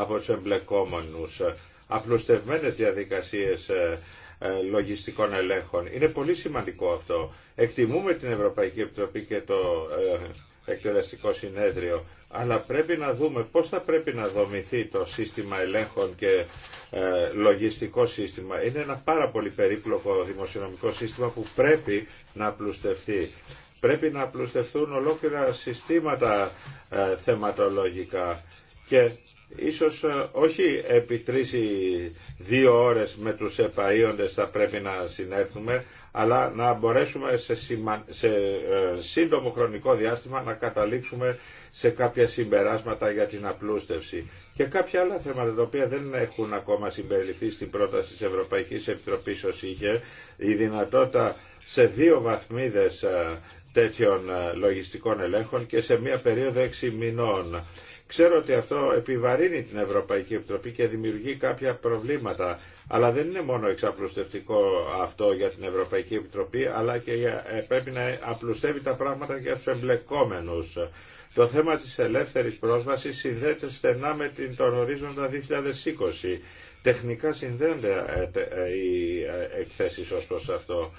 από τους εμπλεκόμενους, απλουστευμένες διαδικασίες ε, ε, λογιστικών ελέγχων. Είναι πολύ σημαντικό αυτό. Εκτιμούμε την Ευρωπαϊκή Επιτροπή και το ε, εκτελεστικό συνέδριο, αλλά πρέπει να δούμε πώς θα πρέπει να δομηθεί το σύστημα ελέγχων και λογιστικό σύστημα. Είναι ένα πάρα πολύ περίπλοκο δημοσιονομικό σύστημα που πρέπει να απλουστευτεί. Πρέπει να απλουστευτούν ολόκληρα συστήματα θεματολογικά και ίσως ε, όχι επί τρεις ή δύο ώρες με τους επαΐοντες θα πρέπει να συνέρθουμε, αλλά να μπορέσουμε σε, σε ε, σύντομο χρονικό διάστημα να καταλήξουμε σε κάποια συμπεράσματα για την απλούστευση. Και κάποια άλλα θέματα τα οποία δεν έχουν ακόμα συμπεριληφθεί στην πρόταση της Ευρωπαϊκής Επιτροπής ως είχε, η δυνατότητα σε δύο βαθμίδες ε, τέτοιων λογιστικών ελέγχων και σε μία περίοδο έξι μηνών. Ξέρω ότι αυτό επιβαρύνει την Ευρωπαϊκή Επιτροπή και δημιουργεί κάποια προβλήματα. Αλλά δεν είναι μόνο εξαπλουστευτικό αυτό για την Ευρωπαϊκή Επιτροπή, αλλά και για, ε, πρέπει να απλουστεύει τα πράγματα για τους εμπλεκόμενους. Το θέμα της ελεύθερης πρόσβασης συνδέεται στενά με την, τον ορίζοντα 2020. Τεχνικά συνδέονται ε, ε, οι εκθέσεις ως προς αυτό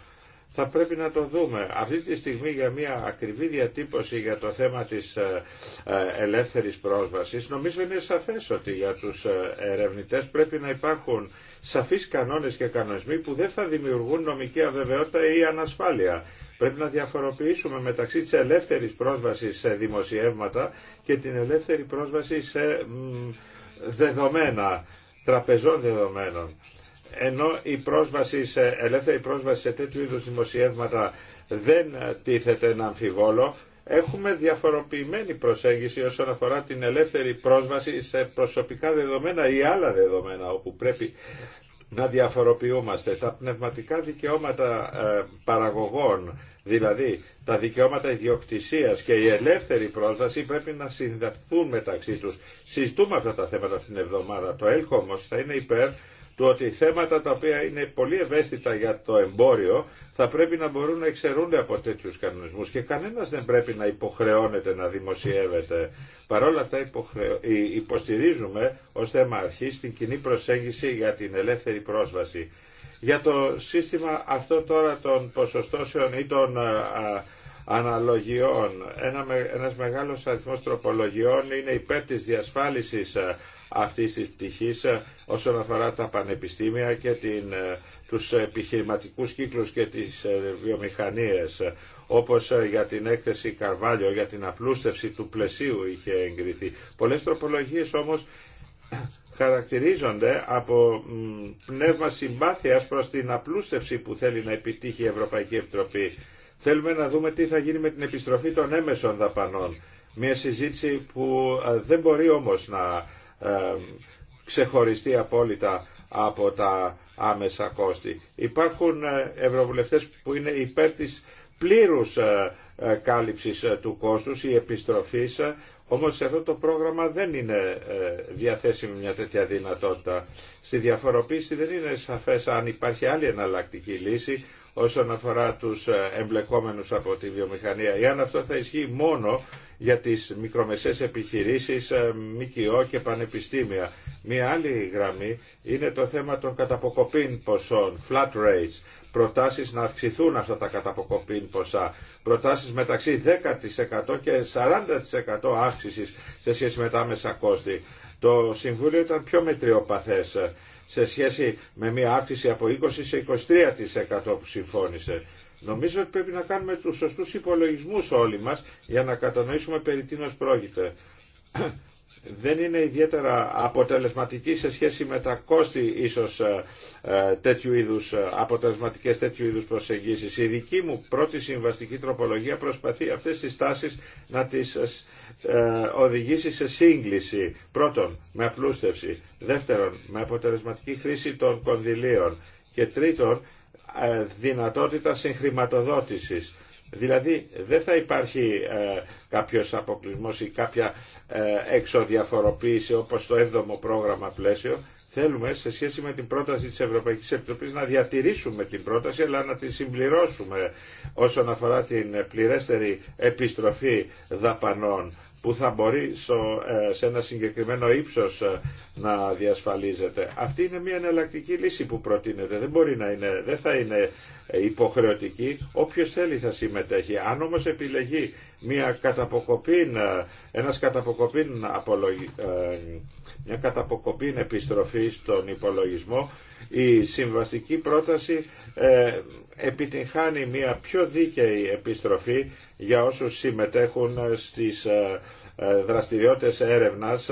θα πρέπει να το δούμε. Αυτή τη στιγμή για μια ακριβή διατύπωση για το θέμα της ε, ε, ελεύθερης πρόσβασης νομίζω είναι σαφές ότι για τους ε, ερευνητές πρέπει να υπάρχουν σαφείς κανόνες και κανονισμοί που δεν θα δημιουργούν νομική αβεβαιότητα ή ανασφάλεια. Πρέπει να διαφοροποιήσουμε μεταξύ της ελεύθερης πρόσβασης σε δημοσιεύματα και την ελεύθερη πρόσβαση σε δεδομένα, τραπεζών δεδομένων ενώ η πρόσβαση σε, ελεύθερη πρόσβαση σε τέτοιου είδους δημοσιεύματα δεν τίθεται να αμφιβόλο, έχουμε διαφοροποιημένη προσέγγιση όσον αφορά την ελεύθερη πρόσβαση σε προσωπικά δεδομένα ή άλλα δεδομένα όπου πρέπει να διαφοροποιούμαστε. Τα πνευματικά δικαιώματα ε, παραγωγών, δηλαδή τα δικαιώματα ιδιοκτησίας και η ελεύθερη πρόσβαση πρέπει να συνδεθούν μεταξύ τους. Συζητούμε αυτά τα θέματα αυτήν την εβδομάδα. Το όμως θα είναι υπέρ του ότι θέματα τα οποία είναι πολύ ευαίσθητα για το εμπόριο θα πρέπει να μπορούν να εξαιρούνται από τέτοιου κανονισμού και κανένα δεν πρέπει να υποχρεώνεται να δημοσιεύεται. Παρόλα αυτά ε, υποστηρίζουμε ω θέμα αρχή την κοινή προσέγγιση για την ελεύθερη πρόσβαση. Για το σύστημα αυτό τώρα των ποσοστώσεων ή των ε, αναλογιών, ένα, ένας μεγάλος αριθμός τροπολογιών είναι υπέρ της διασφάλισης ε, αυτή τη πτυχή ε, όσον αφορά τα πανεπιστήμια και την, ε, τους επιχειρηματικούς κύκλους και τις ε, βιομηχανίες όπως για την έκθεση Καρβάλιο, για την απλούστευση του πλαισίου είχε εγκριθεί. Πολλές τροπολογίες όμως χαρακτηρίζονται από πνεύμα συμπάθειας προς την απλούστευση που θέλει να επιτύχει η Ευρωπαϊκή Επιτροπή. Θέλουμε να δούμε τι θα γίνει με την επιστροφή των έμεσων δαπανών. Μια συζήτηση που δεν μπορεί όμως να ε, ξεχωριστεί απόλυτα από τα άμεσα κόστη. Υπάρχουν ε, ευρωβουλευτές που είναι υπέρ της πλήρους ε, κάλυψης του κόστους ή επιστροφής, όμως σε αυτό το πρόγραμμα δεν είναι διαθέσιμη μια τέτοια δυνατότητα. Στη διαφοροποίηση δεν είναι σαφές αν υπάρχει άλλη εναλλακτική λύση, όσον αφορά τους ε, εμπλεκόμενους από τη βιομηχανία. Εάν αυτό θα ισχύει μόνο για τις μικρομεσαίες επιχειρήσεις, ε, ΜΚΟ και πανεπιστήμια. Μία άλλη γραμμή είναι το θέμα των καταποκοπήν ποσών, flat rates, προτάσεις να αυξηθούν αυτά τα καταποκοπήν ποσά, προτάσεις μεταξύ 10% και 40% αύξησης σε σχέση με τα άμεσα κόστη. Το Συμβούλιο ήταν πιο μετριοπαθές σε σχέση με μια αύξηση από 20% σε 23% που συμφώνησε. Νομίζω ότι πρέπει να κάνουμε τους σωστούς υπολογισμούς όλοι μας για να κατανοήσουμε περί τίνος πρόκειται. Δεν είναι ιδιαίτερα αποτελεσματική σε σχέση με τα κόστη ίσως ε, ε, τέτοιου είδους, ε, αποτελεσματικές τέτοιου είδους προσεγγίσεις. Η δική μου πρώτη συμβαστική τροπολογία προσπαθεί αυτές τις τάσεις να τις ε, οδηγήσει σε σύγκληση. Πρώτον, με απλούστευση. Δεύτερον, με αποτελεσματική χρήση των κονδυλίων. Και τρίτον, ε, δυνατότητα συγχρηματοδότησης. Δηλαδή δεν θα υπάρχει ε, κάποιος αποκλεισμός ή κάποια ε, εξοδιαφοροποίηση όπως το 7ο πρόγραμμα πλαίσιο θέλουμε σε σχέση με την πρόταση της Ευρωπαϊκής Επιτροπής να διατηρήσουμε την πρόταση αλλά να την συμπληρώσουμε όσον αφορά την πληρέστερη επιστροφή δαπανών που θα μπορεί ε, σε ένα συγκεκριμένο ύψος ε, να διασφαλίζεται. Αυτή είναι μια εναλλακτική λύση που προτείνεται. Δεν, να είναι, δεν θα είναι ε, υποχρεωτική. Όποιος θέλει θα συμμετέχει. Αν όμως επιλεγεί μια καταποκοπήν, ένας καταποκοπήν μια καταποκοπήν επιστροφή στον υπολογισμό, η συμβαστική πρόταση ε, επιτυγχάνει μια πιο δίκαιη επιστροφή για όσους συμμετέχουν στις ε, ε, δραστηριότητες έρευνας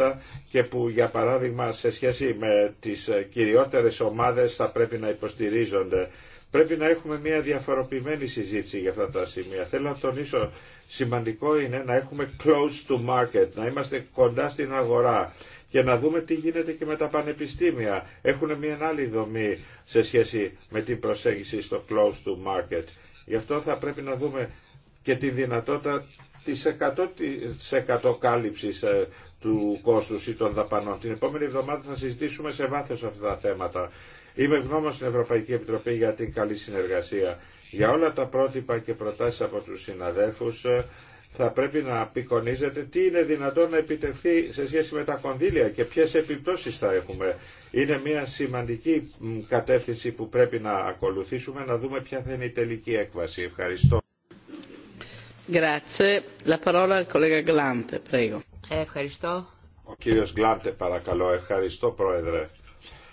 και που για παράδειγμα σε σχέση με τις κυριότερες ομάδες θα πρέπει να υποστηρίζονται. Πρέπει να έχουμε μια διαφοροποιημένη συζήτηση για αυτά τα σημεία. Θέλω να τονίσω, σημαντικό είναι να έχουμε close to market, να είμαστε κοντά στην αγορά και να δούμε τι γίνεται και με τα πανεπιστήμια. Έχουν μια άλλη δομή σε σχέση με την προσέγγιση στο close to market. Γι' αυτό θα πρέπει να δούμε και τη δυνατότητα της 100% κάλυψης ε, του κόστους ή των δαπανών. Την επόμενη εβδομάδα θα συζητήσουμε σε βάθος αυτά τα θέματα. Είμαι γνώμος στην Ευρωπαϊκή Επιτροπή για την καλή συνεργασία. Για όλα τα πρότυπα και προτάσεις από τους συναδέλφους ε, θα πρέπει να απεικονίζεται τι είναι δυνατόν να επιτευχθεί σε σχέση με τα κονδύλια και ποιες επιπτώσεις θα έχουμε. Είναι μια σημαντική κατεύθυνση που πρέπει να ακολουθήσουμε, να δούμε ποια θα είναι η τελική έκβαση. Ευχαριστώ. Ευχαριστώ. Ο κύριος Γκλάντε παρακαλώ. Ευχαριστώ πρόεδρε.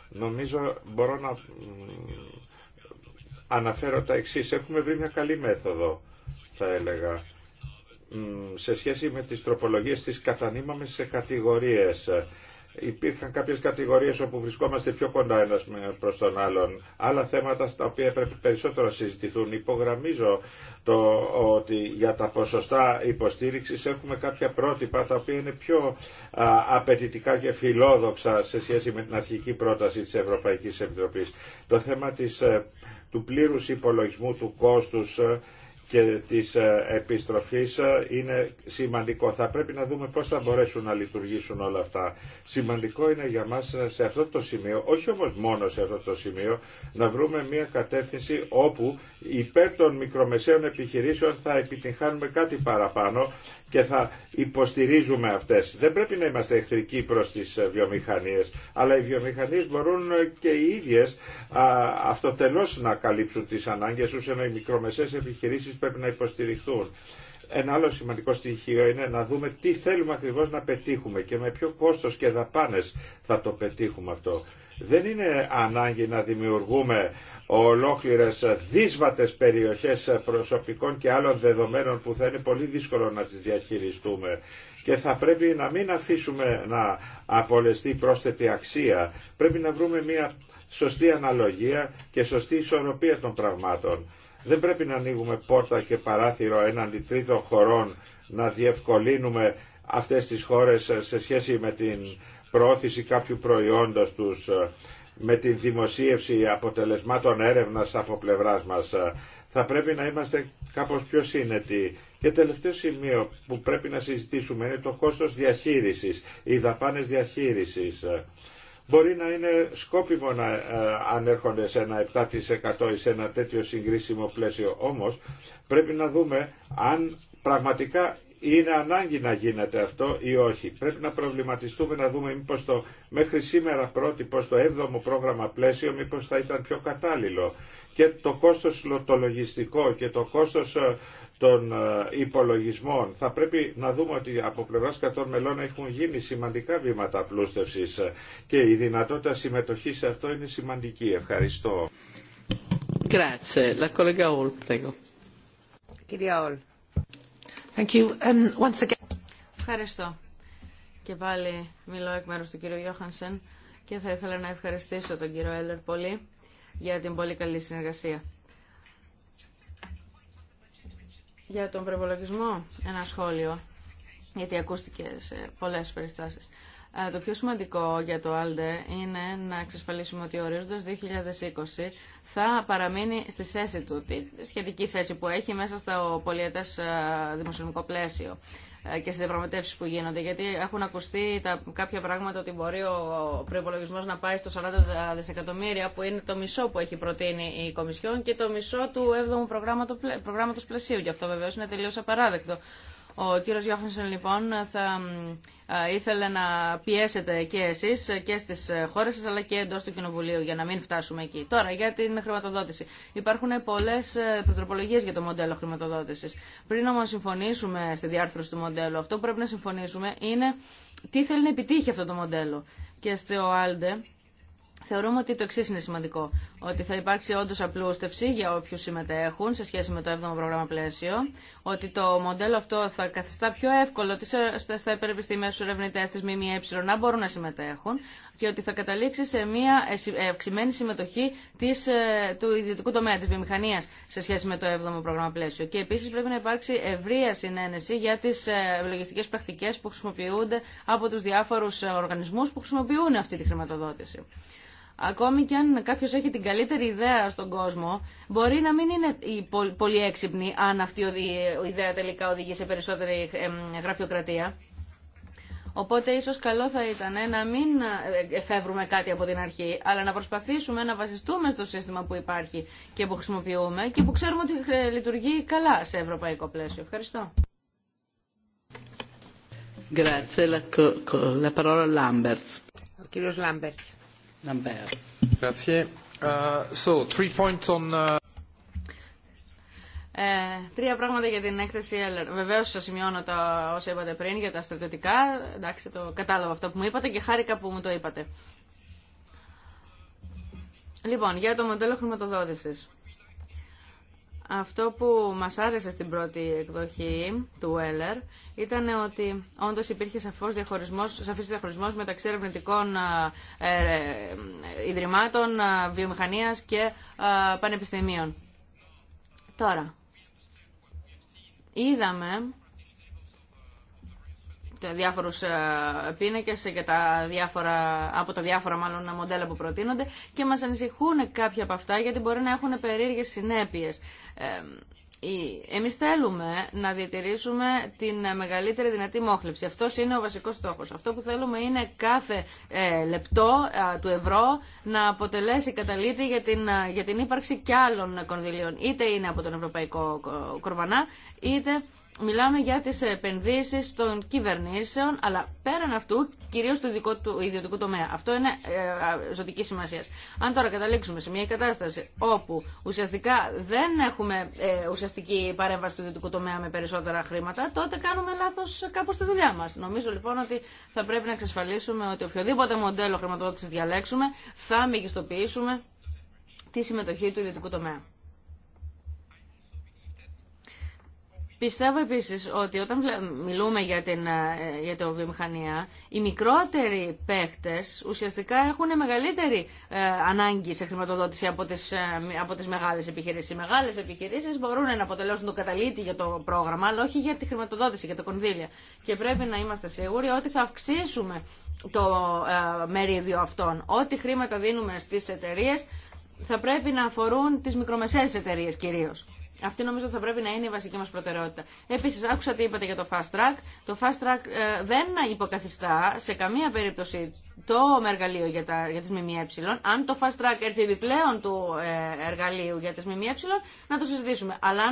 Νομίζω μπορώ να αναφέρω τα εξής. Έχουμε βρει μια καλή μέθοδο θα έλεγα σε σχέση με τις τροπολογίες τις κατανείμαμε σε κατηγορίες. Υπήρχαν κάποιες κατηγορίες όπου βρισκόμαστε πιο κοντά ένας προς τον άλλον. Άλλα θέματα στα οποία πρέπει περισσότερο να συζητηθούν. Υπογραμμίζω το ότι για τα ποσοστά υποστήριξης έχουμε κάποια πρότυπα τα οποία είναι πιο απαιτητικά και φιλόδοξα σε σχέση με την αρχική πρόταση της Ευρωπαϊκής Επιτροπής. Το θέμα της, ε, του πλήρους υπολογισμού του κόστους ε, και της ε, επιστροφής ε, είναι σημαντικό. Θα πρέπει να δούμε πώς θα μπορέσουν να λειτουργήσουν όλα αυτά. Σημαντικό είναι για μας ε, σε αυτό το σημείο, όχι όμως μόνο σε αυτό το σημείο, να βρούμε μια κατεύθυνση όπου υπέρ των μικρομεσαίων επιχειρήσεων θα επιτυγχάνουμε κάτι παραπάνω και θα υποστηρίζουμε αυτές. Δεν πρέπει να είμαστε εχθρικοί προς τις ε, βιομηχανίες, αλλά οι βιομηχανίες μπορούν ε, και οι ίδιες α, αυτοτελώς να καλύψουν τις ανάγκες, ενώ οι μικρομεσαίες επιχειρήσεις πρέπει να υποστηριχθούν. Ένα άλλο σημαντικό στοιχείο είναι να δούμε τι θέλουμε ακριβώς να πετύχουμε και με ποιο κόστος και δαπάνες θα το πετύχουμε αυτό. Δεν είναι ανάγκη να δημιουργούμε ολόκληρες δύσβατες περιοχές προσωπικών και άλλων δεδομένων που θα είναι πολύ δύσκολο να τις διαχειριστούμε και θα πρέπει να μην αφήσουμε να απολεστεί πρόσθετη αξία. Πρέπει να βρούμε μια σωστή αναλογία και σωστή ισορροπία των πραγμάτων. Δεν πρέπει να ανοίγουμε πόρτα και παράθυρο έναντι τρίτων χωρών να διευκολύνουμε αυτές τις χώρες σε σχέση με την προώθηση κάποιου προϊόντος τους, ε, με την δημοσίευση αποτελεσμάτων έρευνας από πλευράς μας. Ε, θα πρέπει να είμαστε κάπως πιο σύνετοι. Και τελευταίο σημείο που πρέπει να συζητήσουμε είναι το κόστος διαχείρισης, οι δαπάνες διαχείρισης. Ε, μπορεί να είναι σκόπιμο να ανέρχονται σε ένα 7% ή σε ένα τέτοιο συγκρίσιμο πλαίσιο. Όμως πρέπει να δούμε αν πραγματικά είναι ανάγκη να γίνεται αυτό ή όχι. Πρέπει να προβληματιστούμε να δούμε μήπω το μέχρι σήμερα πρότυπο στο 7ο πρόγραμμα πλαίσιο μήπω θα ήταν πιο κατάλληλο. Και το κόστο το λογιστικό και το κόστο ε, των ε, υπολογισμών. Θα πρέπει να δούμε ότι από πλευρά κατών μελών έχουν γίνει σημαντικά βήματα πλούστευση ε, και η δυνατότητα συμμετοχή σε αυτό είναι σημαντική. Ευχαριστώ. Grazie. La collega Hall, prego. Κυρία Hall. Um, Ευχαριστώ. Και πάλι μιλώ εκ μέρους του κύριου Γιώχανσεν και θα ήθελα να ευχαριστήσω τον κύριο Έλλερ πολύ για την πολύ καλή συνεργασία. Για τον προπολογισμό ένα σχόλιο, γιατί ακούστηκε σε πολλές περιστάσεις. Ε, το πιο σημαντικό για το ΑΛΔΕ είναι να εξασφαλίσουμε ότι ο ορίζοντας 2020 θα παραμείνει στη θέση του, τη σχετική θέση που έχει μέσα στο πολιετέ ε, δημοσιονομικό πλαίσιο ε, και στι διαπραγματεύσει που γίνονται. Γιατί έχουν ακουστεί τα, κάποια πράγματα ότι μπορεί ο προπολογισμό να πάει στο 40 δισεκατομμύρια, που είναι το μισό που έχει προτείνει η Κομισιόν και το μισό του 7ου προγράμματο πλαισίου. Γι' αυτό βεβαίω είναι τελείω απαράδεκτο. Ο κύριο Γιώχανσον λοιπόν θα ε, ήθελε να πιέσετε και εσείς και στις χώρες σας αλλά και εντός του Κοινοβουλίου για να μην φτάσουμε εκεί. Τώρα για την χρηματοδότηση. Υπάρχουν πολλές προτροπολογίες ε, για το μοντέλο χρηματοδότησης. Πριν όμως συμφωνήσουμε στη διάρθρωση του μοντέλου, αυτό που πρέπει να συμφωνήσουμε είναι τι θέλει να επιτύχει αυτό το μοντέλο. Και στο Άλντε, Θεωρούμε ότι το εξή είναι σημαντικό. Ότι θα υπάρξει όντω απλούστευση για όποιου συμμετέχουν σε σχέση με το 7ο πρόγραμμα πλαίσιο. Ότι το μοντέλο αυτό θα καθιστά πιο εύκολο ε, στα υπερεπιστήμια στου ερευνητέ τη ΜΜΕ να μπορούν να συμμετέχουν και ότι θα καταλήξει σε μια ε, ε, αυξημένη συμμετοχή της, του ιδιωτικού τομέα, τη βιομηχανία σε σχέση με το 7ο πρόγραμμα πλαίσιο. Και επίση πρέπει να υπάρξει ευρεία συνένεση για τι λογιστικέ πρακτικέ που χρησιμοποιούνται από του διάφορου οργανισμού που χρησιμοποιούν αυτή τη χρηματοδότηση. Ακόμη και αν κάποιο έχει την καλύτερη ιδέα στον κόσμο, μπορεί να μην είναι πολύ έξυπνη αν αυτή η ιδέα τελικά οδηγεί σε περισσότερη γραφειοκρατία. Οπότε ίσως καλό θα ήταν να μην ε, εφεύρουμε κάτι από την αρχή, αλλά να προσπαθήσουμε να βασιστούμε στο σύστημα που υπάρχει και που χρησιμοποιούμε και που ξέρουμε ότι ε, λειτουργεί καλά σε ευρωπαϊκό πλαίσιο. Ευχαριστώ. Ο κύριος Λάμπερτς. Uh, uh, ε, τρία πράγματα για την έκθεση βεβαίως Βεβαίω, σα σημειώνω τα όσα είπατε πριν για τα στρατιωτικά. Εντάξει, το κατάλαβα αυτό που μου είπατε και χάρηκα που μου το είπατε. Λοιπόν, για το μοντέλο χρηματοδότηση. Αυτό που μας άρεσε στην πρώτη εκδοχή του Weller ήταν ότι όντως υπήρχε σαφώς διαχωρισμός, σαφής διαχωρισμός μεταξύ ερευνητικών ε, ε, ε, ιδρυμάτων, βιομηχανίας και πανεπιστημίων. Τώρα, είδαμε διάφορους πίνακες και τα διάφορα, από τα διάφορα μάλλον μοντέλα που προτείνονται και μας ανησυχούν κάποια από αυτά γιατί μπορεί να έχουν περίεργες συνέπειες εμείς θέλουμε να διατηρήσουμε την μεγαλύτερη δυνατή μόχλευση. Αυτός είναι ο βασικός στόχος. Αυτό που θέλουμε είναι κάθε ε, λεπτό του ευρώ να αποτελέσει καταλήτη για την, για την ύπαρξη κι άλλων κονδυλίων. Είτε είναι από τον Ευρωπαϊκό Κορβανά, είτε μιλάμε για τις επενδύσεις των κυβερνήσεων, αλλά πέραν αυτού, κυρίως του, δικό του ιδιωτικού τομέα. Αυτό είναι ε, ζωτική σημασία. Αν τώρα καταλήξουμε σε μια κατάσταση όπου ουσιαστικά δεν έχουμε ε, ουσιαστική παρέμβαση του ιδιωτικού τομέα με περισσότερα χρήματα, τότε κάνουμε λάθος κάπως στη δουλειά μας. Νομίζω λοιπόν ότι θα πρέπει να εξασφαλίσουμε ότι οποιοδήποτε μοντέλο χρηματοδότησης διαλέξουμε, θα μεγιστοποιήσουμε τη συμμετοχή του ιδιωτικού τομέα. Πιστεύω επίση ότι όταν μιλούμε για, την, ε, για το βιομηχανία, οι μικρότεροι παίχτε ουσιαστικά έχουν μεγαλύτερη ε, ανάγκη σε χρηματοδότηση από τι ε, από τις μεγάλες επιχειρήσεις. Οι μεγάλε επιχειρήσει μπορούν να αποτελέσουν τον καταλήτη για το πρόγραμμα, αλλά όχι για τη χρηματοδότηση, για τα κονδύλια. Και πρέπει να είμαστε σίγουροι ότι θα αυξήσουμε το μερίδιο αυτών. Ό,τι χρήματα δίνουμε στι εταιρείε θα πρέπει να αφορούν τι μικρομεσαίες εταιρείε κυρίω. Αυτή νομίζω θα πρέπει να είναι η βασική μα προτεραιότητα. Επίση, άκουσα τι είπατε για το fast track. Το fast track ε, δεν υποκαθιστά σε καμία περίπτωση το εργαλείο για, τα, για τις ΜΜΕ. Αν το fast track έρθει επιπλέον του ε, εργαλείου για τις ΜΜΕ, να το συζητήσουμε. Αλλά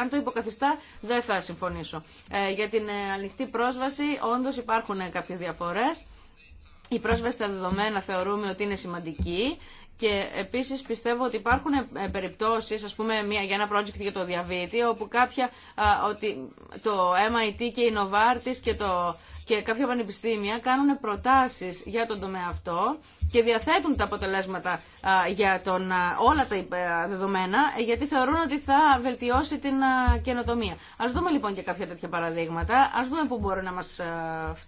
αν, το υποκαθιστά, δεν θα συμφωνήσω. Ε, για την ε, ανοιχτή πρόσβαση, όντω υπάρχουν κάποιε διαφορέ. Η πρόσβαση στα δεδομένα θεωρούμε ότι είναι σημαντική. Και επίση πιστεύω ότι υπάρχουν ε, περιπτώσει, α πούμε, μια, για ένα project για το διαβήτη, όπου κάποια, ότι το MIT και η Novartis και το και κάποια πανεπιστήμια κάνουν προτάσεις για τον τομέα αυτό και διαθέτουν τα αποτελέσματα για τον, όλα τα δεδομένα ε, γιατί θεωρούν ότι θα βελτιώσει την καινοτομία. Ας δούμε λοιπόν και κάποια τέτοια παραδείγματα, ας δούμε που μπορούν να μας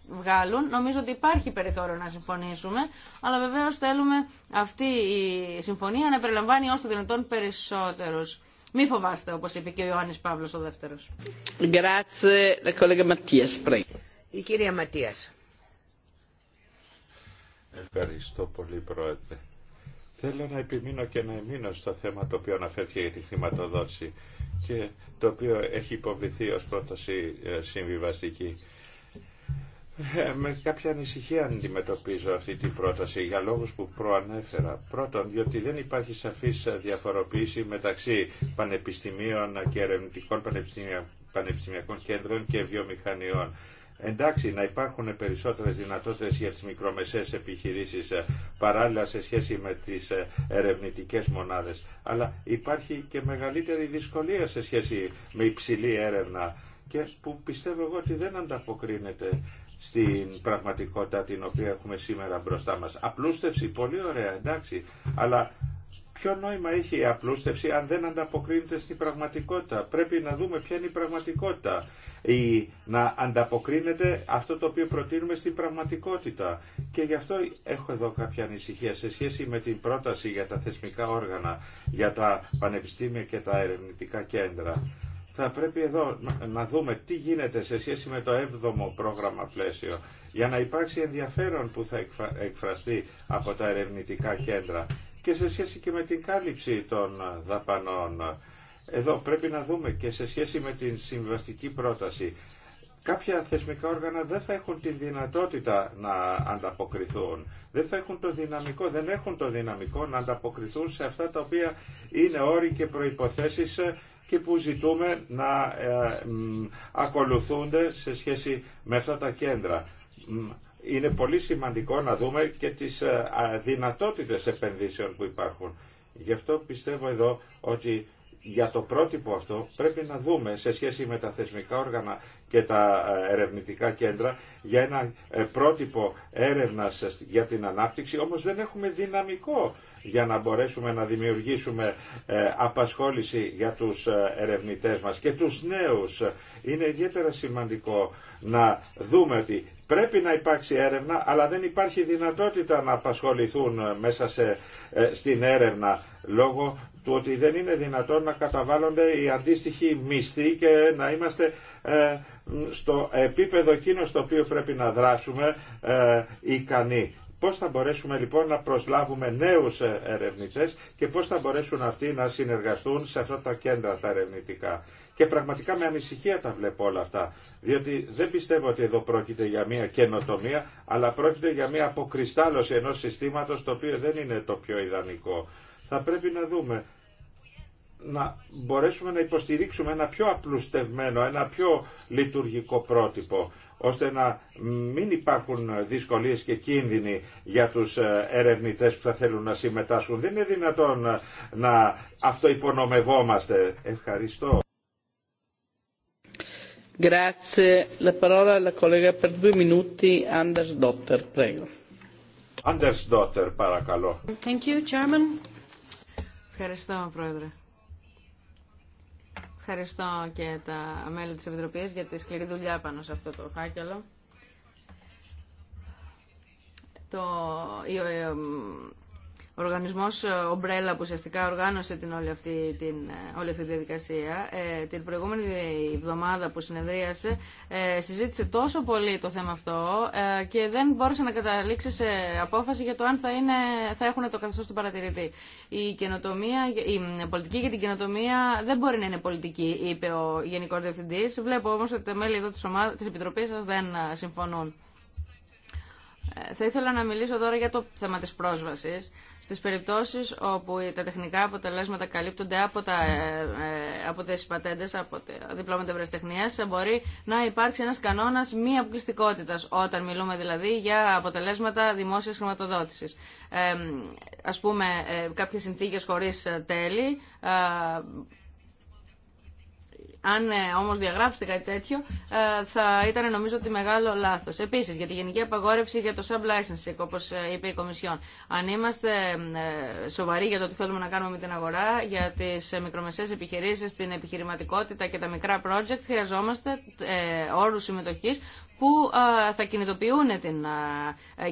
βγάλουν. Νομίζω ότι υπάρχει περιθώριο να συμφωνήσουμε, αλλά βεβαίως θέλουμε αυτή η συμφωνία να περιλαμβάνει όσο δυνατόν περισσότερους. Μη φοβάστε, όπως είπε και ο Ιωάννης Παύλος ο δεύτερος. Η κυρία Ματίας. Ευχαριστώ πολύ Πρόεδρε. Θέλω να επιμείνω και να εμείνω στο θέμα το οποίο αναφέρθηκε για τη χρηματοδότηση και το οποίο έχει υποβληθεί ως πρόταση ε, συμβιβαστική. Ε, με κάποια ανησυχία αντιμετωπίζω αυτή την πρόταση για λόγους που προανέφερα. Πρώτον, διότι δεν υπάρχει σαφής διαφοροποίηση μεταξύ πανεπιστημίων και ερευνητικών πανεπιστημιακών κέντρων και βιομηχανιών. Εντάξει, να υπάρχουν περισσότερες δυνατότητες για τις μικρομεσαίες επιχειρήσεις ε, παράλληλα σε σχέση με τις ε, ερευνητικές μονάδες. Αλλά υπάρχει και μεγαλύτερη δυσκολία σε σχέση με υψηλή έρευνα και που πιστεύω εγώ ότι δεν ανταποκρίνεται στην πραγματικότητα την οποία έχουμε σήμερα μπροστά μας. Απλούστευση, πολύ ωραία, εντάξει, αλλά Ποιο νόημα έχει η απλούστευση αν δεν ανταποκρίνεται στην πραγματικότητα. Πρέπει να δούμε ποια είναι η πραγματικότητα ή να ανταποκρίνεται αυτό το οποίο προτείνουμε στην πραγματικότητα. Και γι' αυτό έχω εδώ κάποια ανησυχία σε σχέση με την πρόταση για τα θεσμικά όργανα, για τα πανεπιστήμια και τα ερευνητικά κέντρα. Θα πρέπει εδώ να δούμε τι γίνεται σε σχέση με το 7ο πρόγραμμα πλαίσιο για να υπάρξει ενδιαφέρον που θα εκφραστεί από τα ερευνητικά κέντρα και σε σχέση και με την κάλυψη των ε, δαπανών εδώ πρέπει να δούμε και σε σχέση με την συμβαστική πρόταση. Κάποια θεσμικά όργανα δεν θα έχουν τη δυνατότητα να ανταποκριθούν. Δεν θα έχουν το δυναμικό, δεν έχουν το δυναμικό να ανταποκριθούν σε αυτά τα οποία είναι όροι και προϋποθέσεις και που ζητούμε να ε, ακολουθούνται σε σχέση με αυτά τα κέντρα. Είναι πολύ σημαντικό να δούμε και τις ε, δυνατότητες επενδύσεων που υπάρχουν. Γι' αυτό πιστεύω εδώ ότι για το πρότυπο αυτό πρέπει να δούμε σε σχέση με τα θεσμικά όργανα και τα ε, ερευνητικά κέντρα για ένα ε, πρότυπο έρευνας για την ανάπτυξη, όμως δεν έχουμε δυναμικό για να μπορέσουμε να δημιουργήσουμε ε, απασχόληση για τους ερευνητές μας και τους νέους. Είναι ιδιαίτερα σημαντικό να δούμε ότι πρέπει να υπάρξει έρευνα, αλλά δεν υπάρχει δυνατότητα να απασχοληθούν μέσα στην έρευνα λόγω του ότι δεν είναι δυνατόν να καταβάλλονται οι αντίστοιχοι μισθοί και να είμαστε ε, στο επίπεδο εκείνο στο οποίο πρέπει να δράσουμε ε, ικανοί. Πώς θα μπορέσουμε λοιπόν να προσλάβουμε νέους ε, ερευνητές και πώς θα μπορέσουν αυτοί να συνεργαστούν σε αυτά τα κέντρα τα ερευνητικά. Και πραγματικά με ανησυχία τα βλέπω όλα αυτά, διότι δεν πιστεύω ότι εδώ πρόκειται για μια καινοτομία, αλλά πρόκειται για μια αποκριστάλωση ενός συστήματος το οποίο δεν είναι το πιο ιδανικό θα πρέπει να δούμε να μπορέσουμε να υποστηρίξουμε ένα πιο απλουστευμένο, ένα πιο λειτουργικό πρότυπο ώστε να μην υπάρχουν δυσκολίες και κίνδυνοι για τους ε, ερευνητές που θα θέλουν να συμμετάσχουν. Δεν είναι δυνατόν ε, να αυτοϋπονομευόμαστε. Ευχαριστώ. Grazie. La parola alla collega per minuti, Anders prego. Thank you, Chairman. Ευχαριστώ, Πρόεδρε. Ευχαριστώ και τα μέλη της Επιτροπής για τη σκληρή δουλειά πάνω σε αυτό το φάκελο. Το, ε, ο οργανισμός Ομπρέλα ε, που ουσιαστικά οργάνωσε την όλη αυτή, την, ε, όλη αυτή τη διαδικασία ε, την προηγούμενη εβδομάδα που συνεδρίασε συζήτησε τόσο πολύ το θέμα αυτό και δεν μπόρεσε να καταλήξει σε απόφαση για το αν θα, είναι, θα έχουν το καθεστώ του παρατηρητή. Η, η πολιτική για την καινοτομία δεν μπορεί να είναι πολιτική, είπε ο Γενικό Διευθυντή. Βλέπω όμω ότι τα μέλη εδώ τη ομάδα, της Επιτροπής σας δεν συμφωνούν. Θα ήθελα να μιλήσω τώρα για το θέμα της πρόσβασης στις περιπτώσεις όπου τα τεχνικά αποτελέσματα καλύπτονται από, τα, ε, ε, από τις πατέντες, από τα διπλώματα ευρεσιτεχνίας, μπορεί να υπάρξει ένας κανόνας μη αποκλειστικότητας, όταν μιλούμε δηλαδή για αποτελέσματα δημόσιας χρηματοδότησης. Ε, ας πούμε, ε, κάποιες συνθήκες χωρίς ε, τέλη, αν ε, όμως διαγράψετε κάτι τέτοιο, ε, θα ήταν νομίζω ότι μεγάλο λάθος. Επίσης, για τη γενική απαγόρευση για το sub-licensing, όπως ε, είπε η Κομισιόν. Αν είμαστε σοβαροί για το τι θέλουμε να κάνουμε με την αγορά, για τις μικρομεσαίες επιχειρήσεις, την επιχειρηματικότητα και τα μικρά project, χρειαζόμαστε όρου συμμετοχή που θα κινητοποιούν την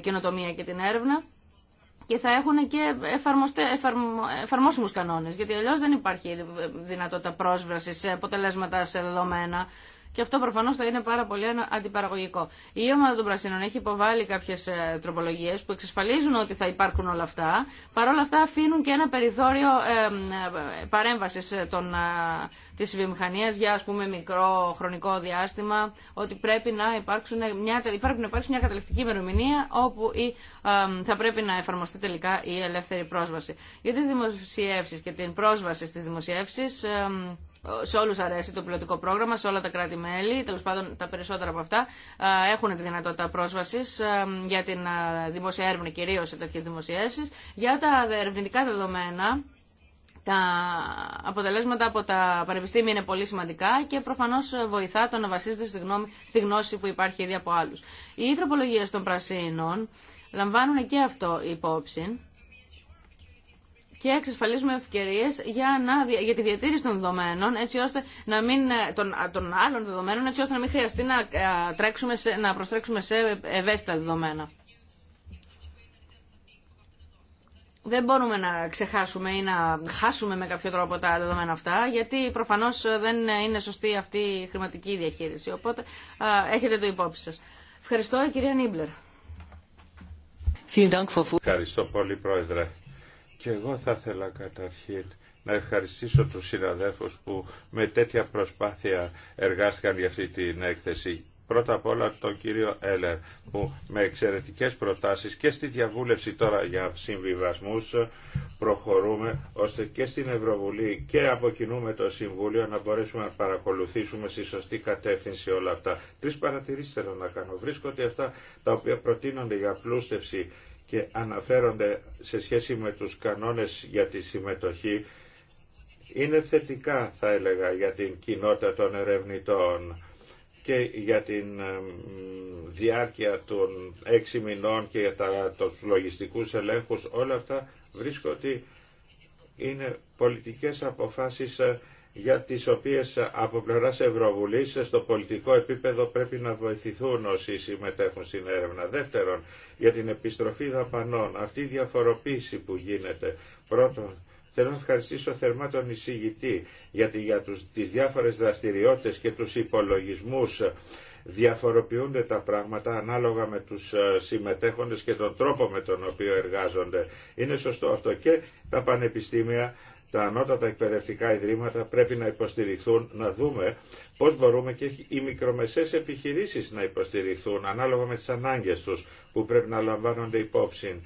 καινοτομία και την έρευνα και θα έχουν και εφαρμοστε, εφαρμο, εφαρμόσιμους κανόνες, γιατί αλλιώς δεν υπάρχει δυνατότητα πρόσβασης σε αποτελέσματα σε δεδομένα και αυτό προφανώ θα είναι πάρα πολύ αντιπαραγωγικό. Η ομάδα των Πρασίνων έχει υποβάλει κάποιε τροπολογίε που εξασφαλίζουν ότι θα υπάρχουν όλα αυτά, παρόλα αυτά αφήνουν και ένα περιθώριο ε, παρέμβαση ε, τη ε, της βιομηχανίας για ας πούμε μικρό χρονικό διάστημα, ότι πρέπει να, υπάρξουν μια, να υπάρξει μια καταληκτική ημερομηνία όπου η, θα πρέπει να εφαρμοστεί τελικά η ελεύθερη πρόσβαση. Για τι δημοσιεύσει και την πρόσβαση στις δημοσιεύσεις σε όλου αρέσει το πιλωτικό πρόγραμμα, σε όλα τα κράτη-μέλη, τέλο πάντων τα περισσότερα από αυτά έχουν τη δυνατότητα πρόσβαση για την δημόσια έρευνα, κυρίω σε τέτοιε δημοσιεύσει. Για τα ερευνητικά δεδομένα, τα αποτελέσματα από τα πανεπιστήμια είναι πολύ σημαντικά και προφανώ βοηθά το να βασίζεται στη, γνώμη, στη γνώση που υπάρχει ήδη από άλλου. Οι τροπολογίε των πρασίνων λαμβάνουν και αυτό υπόψη και εξασφαλίζουμε ευκαιρίε για, για τη διατήρηση των δεδομένων, έτσι ώστε να μην, ε, των, των άλλων δεδομένων, έτσι ώστε να μην χρειαστεί να, ε, τρέξουμε σε, να προστρέξουμε σε ευαίσθητα δεδομένα. Δεν μπορούμε να ξεχάσουμε ή να χάσουμε με κάποιο τρόπο τα δεδομένα αυτά, γιατί προφανώς ε, δεν είναι σωστή αυτή η χρηματική διαχείριση. Οπότε έχετε το υπόψη σας. Ευχαριστώ, κυρία Νίμπλερ. Ευχαριστώ πολύ, Πρόεδρε. Και εγώ θα ήθελα καταρχήν να ευχαριστήσω τους συναδέλφους που με τέτοια προσπάθεια εργάστηκαν για αυτή την έκθεση. Πρώτα απ' όλα τον κύριο Έλερ που με εξαιρετικές προτάσεις και στη διαβούλευση τώρα για συμβιβασμούς προχωρούμε ώστε και στην Ευρωβουλή και αποκοινούμε το Συμβούλιο να μπορέσουμε να παρακολουθήσουμε στη σωστή κατεύθυνση όλα αυτά. Τρεις παρατηρήσεις θέλω να κάνω. Βρίσκω ότι αυτά τα οποία προτείνονται για πλούστευση και αναφέρονται σε σχέση με τους κανόνες για τη συμμετοχή είναι θετικά θα έλεγα για την κοινότητα των ερευνητών και για την ε, διάρκεια των έξι μηνών και για τα, τους λογιστικούς ελέγχους όλα αυτά βρίσκονται, είναι πολιτικές αποφάσεις ε, για τις οποίες από πλευράς Ευρωβουλής στο πολιτικό επίπεδο πρέπει να βοηθηθούν όσοι συμμετέχουν στην έρευνα. Δεύτερον, για την επιστροφή δαπανών, αυτή η διαφοροποίηση που γίνεται. Πρώτον, Θέλω να ευχαριστήσω θερμά τον εισηγητή γιατί για τους, τις διάφορες δραστηριότητες και τους υπολογισμούς διαφοροποιούνται τα πράγματα ανάλογα με τους ε, συμμετέχοντες και τον τρόπο με τον οποίο εργάζονται. Είναι σωστό αυτό και τα πανεπιστήμια τα ανώτατα εκπαιδευτικά ιδρύματα πρέπει να υποστηριχθούν, να δούμε πώς μπορούμε και οι μικρομεσαίες επιχειρήσεις να υποστηριχθούν ανάλογα με τις ανάγκες τους που πρέπει να λαμβάνονται υπόψη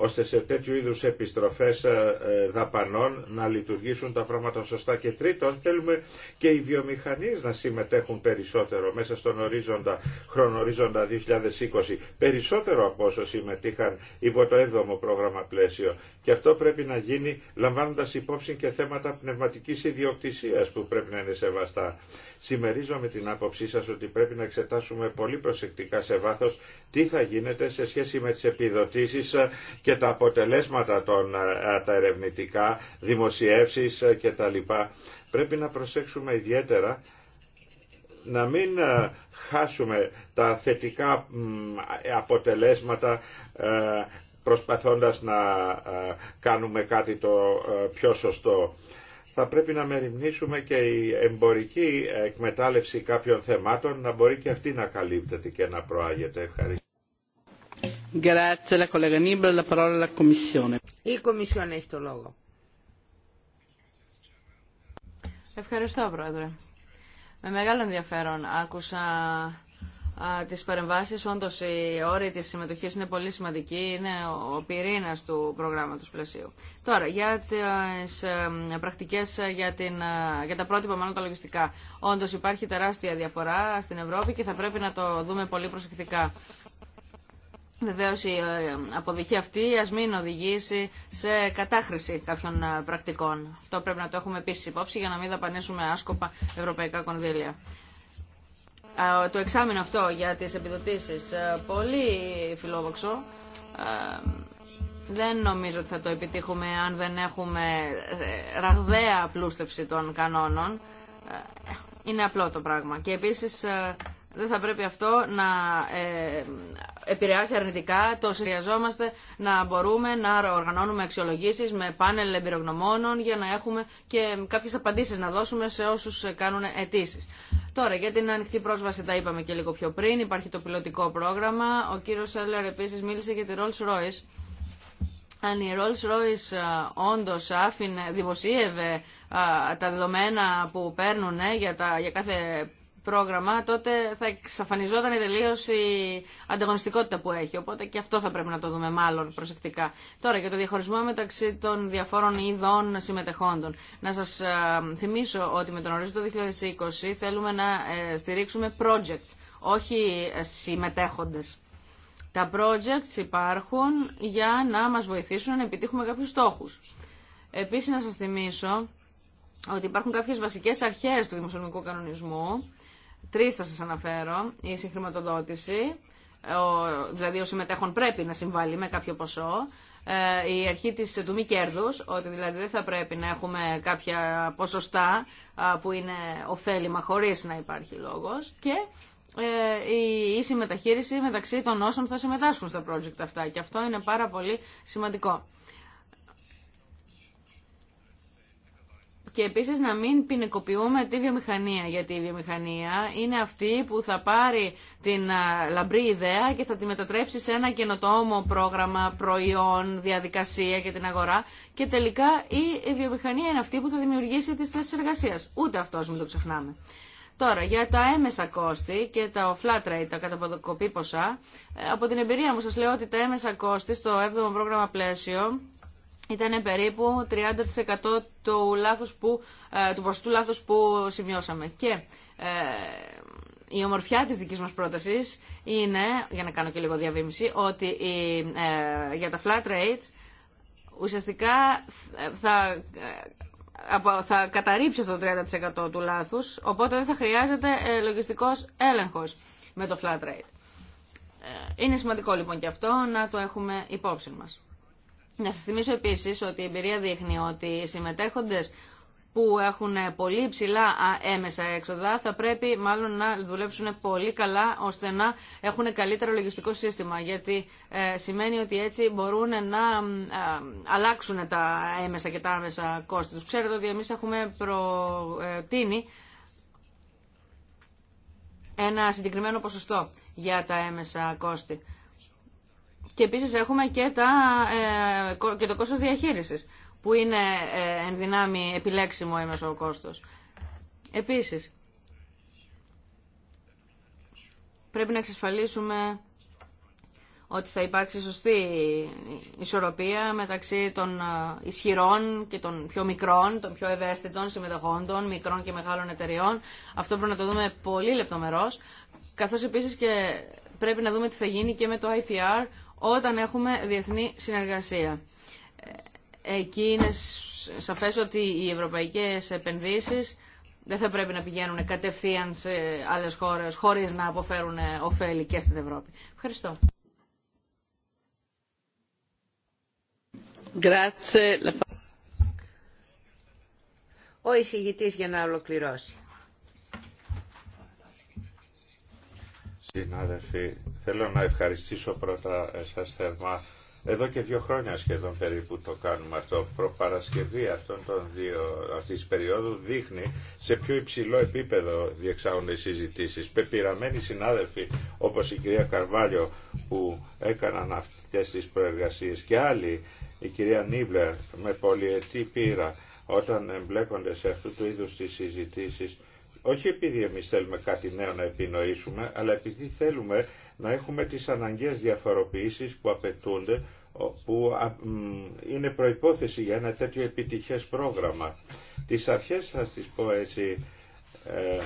ώστε σε τέτοιου είδους επιστροφές ε, ε, δαπανών να λειτουργήσουν τα πράγματα σωστά. Και τρίτον, θέλουμε και οι βιομηχανίες να συμμετέχουν περισσότερο μέσα στον ορίζοντα, χρονορίζοντα 2020, περισσότερο από όσο συμμετείχαν υπό το 7ο πρόγραμμα πλαίσιο. Και αυτό πρέπει να γίνει λαμβάνοντας υπόψη και θέματα πνευματικής ιδιοκτησίας που πρέπει να είναι σεβαστά. Συμμερίζομαι την άποψή σας ότι πρέπει να εξετάσουμε πολύ προσεκτικά σε βάθος τι θα γίνεται σε σχέση με τις επιδοτήσεις και τα αποτελέσματα των, ε, τα ερευνητικά, δημοσιεύσεις ε, κτλ. Πρέπει να προσέξουμε ιδιαίτερα να μην ε, χάσουμε τα θετικά αποτελέσματα προσπαθώντας να ε, κάνουμε κάτι το ε, πιο σωστό. Θα πρέπει να μεριμνήσουμε και η εμπορική εκμετάλλευση κάποιων θεμάτων να μπορεί και αυτή να καλύπτεται και να προάγεται. Ευχαριστώ. Η Κομισιόν έχει το λόγο. Ευχαριστώ, Πρόεδρε. Με μεγάλο ενδιαφέρον άκουσα τι παρεμβάσει όντω οι όροι τη συμμετοχή είναι πολύ σημαντικοί, είναι ο πυρήνα του προγράμματο πλαισίου. Τώρα, για τι ε, πρακτικέ ε, για, ε, για τα πρότυπα μάλλον τα λογιστικά. όντω υπάρχει τεράστια διαφορά στην Ευρώπη και θα πρέπει να το δούμε πολύ προσεκτικά. Βεβαίω η αποδοχή αυτή α μην οδηγήσει σε κατάχρηση κάποιων πρακτικών. Αυτό πρέπει να το έχουμε επίση υπόψη για να μην δαπανίσουμε άσκοπα ευρωπαϊκά κονδύλια το εξάμεινο αυτό για τις επιδοτήσεις ε, πολύ φιλόδοξο. Ε, δεν νομίζω ότι θα το επιτύχουμε αν δεν έχουμε ε, ραγδαία πλούστευση των κανόνων. Είναι απλό το πράγμα. Και επίσης δεν θα πρέπει αυτό να ε, επηρεάσει αρνητικά το συνδυαζόμαστε να μπορούμε να οργανώνουμε αξιολογήσεις με πάνελ εμπειρογνωμόνων για να έχουμε και κάποιες απαντήσεις να δώσουμε σε όσους κάνουν αιτήσει. Τώρα, για την ανοιχτή πρόσβαση τα είπαμε και λίγο πιο πριν, υπάρχει το πιλωτικό πρόγραμμα. Ο κύριος Σέλλερ επίσης μίλησε για τη Rolls Royce. Αν η Rolls Royce όντως άφηνε, δημοσίευε τα δεδομένα που παίρνουν για, τα, για κάθε πρόγραμμα, τότε θα εξαφανιζόταν η η ανταγωνιστικότητα που έχει. Οπότε και αυτό θα πρέπει να το δούμε μάλλον προσεκτικά. Τώρα για το διαχωρισμό μεταξύ των διαφόρων ειδών συμμετεχόντων. Να σας θυμίσω ότι με τον ορίζοντα 2020 θέλουμε να ε, στηρίξουμε projects, όχι ε, συμμετέχοντες. Τα projects υπάρχουν για να μας βοηθήσουν να επιτύχουμε κάποιους στόχους. Επίσης να σας θυμίσω ότι υπάρχουν κάποιες βασικές αρχές του δημοσιονομικού κανονισμού Τρεις θα σας αναφέρω. Η συγχρηματοδότηση, ο, δηλαδή ο συμμετέχων πρέπει να συμβάλλει με κάποιο ποσό. Ε, η αρχή της, του μη κέρδου, ότι δηλαδή δεν θα πρέπει να έχουμε κάποια ποσοστά που είναι ωφέλιμα χωρίς να υπάρχει λόγος. Και ε, η ίση μεταχείριση μεταξύ των όσων θα συμμετάσχουν στα project αυτά. Και αυτό είναι πάρα πολύ σημαντικό. και επίση να μην ποινικοποιούμε τη βιομηχανία, γιατί η βιομηχανία είναι αυτή που θα πάρει την λαμπρή ιδέα και θα τη μετατρέψει σε ένα καινοτόμο πρόγραμμα, προϊόν, διαδικασία και την αγορά και τελικά η βιομηχανία είναι αυτή που θα δημιουργήσει τις θέσει εργασία. Ούτε αυτό μην το ξεχνάμε. Τώρα, για τα έμεσα κόστη και τα flat rate, τα καταποκοπή ποσά, ε, από την εμπειρία μου σας λέω ότι τα έμεσα κόστη στο 7ο πρόγραμμα πλαίσιο ήταν περίπου 30% του, λάθος που, ε, του ποσοστού λάθους που σημειώσαμε. Και ε, η ομορφιά της δικής μας πρότασης είναι, για να κάνω και λίγο διαβήμιση, ότι ε, για τα flat rates ουσιαστικά θα, θα καταρρύψει αυτό το 30% του λάθους, οπότε δεν θα χρειάζεται λογιστικός έλεγχος με το flat rate. Είναι σημαντικό λοιπόν και αυτό να το έχουμε υπόψη μας. Να σα θυμίσω επίσης ότι η εμπειρία δείχνει ότι οι συμμετέχοντες που έχουν πολύ ψηλά έμεσα έξοδα θα πρέπει μάλλον να δουλέψουν πολύ καλά ώστε να έχουν καλύτερο λογιστικό σύστημα γιατί ε, σημαίνει ότι έτσι μπορούν να ε, αλλάξουν τα έμεσα και τα άμεσα κόστη τους. Ξέρετε ότι εμείς έχουμε προτείνει ένα συγκεκριμένο ποσοστό για τα έμεσα κόστη. Και επίσης έχουμε και, τα, ε, και το κόστος διαχείρισης, που είναι ε, εν δυνάμει επιλέξιμο έμεσο κόστος. Επίσης, πρέπει να εξασφαλίσουμε ότι θα υπάρξει σωστή ισορροπία μεταξύ των ε, ισχυρών και των πιο μικρών, των πιο ευαίσθητων συμμετεχόντων, μικρών και μεγάλων εταιριών. Αυτό πρέπει να το δούμε πολύ λεπτομερώς, καθώς επίσης και πρέπει να δούμε τι θα γίνει και με το IPR, όταν έχουμε διεθνή συνεργασία. Ε, εκεί είναι σαφές ότι οι ευρωπαϊκές επενδύσεις δεν θα πρέπει να πηγαίνουν κατευθείαν σε άλλες χώρες χωρίς να αποφέρουν ε, ωφέλη και στην Ευρώπη. Ευχαριστώ. Ο εισηγητής για να ολοκληρώσει. Συνάδελφοι, θέλω να ευχαριστήσω πρώτα σας θερμά. Εδώ και δύο χρόνια σχεδόν περίπου το κάνουμε αυτό. Προπαρασκευή αυτών των δύο, αυτής της περίοδου δείχνει σε πιο υψηλό επίπεδο διεξάγονται οι συζητήσεις. Πεπειραμένοι συνάδελφοι όπως η κυρία Καρβάλιο που έκαναν αυτές τις προεργασίες και άλλοι, η κυρία Νίβλερ με πολυετή πείρα όταν εμπλέκονται σε αυτού του είδους τις συζητήσεις όχι επειδή εμείς θέλουμε κάτι νέο να επινοήσουμε, αλλά επειδή θέλουμε να έχουμε τις αναγκαίες διαφοροποιήσεις που απαιτούνται, που είναι προϋπόθεση για ένα τέτοιο επιτυχές πρόγραμμα. Τις αρχές θα τις πω έτσι, ε,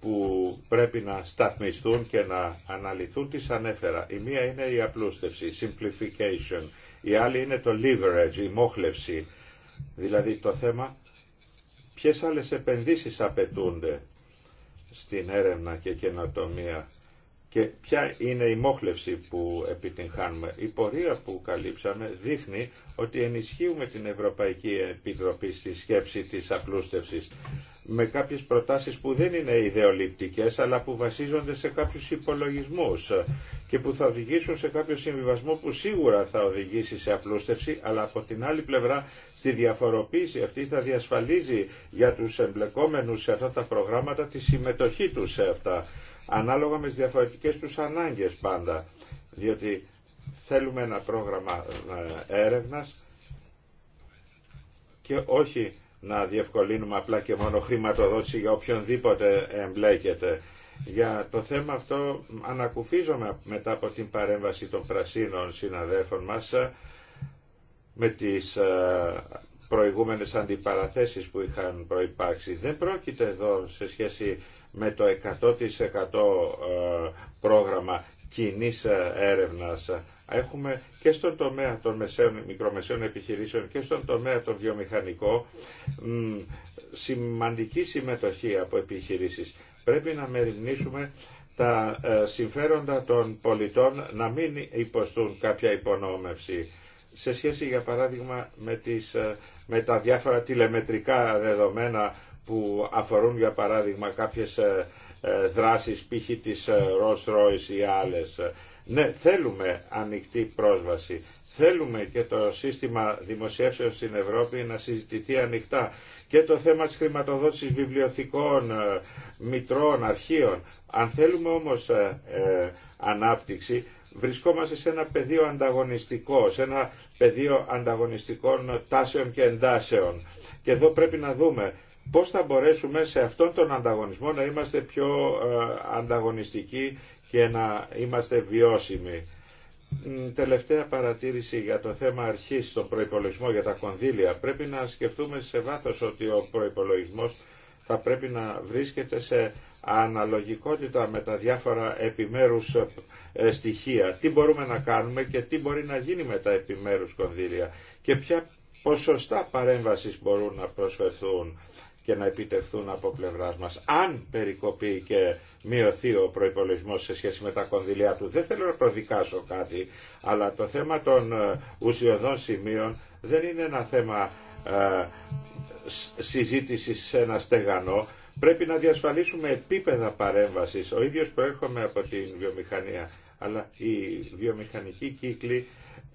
που πρέπει να σταθμιστούν και να αναλυθούν τις ανέφερα. Η μία είναι η απλούστευση, η simplification. Η άλλη είναι το leverage, η μόχλευση. Δηλαδή το θέμα ποιες άλλες επενδύσεις απαιτούνται στην έρευνα και καινοτομία και ποια είναι η μόχλευση που επιτυγχάνουμε. Η πορεία που καλύψαμε δείχνει ότι ενισχύουμε την Ευρωπαϊκή Επιτροπή στη σκέψη της απλούστευσης με κάποιες προτάσεις που δεν είναι ιδεολειπτικές αλλά που βασίζονται σε κάποιους υπολογισμούς και που θα οδηγήσουν σε κάποιο συμβιβασμό που σίγουρα θα οδηγήσει σε απλούστευση αλλά από την άλλη πλευρά στη διαφοροποίηση αυτή θα διασφαλίζει για τους εμπλεκόμενους σε αυτά τα προγράμματα τη συμμετοχή τους σε αυτά ανάλογα με τις διαφορετικές τους ανάγκες πάντα. Διότι θέλουμε ένα πρόγραμμα ε, έρευνας και όχι να διευκολύνουμε απλά και μόνο χρηματοδότηση για οποιονδήποτε εμπλέκεται. Για το θέμα αυτό ανακουφίζομαι μετά από την παρέμβαση των πρασίνων συναδέλφων μας ε, με τις ε, προηγούμενες αντιπαραθέσεις που είχαν προϋπάρξει. Δεν πρόκειται εδώ σε σχέση με το 100% ε, πρόγραμμα κοινή ε, έρευνας. Έχουμε και στον τομέα των μεσαίων, μικρομεσαίων επιχειρήσεων και στον τομέα των βιομηχανικών σημαντική συμμετοχή από επιχειρήσεις. Πρέπει να μεριμνήσουμε τα ε, συμφέροντα των πολιτών να μην υποστούν κάποια υπονόμευση σε σχέση για παράδειγμα με, τις, με τα διάφορα τηλεμετρικά δεδομένα που αφορούν για παράδειγμα κάποιες ε, ε, δράσεις π.χ. της ε, Rolls Royce ή άλλες. Ναι, θέλουμε ανοιχτή πρόσβαση. Θέλουμε και το σύστημα δημοσίευσεων στην Ευρώπη να συζητηθεί ανοιχτά. Και το θέμα της χρηματοδότησης βιβλιοθηκών, μητρών, αρχείων. Αν θέλουμε όμως ανάπτυξη, βρισκόμαστε σε ένα πεδίο ανταγωνιστικό, σε ένα πεδίο ανταγωνιστικών τάσεων και εντάσεων. Και εδώ πρέπει να δούμε πώς θα μπορέσουμε σε αυτόν τον ανταγωνισμό να είμαστε πιο ε, ανταγωνιστικοί και να είμαστε βιώσιμοι. Τελευταία παρατήρηση για το θέμα αρχής στον προϋπολογισμό για τα κονδύλια. Πρέπει να σκεφτούμε σε βάθος ότι ο προϋπολογισμός θα πρέπει να βρίσκεται σε αναλογικότητα με τα διάφορα επιμέρους ε, στοιχεία. Τι μπορούμε να κάνουμε και τι μπορεί να γίνει με τα επιμέρους κονδύλια και ποια ποσοστά παρέμβασης μπορούν να προσφερθούν και να επιτευχθούν από πλευρά μα. Αν περικοπεί και μειωθεί ο προπολογισμό σε σχέση με τα κονδυλιά του, δεν θέλω να προδικάσω κάτι, αλλά το θέμα των ε, ουσιοδών σημείων δεν είναι ένα θέμα ε, συζήτηση σε ένα στεγανό. Πρέπει να διασφαλίσουμε επίπεδα παρέμβασης. Ο ίδιος προέρχομαι από την βιομηχανία, αλλά οι βιομηχανικοί κύκλοι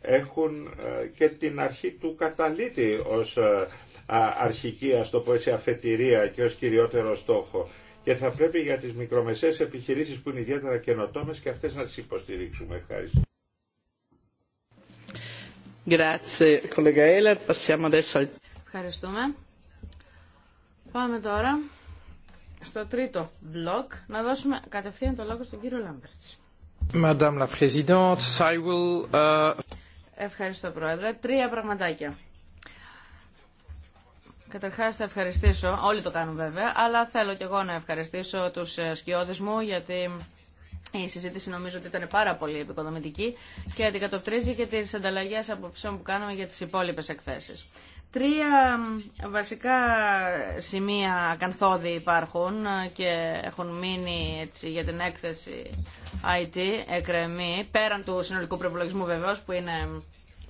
έχουν ε, και την αρχή του καταλήτη ως ε, αρχική, ας το πω έτσι, αφετηρία και ως κυριότερο στόχο. Και θα πρέπει για τις μικρομεσαίες επιχειρήσεις που είναι ιδιαίτερα καινοτόμες και αυτές να τις υποστηρίξουμε. Ευχαριστώ. Ευχαριστούμε. Πάμε τώρα στο τρίτο μπλοκ να δώσουμε κατευθείαν το λόγο στον κύριο Λάμπερτς. Madame uh, Ευχαριστώ Πρόεδρε. Τρία πραγματάκια. Καταρχάς θα ευχαριστήσω, όλοι το κάνουν βέβαια, αλλά θέλω και εγώ να ευχαριστήσω τους ε, σκιώδες μου γιατί η συζήτηση νομίζω ότι ήταν πάρα πολύ επικοδομητική και αντικατοπτρίζει και τις ανταλλαγές απόψεων που κάναμε για τις υπόλοιπες εκθέσεις. Τρία βασικά σημεία ακανθόδη υπάρχουν ε, και έχουν μείνει έτσι για την έκθεση IT εκρεμή, πέραν του συνολικού προπολογισμού βεβαίως που είναι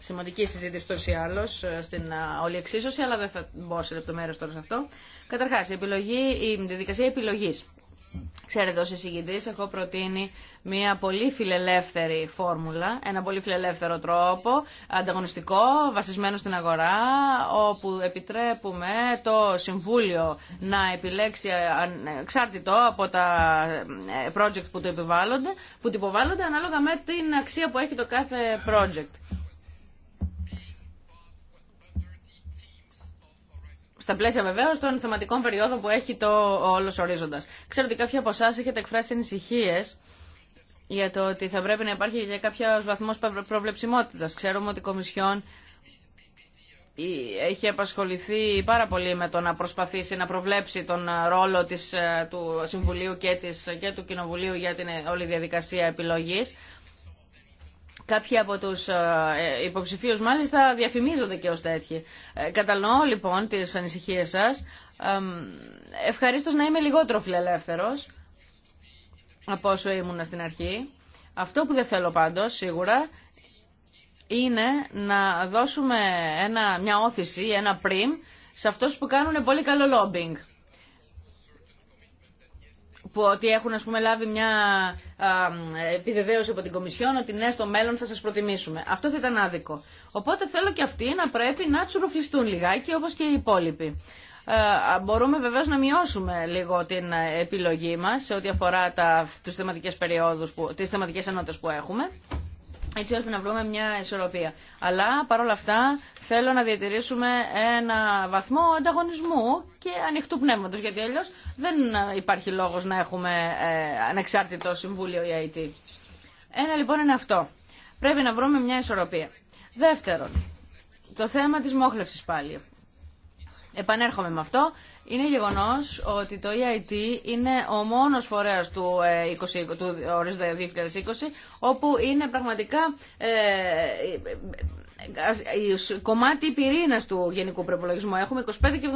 σημαντική συζήτηση τόσο ή άλλω ε, στην ε, όλη εξίσωση, αλλά δεν θα μπω σε λεπτομέρειε τώρα σε αυτό. Καταρχά, η, επιλογή, η διαδικασία επιλογή. Ξέρετε, ως εισηγητής έχω προτείνει μια πολύ φιλελεύθερη φόρμουλα, ένα πολύ φιλελεύθερο τρόπο, ανταγωνιστικό, βασισμένο στην αγορά, όπου επιτρέπουμε το Συμβούλιο να επιλέξει εξάρτητο από τα ε, project που το επιβάλλονται, που του υποβάλλονται ανάλογα με την αξία που έχει το κάθε project. στα πλαίσια βεβαίω των θεματικών περιόδων που έχει το όλο ορίζοντα. Ξέρω ότι κάποιοι από εσά έχετε εκφράσει ανησυχίε για το ότι θα πρέπει να υπάρχει και κάποιο βαθμό προβλεψιμότητα. Ξέρουμε ότι η Κομισιόν έχει απασχοληθεί πάρα πολύ με το να προσπαθήσει να προβλέψει τον ρόλο της, ε, του Συμβουλίου και, της, και του Κοινοβουλίου για την ε, όλη διαδικασία επιλογής. Κάποιοι από τους ε, υποψηφίου μάλιστα διαφημίζονται και ω τέτοιοι. Ε, κατανοώ λοιπόν τις ανησυχίες σας. Ευχαριστώ να είμαι λιγότερο φιλελεύθερο από όσο ήμουν στην αρχή. Αυτό που δεν θέλω πάντως σίγουρα είναι να δώσουμε ένα, μια όθηση, ένα πριμ σε αυτούς που κάνουν πολύ καλό λόμπινγκ που ότι έχουν πούμε, λάβει μια α, επιβεβαίωση από την Κομισιόν ότι ναι, στο μέλλον θα σα προτιμήσουμε. Αυτό θα ήταν άδικο. Οπότε θέλω και αυτοί να πρέπει να τσουρουφιστούν λιγάκι όπω και οι υπόλοιποι. Ε, μπορούμε βεβαίω να μειώσουμε λίγο την ε, επιλογή μα σε ό,τι αφορά τι θεματικέ περιόδου, τι θεματικέ ενότητε που έχουμε έτσι ώστε να βρούμε μια ισορροπία. Αλλά παρόλα αυτά θέλω να διατηρήσουμε ένα βαθμό ανταγωνισμού και ανοιχτού πνεύματος, γιατί αλλιώ δεν υπάρχει λόγος να έχουμε ε, ανεξάρτητο συμβούλιο ή Ένα λοιπόν είναι αυτό. Πρέπει να βρούμε μια ισορροπία. Δεύτερον, το θέμα της μόχλευσης πάλι. Επανέρχομαι με αυτό. Είναι γεγονό ότι το EIT είναι ο μόνο φορέας του, 20, ε, του ορίζοντα 2020 όπου είναι πραγματικά ε, ε, ε κομμάτι πυρήνα του γενικού προπολογισμού. Έχουμε 25 και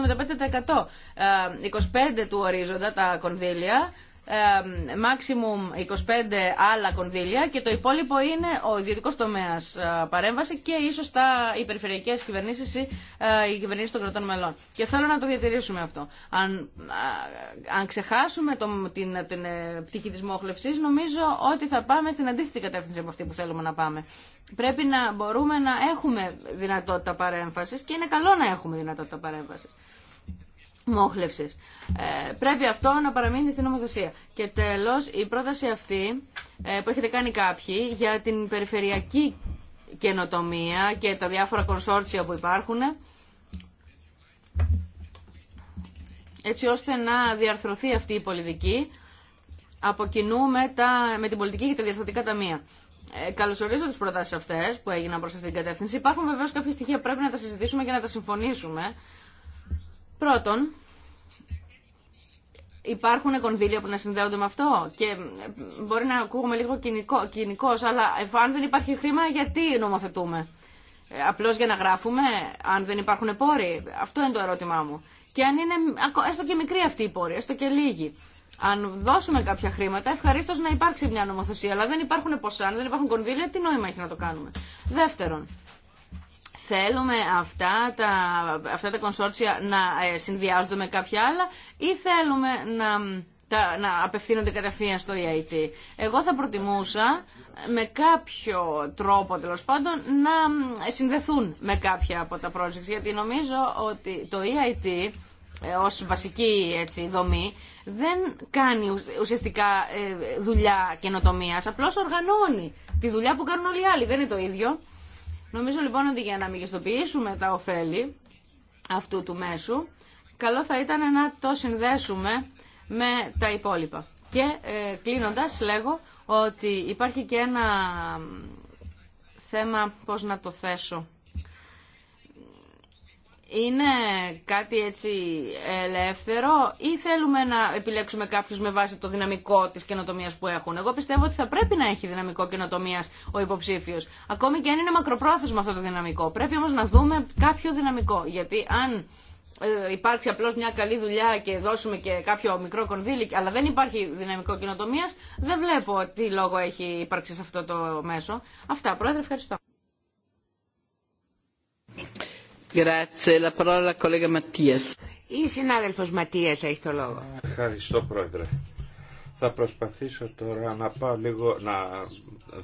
75%. 25 του ορίζοντα τα κονδύλια maximum 25 άλλα κονδύλια και το υπόλοιπο είναι ο ιδιωτικός τομέας ε, παρέμβαση και ίσως τα, υπερφερειακέ κυβερνήσει κυβερνήσεις ή ε, οι κυβερνήσεις των κρατών μελών. Και θέλω να το διατηρήσουμε αυτό. Αν, αν ξεχάσουμε την, την ε, πτυχή της μόχλευσης, νομίζω ότι θα πάμε στην αντίθετη κατεύθυνση από αυτή που θέλουμε να πάμε. Πρέπει να μπορούμε να έχουμε δυνατότητα παρέμβαση και είναι καλό να έχουμε δυνατότητα παρέμβασης. Ε, πρέπει αυτό να παραμείνει στην νομοθεσία. Και τέλο, η πρόταση αυτή ε, που έχετε κάνει κάποιοι για την περιφερειακή καινοτομία και τα διάφορα κονσόρτσια που υπάρχουν, έτσι ώστε να διαρθρωθεί αυτή η πολιτική, από κοινού με, τα, με την πολιτική και τα διαρθρωτικά ταμεία. Ε, καλωσορίζω τι προτάσει αυτέ που έγιναν προ αυτή την κατεύθυνση. Υπάρχουν βεβαίω κάποια στοιχεία που πρέπει να τα συζητήσουμε και να τα συμφωνήσουμε. Πρώτον, υπάρχουν κονδύλια που να συνδέονται με αυτό και μπορεί να ακούγουμε λίγο κοινικό, κοινικός, αλλά αν δεν υπάρχει χρήμα γιατί νομοθετούμε. Ε, απλώς για να γράφουμε, αν δεν υπάρχουν πόροι. Αυτό είναι το ερώτημά μου. Και αν είναι έστω και μικρή αυτή η πόρη, έστω και λίγη. Αν δώσουμε κάποια χρήματα, ευχαρίστω να υπάρξει μια νομοθεσία. Αλλά δεν υπάρχουν ποσά, αν δεν υπάρχουν κονδύλια, τι νόημα έχει να το κάνουμε. Δεύτερον, Θέλουμε αυτά τα, αυτά τα κονσόρτσια να ε, συνδυάζονται με κάποια άλλα ή θέλουμε να να απευθύνονται κατευθείαν στο EIT. Εγώ θα προτιμούσα με κάποιο τρόπο τέλο πάντων να ε, συνδεθούν με κάποια από τα projects γιατί νομίζω ότι το EIT ε, ως βασική έτσι, δομή δεν κάνει ουσιαστικά δουλειά καινοτομίας απλώς οργανώνει τη δουλειά που κάνουν όλοι οι άλλοι. Δεν είναι το ίδιο. Νομίζω λοιπόν ότι για να μεγιστοποιήσουμε τα ωφέλη αυτού του μέσου, καλό θα ήταν να το συνδέσουμε με τα υπόλοιπα. Και ε, κλείνοντας λέγω ότι υπάρχει και ένα θέμα, πώς να το θέσω, είναι κάτι έτσι ελεύθερο ή θέλουμε να επιλέξουμε κάποιους με βάση το δυναμικό της καινοτομίας που έχουν. Εγώ πιστεύω ότι θα πρέπει να έχει δυναμικό καινοτομίας ο υποψήφιος. Ακόμη και αν είναι μακροπρόθεσμο αυτό το δυναμικό. Πρέπει όμως να δούμε κάποιο δυναμικό. Γιατί αν ε, υπάρξει απλώς μια καλή δουλειά και δώσουμε και κάποιο μικρό κονδύλι, αλλά δεν υπάρχει δυναμικό καινοτομία, δεν βλέπω τι λόγο έχει υπάρξει σε αυτό το μέσο. Αυτά, Πρόεδρε, ευχαριστώ. Η συνάδελφος Ματίας έχει το λόγο. Ευχαριστώ πρόεδρε. Θα προσπαθήσω τώρα να πάω λίγο να,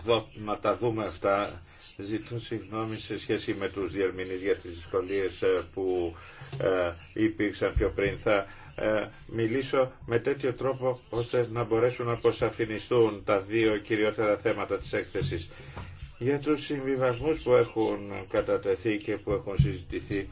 δω, τα δούμε αυτά. Ζητούν συγγνώμη σε σχέση με τους διερμηνείς για τις δυσκολίες ε, που ε, υπήρξαν πιο πριν. Θα ε, μιλήσω με τέτοιο τρόπο ώστε να μπορέσουν να αποσαφινιστούν τα δύο κυριότερα θέματα της έκθεσης για τους συμβιβασμούς που έχουν κατατεθεί και που έχουν συζητηθεί.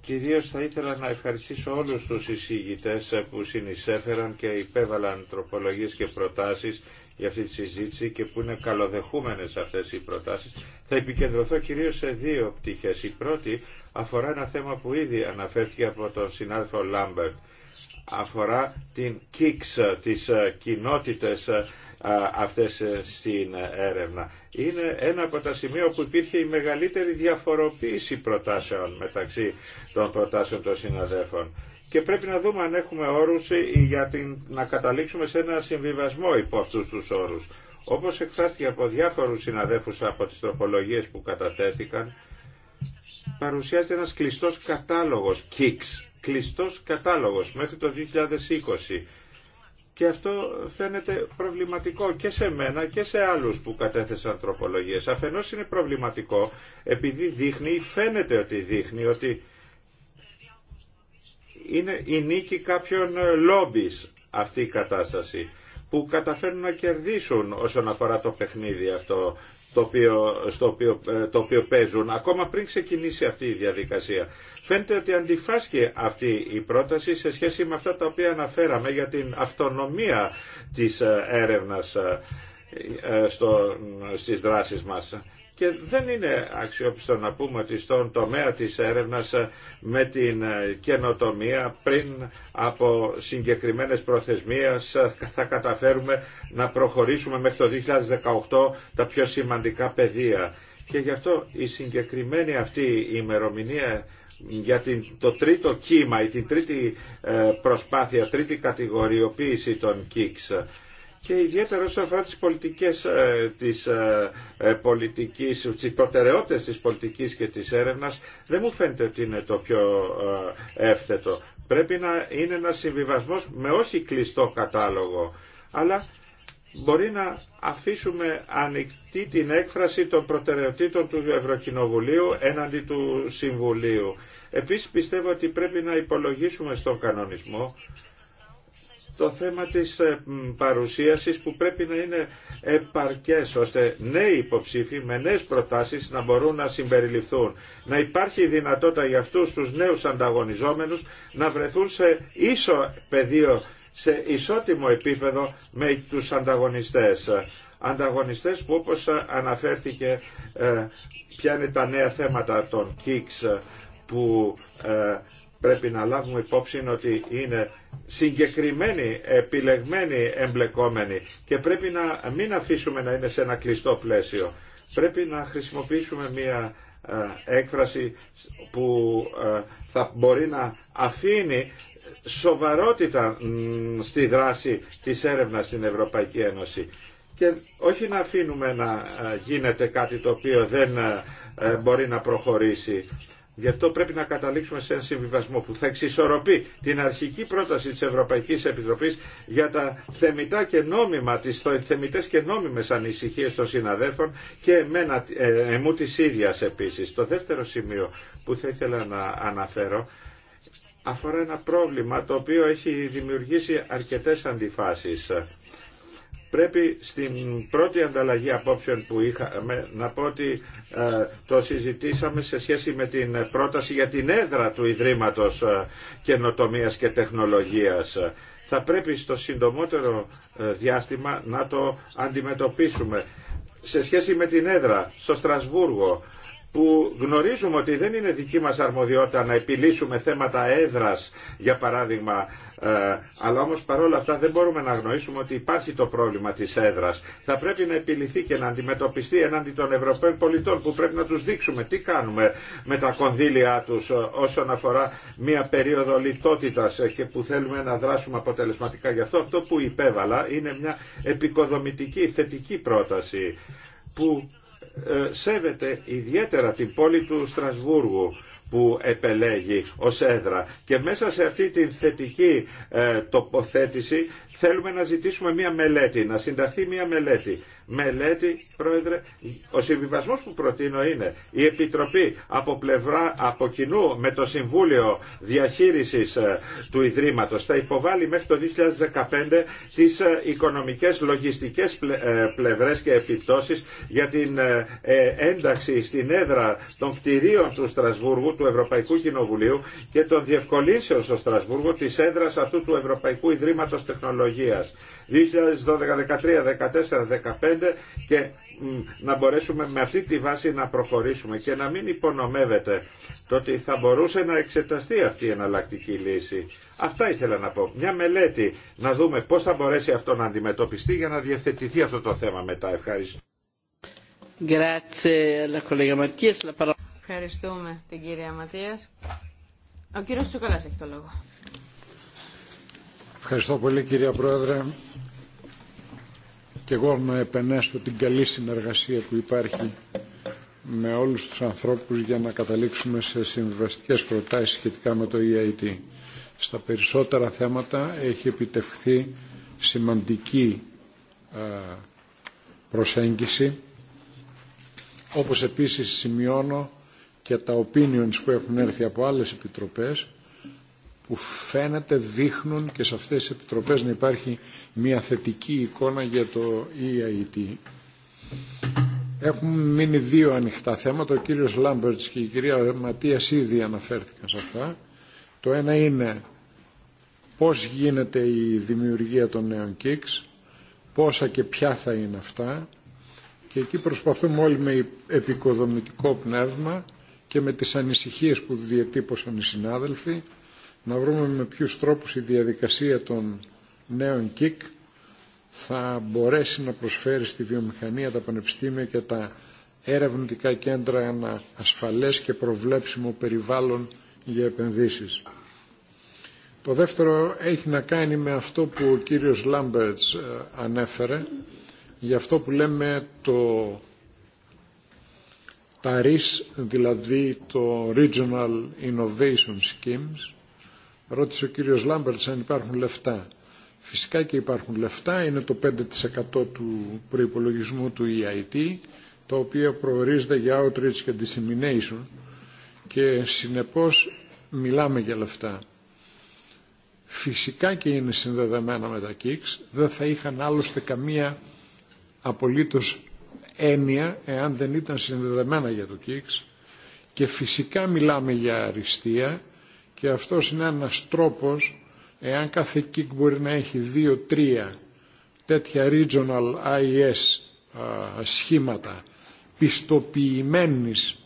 Κυρίως θα ήθελα να ευχαριστήσω όλους τους εισηγητές που συνεισέφεραν και υπέβαλαν τροπολογίες και προτάσεις για αυτή τη συζήτηση και που είναι καλοδεχούμενες αυτές οι προτάσεις. Θα επικεντρωθώ κυρίως σε δύο πτυχές. Η πρώτη αφορά ένα θέμα που ήδη αναφέρθηκε από τον συνάδελφο Λάμπερτ. Αφορά την ΚΙΚΣ, της κοινότητες αυτές ε, στην έρευνα. Είναι ένα από τα σημεία όπου υπήρχε η μεγαλύτερη διαφοροποίηση προτάσεων μεταξύ των προτάσεων των συναδέλφων. Και πρέπει να δούμε αν έχουμε όρους ε, για την, να καταλήξουμε σε ένα συμβιβασμό υπό αυτούς τους όρους. Όπως εκφράστηκε από διάφορους συναδέφους από τις τροπολογίες που κατατέθηκαν, παρουσιάζεται ένας κλειστός κατάλογος, KICS, κλειστός κατάλογος μέχρι το 2020 και αυτό φαίνεται προβληματικό και σε μένα και σε άλλους που κατέθεσαν τροπολογίες. Αφενός είναι προβληματικό επειδή δείχνει ή φαίνεται ότι δείχνει ότι είναι η νίκη κάποιων λόμπις αυτή η κατάσταση που καταφέρνουν να κερδίσουν όσον αφορά το παιχνίδι αυτό το οποίο, στο οποίο, ε, το οποίο παίζουν ακόμα πριν ξεκινήσει αυτή η διαδικασία. Φαίνεται ότι αντιφάσκει αυτή η πρόταση σε σχέση με αυτά τα οποία αναφέραμε για την αυτονομία της ε, έρευνας ε, ε, στο, στις δράσεις μας. Και δεν είναι αξιόπιστο να πούμε ότι στον τομέα της έρευνας με την καινοτομία πριν από συγκεκριμένες προθεσμίες θα καταφέρουμε να προχωρήσουμε μέχρι το 2018 τα πιο σημαντικά πεδία. Και γι' αυτό η συγκεκριμένη αυτή ημερομηνία για το τρίτο κύμα ή την τρίτη ε, προσπάθεια, τρίτη κατηγοριοποίηση των ΚΙΚΣ και ιδιαίτερα όσον αφορά τις πολιτικές ε, της ε, πολιτικής, τις προτεραιότητες της πολιτικής και της έρευνας δεν μου φαίνεται ότι είναι το πιο εύθετο. Πρέπει να είναι ένα συμβιβασμός με όχι κλειστό κατάλογο αλλά μπορεί να αφήσουμε ανοιχτή την έκφραση των προτεραιοτήτων του Ευρωκοινοβουλίου έναντι του Συμβουλίου. Επίσης πιστεύω ότι πρέπει να υπολογίσουμε στον κανονισμό το θέμα της ε, παρουσίασης που πρέπει να είναι επαρκές ώστε νέοι υποψήφοι με νέες προτάσεις να μπορούν να συμπεριληφθούν. Να υπάρχει δυνατότητα για αυτούς τους νέους ανταγωνιζόμενους να βρεθούν σε ίσο πεδίο, σε ισότιμο επίπεδο με τους ανταγωνιστές. Ανταγωνιστές που όπως αναφέρθηκε ε, ποια είναι τα νέα θέματα των ΚΙΚΣ που ε, πρέπει να λάβουμε υπόψη ότι είναι συγκεκριμένοι, επιλεγμένοι, εμπλεκόμενοι και πρέπει να μην αφήσουμε να είναι σε ένα κλειστό πλαίσιο. Πρέπει να χρησιμοποιήσουμε μια ε, έκφραση που ε, θα μπορεί να αφήνει σοβαρότητα στη δράση της έρευνας στην Ευρωπαϊκή Ένωση και όχι να αφήνουμε να ε, γίνεται κάτι το οποίο δεν μπορεί να προχωρήσει. Γι' αυτό πρέπει να καταλήξουμε σε ένα συμβιβασμό που θα εξισορροπεί την αρχική πρόταση της Ευρωπαϊκής Επιτροπής για τα θεμητά και νόμιμα, τις θεμητές και νόμιμες ανησυχίες των συναδέλφων και εμένα, ε, εμού της ίδιας επίσης. Το δεύτερο σημείο που θα ήθελα να αναφέρω αφορά ένα πρόβλημα το οποίο έχει δημιουργήσει αρκετές αντιφάσεις πρέπει στην πρώτη ανταλλαγή απόψεων που είχαμε να πω ότι ε, το συζητήσαμε σε σχέση με την πρόταση για την έδρα του Ιδρύματος ε, Καινοτομίας και Τεχνολογίας. Θα πρέπει στο συντομότερο ε, διάστημα να το αντιμετωπίσουμε. Σε σχέση με την έδρα στο Στρασβούργο που γνωρίζουμε ότι δεν είναι δική μας αρμοδιότητα να επιλύσουμε θέματα έδρας, για παράδειγμα, ε, αλλά όμως παρόλα αυτά δεν μπορούμε να γνωρίσουμε ότι υπάρχει το πρόβλημα της έδρας. Θα πρέπει να επιληθεί και να αντιμετωπιστεί έναντι των Ευρωπαίων πολιτών που πρέπει να τους δείξουμε τι κάνουμε με τα κονδύλια τους ε, όσον αφορά μια περίοδο λιτότητας ε, και που θέλουμε να δράσουμε αποτελεσματικά. Γι' αυτό αυτό που υπέβαλα είναι μια επικοδομητική θετική πρόταση που ε, σέβεται ιδιαίτερα την πόλη του Στρασβούργου που επελέγει ως έδρα και μέσα σε αυτή την θετική ε, τοποθέτηση θέλουμε να ζητήσουμε μία μελέτη, να συνταχθεί μία μελέτη. Μελέτη, Πρόεδρε, ο συμβιβασμό που προτείνω είναι η Επιτροπή από, πλευρά, από κοινού με το Συμβούλιο Διαχείριση ε, του Ιδρύματο θα υποβάλει μέχρι το 2015 τι ε, οικονομικέ λογιστικέ ε, πλευρέ και επιπτώσει για την ένταξη στην έδρα των κτηρίων του Στρασβούργου, του Ευρωπαϊκού Κοινοβουλίου και των διευκολύνσεων στο Στρασβούργο τη έδρα αυτού του Ευρωπαϊκού Ιδρύματο Τεχνολογία 2012, 2013, 2014, 15 και να μπορέσουμε με αυτή τη βάση να προχωρήσουμε και να μην υπονομεύεται το ότι θα μπορούσε να εξεταστεί αυτή η εναλλακτική λύση. Αυτά ήθελα να πω. Μια μελέτη να δούμε πώς θα μπορέσει αυτό να αντιμετωπιστεί για να διευθετηθεί αυτό το θέμα μετά. Ευχαριστώ. Ευχαριστούμε την κυρία Ματίας. Ο κύριος Τσουκαλάς έχει το λόγο. Ευχαριστώ πολύ κυρία Πρόεδρε. Και εγώ να επενέστω την καλή συνεργασία που υπάρχει με όλους τους ανθρώπους για να καταλήξουμε σε συμβιβαστικές προτάσεις σχετικά με το EIT. Στα περισσότερα θέματα έχει επιτευχθεί σημαντική προσέγγιση όπως επίσης σημειώνω και τα opinions που έχουν έρθει από άλλες επιτροπές που φαίνεται δείχνουν και σε αυτές τις επιτροπές να υπάρχει μια θετική εικόνα για το EIT. Έχουν μείνει δύο ανοιχτά θέματα. Ο κύριος Λάμπερτς και η κυρία Ματίας ήδη αναφέρθηκαν σε αυτά. Το ένα είναι πώς γίνεται η δημιουργία των νέων ΚΙΚΣ, πόσα και ποια θα είναι αυτά. Και εκεί προσπαθούμε όλοι με επικοδομητικό πνεύμα και με τις ανησυχίες που διατύπωσαν οι συνάδελφοι να βρούμε με ποιους τρόπους η διαδικασία των νέων ΚΙΚ θα μπορέσει να προσφέρει στη βιομηχανία, τα πανεπιστήμια και τα ερευνητικά κέντρα ένα ασφαλές και προβλέψιμο περιβάλλον για επενδύσεις. Το δεύτερο έχει να κάνει με αυτό που ο κύριος Λάμπερτς ε, ανέφερε, για αυτό που λέμε το τα δηλαδή το Regional Innovation Schemes, Ρώτησε ο κύριος Λάμπερτς αν υπάρχουν λεφτά. Φυσικά και υπάρχουν λεφτά, είναι το 5% του προϋπολογισμού του EIT, το οποίο προορίζεται για outreach και dissemination και συνεπώς μιλάμε για λεφτά. Φυσικά και είναι συνδεδεμένα με τα KICS, δεν θα είχαν άλλωστε καμία απολύτως έννοια εάν δεν ήταν συνδεδεμένα για το KICS και φυσικά μιλάμε για αριστεία και αυτός είναι ένας τρόπος, εάν κάθε ΚΙΚ μπορεί να έχει δύο-τρία τέτοια regional IS σχήματα πιστοποιημένης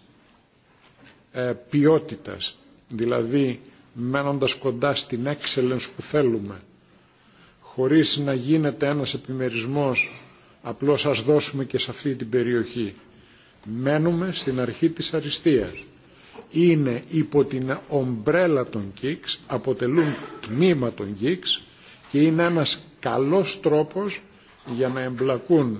ε, ποιότητας, δηλαδή μένοντας κοντά στην excellence που θέλουμε, χωρίς να γίνεται ένας επιμερισμός απλώς ας δώσουμε και σε αυτή την περιοχή. Μένουμε στην αρχή της αριστείας είναι υπό την ομπρέλα των ΚΙΚΣ, αποτελούν τμήμα των ΚΙΚΣ και είναι ένας καλός τρόπος για να εμπλακούν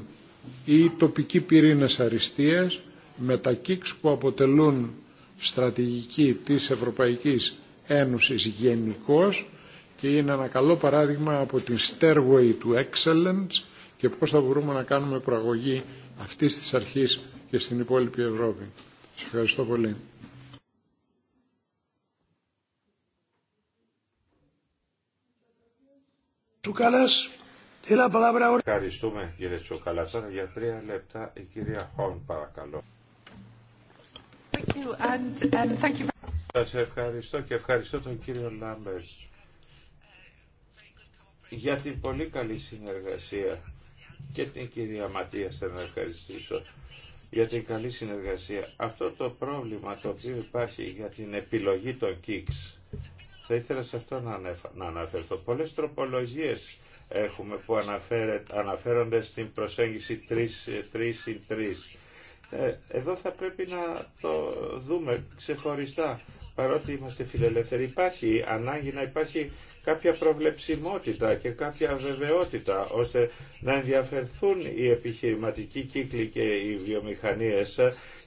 οι τοπικοί πυρήνες αριστείας με τα ΚΙΚΣ που αποτελούν στρατηγική της Ευρωπαϊκής Ένωσης γενικώ και είναι ένα καλό παράδειγμα από την Stairway to Excellence και πώς θα μπορούμε να κάνουμε προαγωγή αυτής της αρχής και στην υπόλοιπη Ευρώπη. Σας ευχαριστώ πολύ. Ευχαριστούμε κύριε Τσουκαλά. Τώρα για τρία λεπτά η κυρία Χόν παρακαλώ. Σα ευχαριστώ και ευχαριστώ τον κύριο Λάμπερς για την πολύ καλή συνεργασία και την κυρία Ματία θα να ευχαριστήσω για την καλή συνεργασία. Αυτό το πρόβλημα το οποίο υπάρχει για την επιλογή των ΚΙΚΣ θα ήθελα σε αυτό να αναφερθώ. Πολλές τροπολογίες έχουμε που αναφέρονται στην προσέγγιση 3 συν 3. Ε, εδώ θα πρέπει να το δούμε ξεχωριστά παρότι είμαστε φιλελεύθεροι, υπάρχει ανάγκη να υπάρχει κάποια προβλεψιμότητα και κάποια βεβαιότητα, ώστε να ενδιαφερθούν οι επιχειρηματικοί κύκλοι και οι βιομηχανίες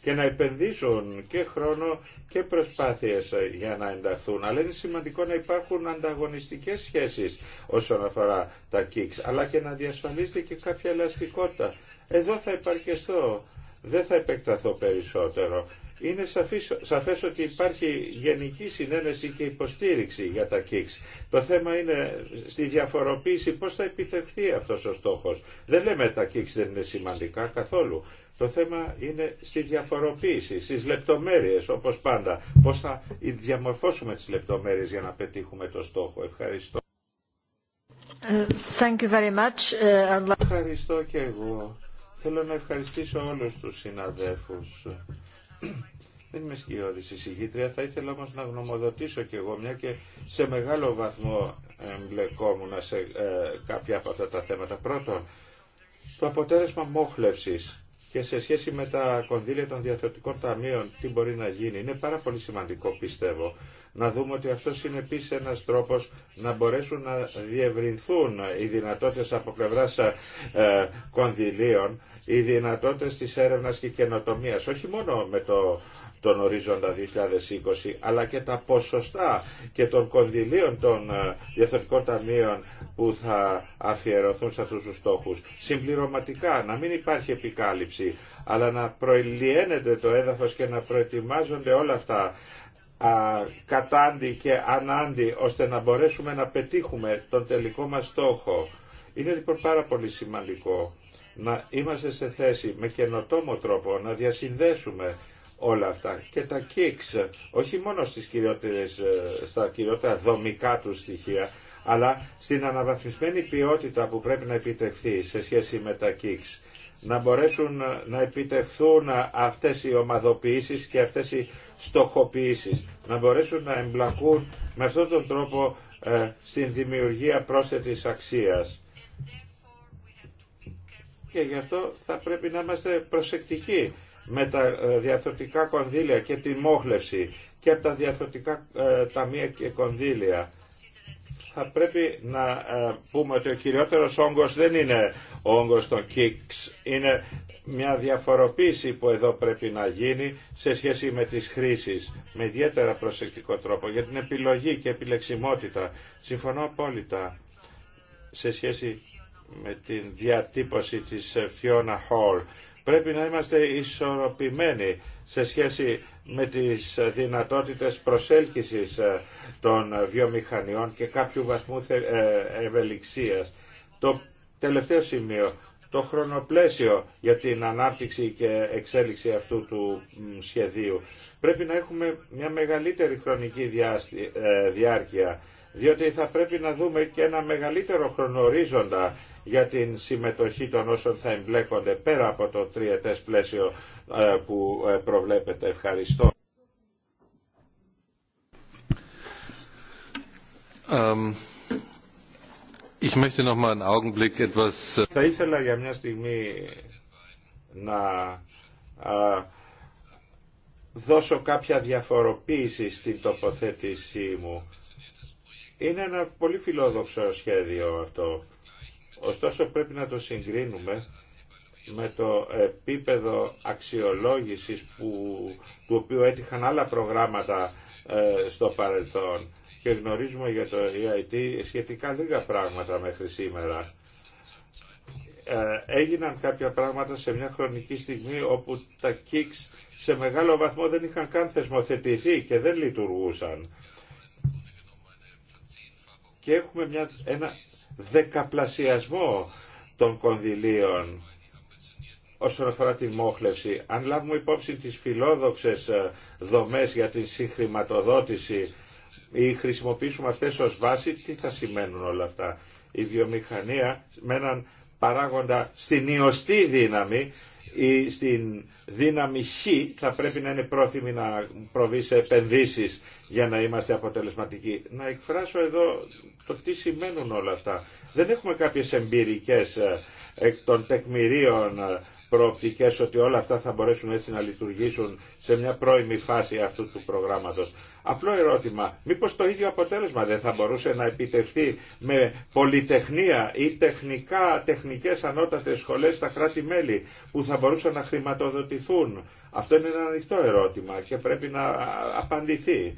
και να επενδύσουν και χρόνο και προσπάθειες για να ενταχθούν. Αλλά είναι σημαντικό να υπάρχουν ανταγωνιστικές σχέσεις όσον αφορά τα κίκς, αλλά και να διασφαλίζεται και κάποια ελαστικότητα. Εδώ θα υπαρκεστώ, δεν θα επεκταθώ περισσότερο. Είναι σαφής, σαφές ότι υπάρχει γενική συνένεση και υποστήριξη για τα ΚΙΚΣ. Το θέμα είναι στη διαφοροποίηση πώς θα επιτευχθεί αυτός ο στόχος. Δεν λέμε τα ΚΙΚΣ δεν είναι σημαντικά καθόλου. Το θέμα είναι στη διαφοροποίηση, στις λεπτομέρειες όπως πάντα. Πώς θα διαμορφώσουμε τις λεπτομέρειες για να πετύχουμε το στόχο. Ευχαριστώ. Thank you uh, Ευχαριστώ και εγώ. Θέλω να ευχαριστήσω όλους τους συναδέλφους Δεν είμαι σκιώδη εισηγήτρια, θα ήθελα όμω να γνωμοδοτήσω κι εγώ, μια και σε μεγάλο βαθμό εμπλεκόμουν σε ε, κάποια από αυτά τα θέματα. Πρώτον, το αποτέλεσμα μόχλευσης και σε σχέση με τα κονδύλια των διαθετικών ταμείων, τι μπορεί να γίνει. Είναι πάρα πολύ σημαντικό, πιστεύω, να δούμε ότι αυτό είναι επίση ένα τρόπο να μπορέσουν να διευρυνθούν οι δυνατότητε από πλευρά ε, κονδυλίων οι δυνατότητε τη έρευνα και καινοτομία, όχι μόνο με το τον ορίζοντα 2020, αλλά και τα ποσοστά και των κονδυλίων των ε, Διεθνικών ταμείων που θα αφιερωθούν σε αυτούς τους στόχους. Συμπληρωματικά, να μην υπάρχει επικάλυψη, αλλά να προηλυένεται το έδαφος και να προετοιμάζονται όλα αυτά α, κατάντι και ανάντι, ώστε να μπορέσουμε να πετύχουμε τον τελικό μας στόχο. Είναι λοιπόν πάρα πολύ σημαντικό να είμαστε σε θέση με καινοτόμο τρόπο να διασυνδέσουμε όλα αυτά και τα κίξ όχι μόνο στις κυριότερες, ε, στα κυριότερα δομικά του στοιχεία αλλά στην αναβαθμισμένη ποιότητα που πρέπει να επιτευχθεί σε σχέση με τα κίξ να μπορέσουν ε, να επιτευχθούν ε, αυτές οι ομαδοποιήσεις και αυτές οι στοχοποιήσεις να μπορέσουν να εμπλακούν με αυτόν τον τρόπο στην δημιουργία πρόσθετης αξίας και γι' αυτό θα πρέπει να είμαστε προσεκτικοί με τα ε, διαθροτικά κονδύλια και τη μόχλευση και από τα διαθροτικά ε, ταμεία και κονδύλια. Θα πρέπει να ε, πούμε ότι ο κυριότερος όγκος δεν είναι ο όγκος των ΚΙΚΣ, είναι μια διαφοροποίηση που εδώ πρέπει να γίνει σε σχέση με τις χρήσεις, με ιδιαίτερα προσεκτικό τρόπο, για την επιλογή και επιλεξιμότητα. Συμφωνώ απόλυτα σε σχέση με την διατύπωση της Fiona Hall. Πρέπει να είμαστε ισορροπημένοι σε σχέση με τις δυνατότητες προσέλκυσης ε, των βιομηχανιών και κάποιου βαθμού ε, ευελιξίας. Το τελευταίο σημείο, το χρονοπλαίσιο για την ανάπτυξη και εξέλιξη αυτού του σχεδίου. Πρέπει να έχουμε μια μεγαλύτερη χρονική ε, διάρκεια διότι θα πρέπει να δούμε και ένα μεγαλύτερο χρονορίζοντα για την συμμετοχή των όσων θα εμπλέκονται πέρα από το τριετές πλαίσιο ε, που ε, προβλέπεται. Ευχαριστώ. ich möchte noch mal einen äh, Θα ήθελα για μια στιγμή να δώσω κάποια διαφοροποίηση στην τοποθέτησή μου είναι ένα πολύ φιλόδοξο σχέδιο αυτό. Ωστόσο πρέπει να το συγκρίνουμε με το επίπεδο αξιολόγησης που, του οποίου έτυχαν άλλα προγράμματα ε, στο παρελθόν και γνωρίζουμε για το EIT σχετικά λίγα πράγματα μέχρι σήμερα. Ε, έγιναν κάποια πράγματα σε μια χρονική στιγμή όπου τα ΚΙΚΣ σε μεγάλο βαθμό δεν είχαν καν θεσμοθετηθεί και δεν λειτουργούσαν και έχουμε μια, ένα δεκαπλασιασμό των κονδυλίων όσον αφορά τη μόχλευση. Αν λάβουμε υπόψη τις φιλόδοξες ε, δομές για τη συγχρηματοδότηση ή χρησιμοποιήσουμε αυτές ως βάση, τι θα σημαίνουν όλα αυτά. Η βιομηχανία με έναν παράγοντα στην ιωστή δύναμη ή στην δύναμη Χ θα πρέπει να είναι πρόθυμη να προβεί σε επενδύσεις για να είμαστε αποτελεσματικοί. Να εκφράσω εδώ το τι σημαίνουν όλα αυτά. Δεν έχουμε κάποιες εμπειρικές ε, εκ των τεκμηρίων ε, προοπτικές ότι όλα αυτά θα μπορέσουν έτσι να λειτουργήσουν σε μια πρώιμη φάση αυτού του προγράμματος. Απλό ερώτημα, μήπως το ίδιο αποτέλεσμα δεν θα μπορούσε να επιτευχθεί με πολυτεχνία ή τεχνικά, τεχνικές ανώτατες σχολές στα κράτη-μέλη που θα μπορούσαν να χρηματοδοτηθούν. Αυτό είναι ένα ανοιχτό ερώτημα και πρέπει να απαντηθεί.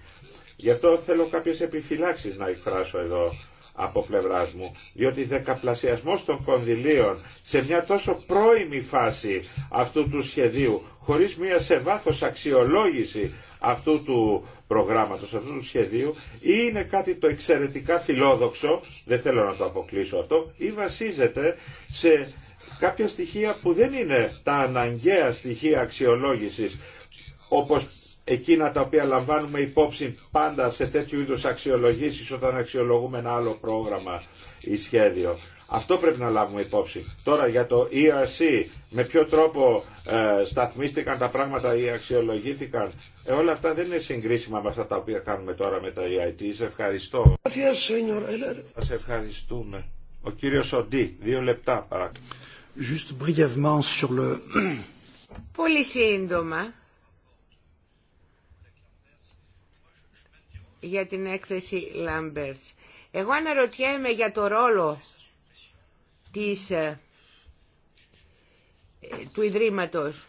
Γι' αυτό θέλω κάποιες επιφυλάξεις να εκφράσω εδώ από πλευρά μου, διότι δεκαπλασιασμός των κονδυλίων σε μια τόσο πρώιμη φάση αυτού του σχεδίου, χωρίς μια σε βάθος αξιολόγηση αυτού του προγράμματος, αυτού του σχεδίου, ή είναι κάτι το εξαιρετικά φιλόδοξο, δεν θέλω να το αποκλείσω αυτό, ή βασίζεται σε κάποια στοιχεία που δεν είναι τα αναγκαία στοιχεία αξιολόγησης, όπως εκείνα τα οποία λαμβάνουμε υπόψη πάντα σε τέτοιου είδους αξιολογήσεις όταν αξιολογούμε ένα άλλο πρόγραμμα ή σχέδιο. Αυτό πρέπει να λάβουμε υπόψη. Τώρα για το ERC, με ποιο τρόπο ε, σταθμίστηκαν τα πράγματα ή αξιολογήθηκαν. Ε, όλα αυτά δεν είναι συγκρίσιμα με αυτά τα οποία κάνουμε τώρα με τα EIT. Σε ευχαριστώ. Σε ευχαριστούμε. Ο κύριος Οντί, δύο λεπτά παρακαλώ. Πολύ σύντομα για την έκθεση Λάμπερτς. Εγώ αναρωτιέμαι για το ρόλο της, ε, του Ιδρύματος.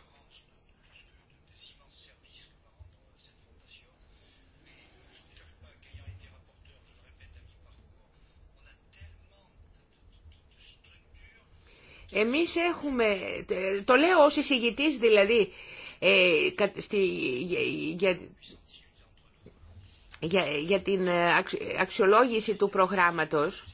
Εμείς έχουμε, ε, το λέω ως εισηγητής δηλαδή, ε, στη, για, για, την ε, αξιολόγηση του προγράμματος,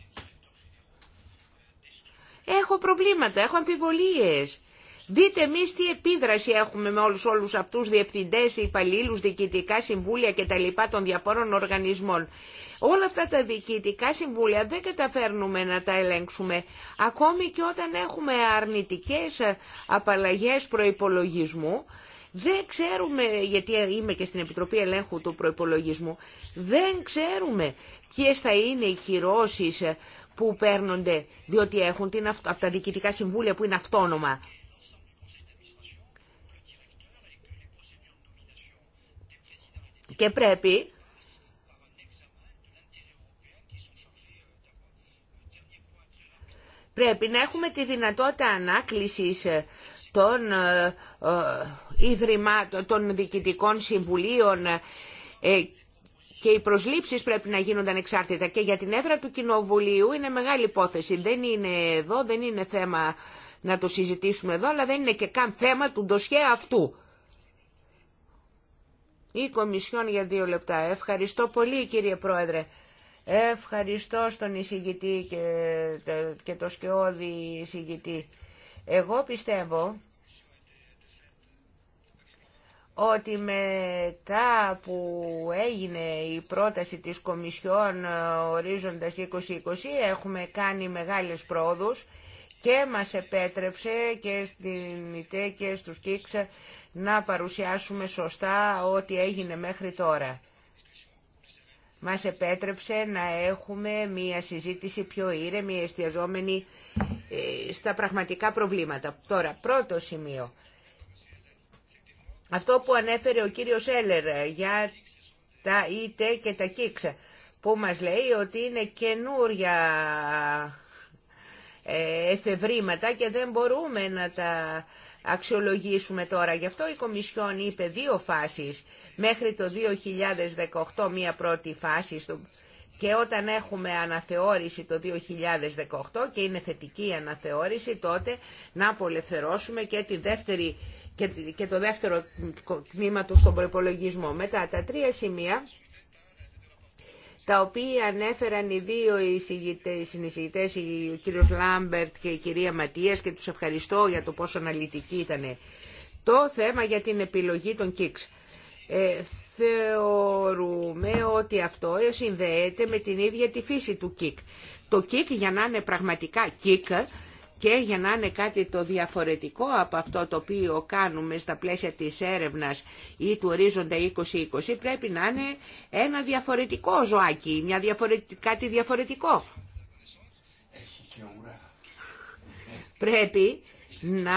έχω προβλήματα, έχω αμφιβολίες. Δείτε εμεί τι επίδραση έχουμε με όλους όλους αυτούς διευθυντές, υπαλλήλους, διοικητικά συμβούλια και τα λοιπά των διαφόρων οργανισμών. Όλα αυτά τα διοικητικά συμβούλια δεν καταφέρνουμε να τα ελέγξουμε. Ακόμη και όταν έχουμε αρνητικές ε, απαλλαγές προϋπολογισμού, δεν ξέρουμε, γιατί είμαι και στην Επιτροπή Ελέγχου του Προϋπολογισμού, δεν ξέρουμε ποιε θα είναι οι κυρώσει που παίρνονται, διότι έχουν την, από τα διοικητικά συμβούλια που είναι αυτόνομα. Και πρέπει πρέπει να έχουμε τη δυνατότητα ανάκλησης των ε, ε, των διοικητικών συμβουλίων ε, και οι προσλήψεις πρέπει να γίνονταν ανεξάρτητα και για την έδρα του Κοινοβουλίου είναι μεγάλη υπόθεση. Δεν είναι εδώ, δεν είναι θέμα να το συζητήσουμε εδώ, αλλά δεν είναι και καν θέμα του ντοσιέ αυτού. Η Κομισιόν για δύο λεπτά. Ευχαριστώ πολύ κύριε Πρόεδρε. Ευχαριστώ στον εισηγητή και, και το σκεώδη εισηγητή. Εγώ πιστεύω ότι μετά που έγινε η πρόταση της Κομισιόν ε, ορίζοντας 2020 έχουμε κάνει μεγάλες πρόοδους και μας επέτρεψε και στην ΙΤΕ και στους ΚΙΚΣ να παρουσιάσουμε σωστά ό,τι έγινε μέχρι τώρα μας επέτρεψε να έχουμε μία συζήτηση πιο ήρεμη, εστιαζόμενη ε, στα πραγματικά προβλήματα. Τώρα, πρώτο σημείο. Αυτό που ανέφερε ο κύριος Έλερ για τα ΙΤΕ και τα ΚΙΚΣ, που μας λέει ότι είναι καινούρια ε, εφευρήματα και δεν μπορούμε να τα αξιολογήσουμε τώρα. Γι' αυτό η Κομισιόν είπε δύο φάσεις. Μέχρι το 2018 μία πρώτη φάση και όταν έχουμε αναθεώρηση το 2018 και είναι θετική η αναθεώρηση τότε να απολευθερώσουμε και, τη δεύτερη, και το δεύτερο τμήμα του στον προπολογισμό. Μετά τα τρία σημεία τα οποία ανέφεραν οι δύο συνεισηγητές, ο κύριος Λάμπερτ και η κυρία Ματίας και τους ευχαριστώ για το πόσο αναλυτική ήταν το θέμα για την επιλογή των ΚΙΚΣ. Ε, θεωρούμε ότι αυτό συνδέεται με την ίδια τη φύση του ΚΙΚ. Το ΚΙΚ για να είναι πραγματικά ΚΙΚ και για να είναι κάτι το διαφορετικό από αυτό το οποίο κάνουμε στα πλαίσια της έρευνας ή του ορίζοντα 2020 πρέπει να είναι ένα διαφορετικό ζωάκι, μια κάτι διαφορετικό. Πρέπει να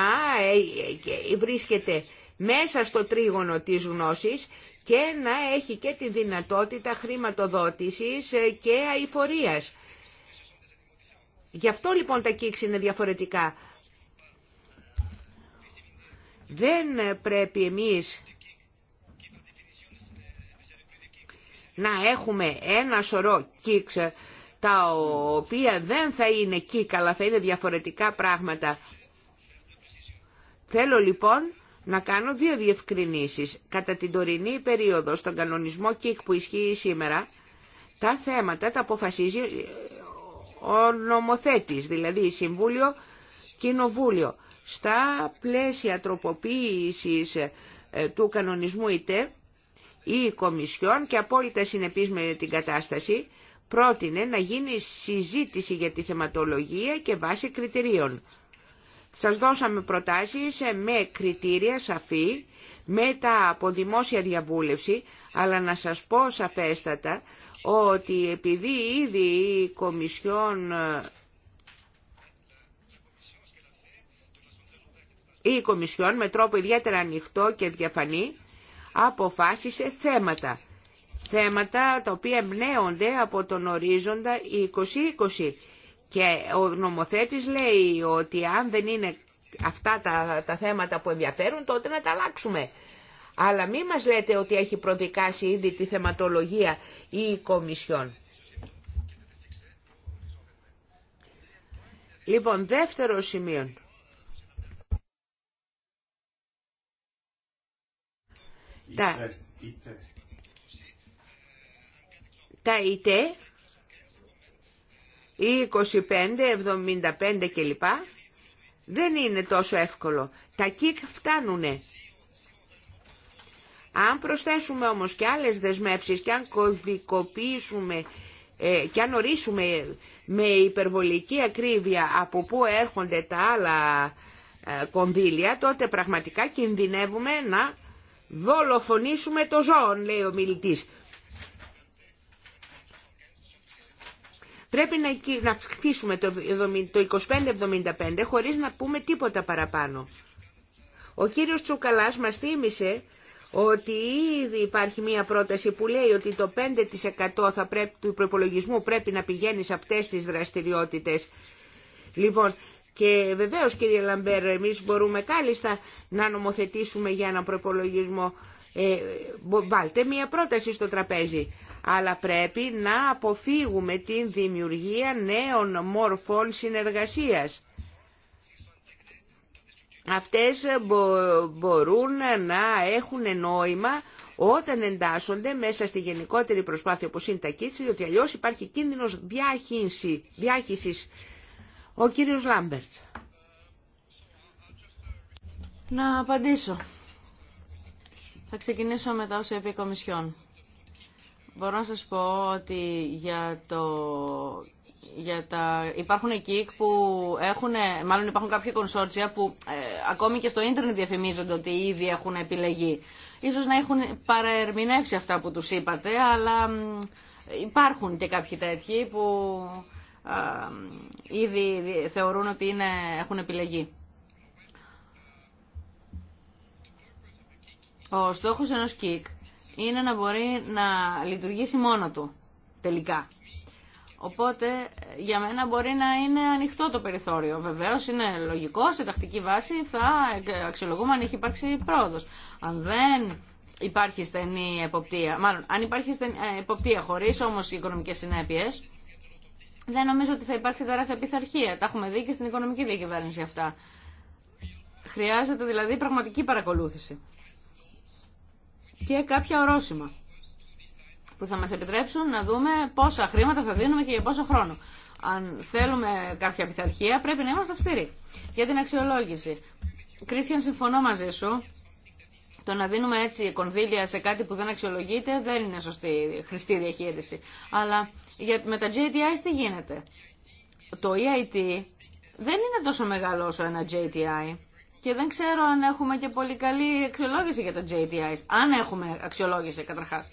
ε, βρίσκεται μέσα στο τρίγωνο της γνώσης και να έχει και τη δυνατότητα χρηματοδότησης ε, και αηφορίας. Γι' αυτό λοιπόν τα κίξ είναι διαφορετικά. Δεν πρέπει εμείς να έχουμε ένα σωρό κίξ τα οποία δεν θα είναι κίκ αλλά θα είναι διαφορετικά πράγματα. Θέλω λοιπόν να κάνω δύο διευκρινήσεις. Κατά την τωρινή περίοδο στον κανονισμό κίκ που ισχύει σήμερα τα θέματα τα αποφασίζει ο νομοθέτης, δηλαδή Συμβούλιο, Κοινοβούλιο. Στα πλαίσια τροποποίησης ε, του κανονισμού ΙΤΕ, η Κομισιόν και απόλυτα συνεπής με την κατάσταση, πρότεινε να γίνει συζήτηση για τη θεματολογία και βάση κριτηρίων. Σας δώσαμε προτάσεις ε, με κριτήρια σαφή, μετά από δημόσια διαβούλευση, αλλά να σας πω σαφέστατα ότι επειδή ήδη η Κομισιόν η Κομισιόν με τρόπο ιδιαίτερα ανοιχτό και διαφανή αποφάσισε θέματα. Θέματα τα οποία εμπνέονται από τον ορίζοντα 2020. Και ο νομοθέτης λέει ότι αν δεν είναι αυτά τα, τα θέματα που ενδιαφέρουν τότε να τα αλλάξουμε. Αλλά μη μας λέτε ότι έχει προδικάσει ήδη τη θεματολογία ή η Κομισιόν. Λοιπόν, δεύτερο σημείο. Τα, τα ΙΤΕ, ή 25, 75 κλπ. Δεν είναι τόσο εύκολο. Τα ΚΙΚ φτάνουνε. Αν προσθέσουμε όμως και άλλες δεσμεύσεις και αν κωδικοποιήσουμε ε, και αν ορίσουμε με υπερβολική ακρίβεια από πού έρχονται τα άλλα ε, κονδύλια, τότε πραγματικά κινδυνεύουμε να δολοφονήσουμε το ζώο, λέει ο μιλητής. Πρέπει να, να το, το 2575 χωρίς να πούμε τίποτα παραπάνω. Ο κύριος Τσουκαλάς μας θύμισε ότι ήδη υπάρχει μία πρόταση που λέει ότι το 5% θα πρέπει, του προπολογισμού πρέπει να πηγαίνει σε αυτές τις δραστηριότητες. Λοιπόν, και βεβαίως κύριε Λαμπέρ, εμείς μπορούμε κάλλιστα να νομοθετήσουμε για ένα προπολογισμό. Ε, βάλτε μία πρόταση στο τραπέζι. Αλλά πρέπει να αποφύγουμε την δημιουργία νέων μορφών συνεργασίας αυτές ε, μπορούν να έχουν νόημα όταν εντάσσονται μέσα στη γενικότερη προσπάθεια όπως είναι τα κίτσια, διότι αλλιώς υπάρχει κίνδυνος διάχυσης. Ο κύριος Λάμπερτς. Να απαντήσω. Θα ξεκινήσω μετά ως όσα Μπορώ να σας πω ότι για το για τα... Υπάρχουν εκεί που έχουν, μάλλον υπάρχουν κάποια κονσόρτσια που ε, ακόμη και στο ίντερνετ διαφημίζονται ότι ήδη έχουν επιλεγεί. Ίσως να έχουν παραερμηνεύσει αυτά που τους είπατε, αλλά υπάρχουν και κάποιοι τέτοιοι που ε, ήδη θεωρούν ότι είναι, έχουν επιλεγεί. Ο στόχος ενός κικ είναι να μπορεί να λειτουργήσει μόνο του τελικά. Οπότε για μένα μπορεί να είναι ανοιχτό το περιθώριο. Βεβαίω είναι λογικό, σε τακτική βάση θα αξιολογούμε αν έχει υπάρξει πρόοδο. Αν δεν υπάρχει στενή εποπτεία, μάλλον αν υπάρχει στενή ε, εποπτεία χωρί όμω οικονομικέ συνέπειε, δεν νομίζω ότι θα υπάρξει τεράστια πειθαρχία. Τα έχουμε δει και στην οικονομική διακυβέρνηση αυτά. Χρειάζεται δηλαδή πραγματική παρακολούθηση. Και κάποια ορόσημα που θα μας επιτρέψουν να δούμε πόσα χρήματα θα δίνουμε και για πόσο χρόνο. Αν θέλουμε κάποια πειθαρχία πρέπει να είμαστε αυστηροί. Για την αξιολόγηση. Κρίστιαν, συμφωνώ μαζί σου. Το να δίνουμε έτσι κονδύλια σε κάτι που δεν αξιολογείται δεν είναι σωστή χρηστή διαχείριση. Αλλά για, με τα JTI τι γίνεται. Το EIT δεν είναι τόσο μεγάλο όσο ένα JTI και δεν ξέρω αν έχουμε και πολύ καλή αξιολόγηση για τα JTIs. Αν έχουμε αξιολόγηση καταρχάς.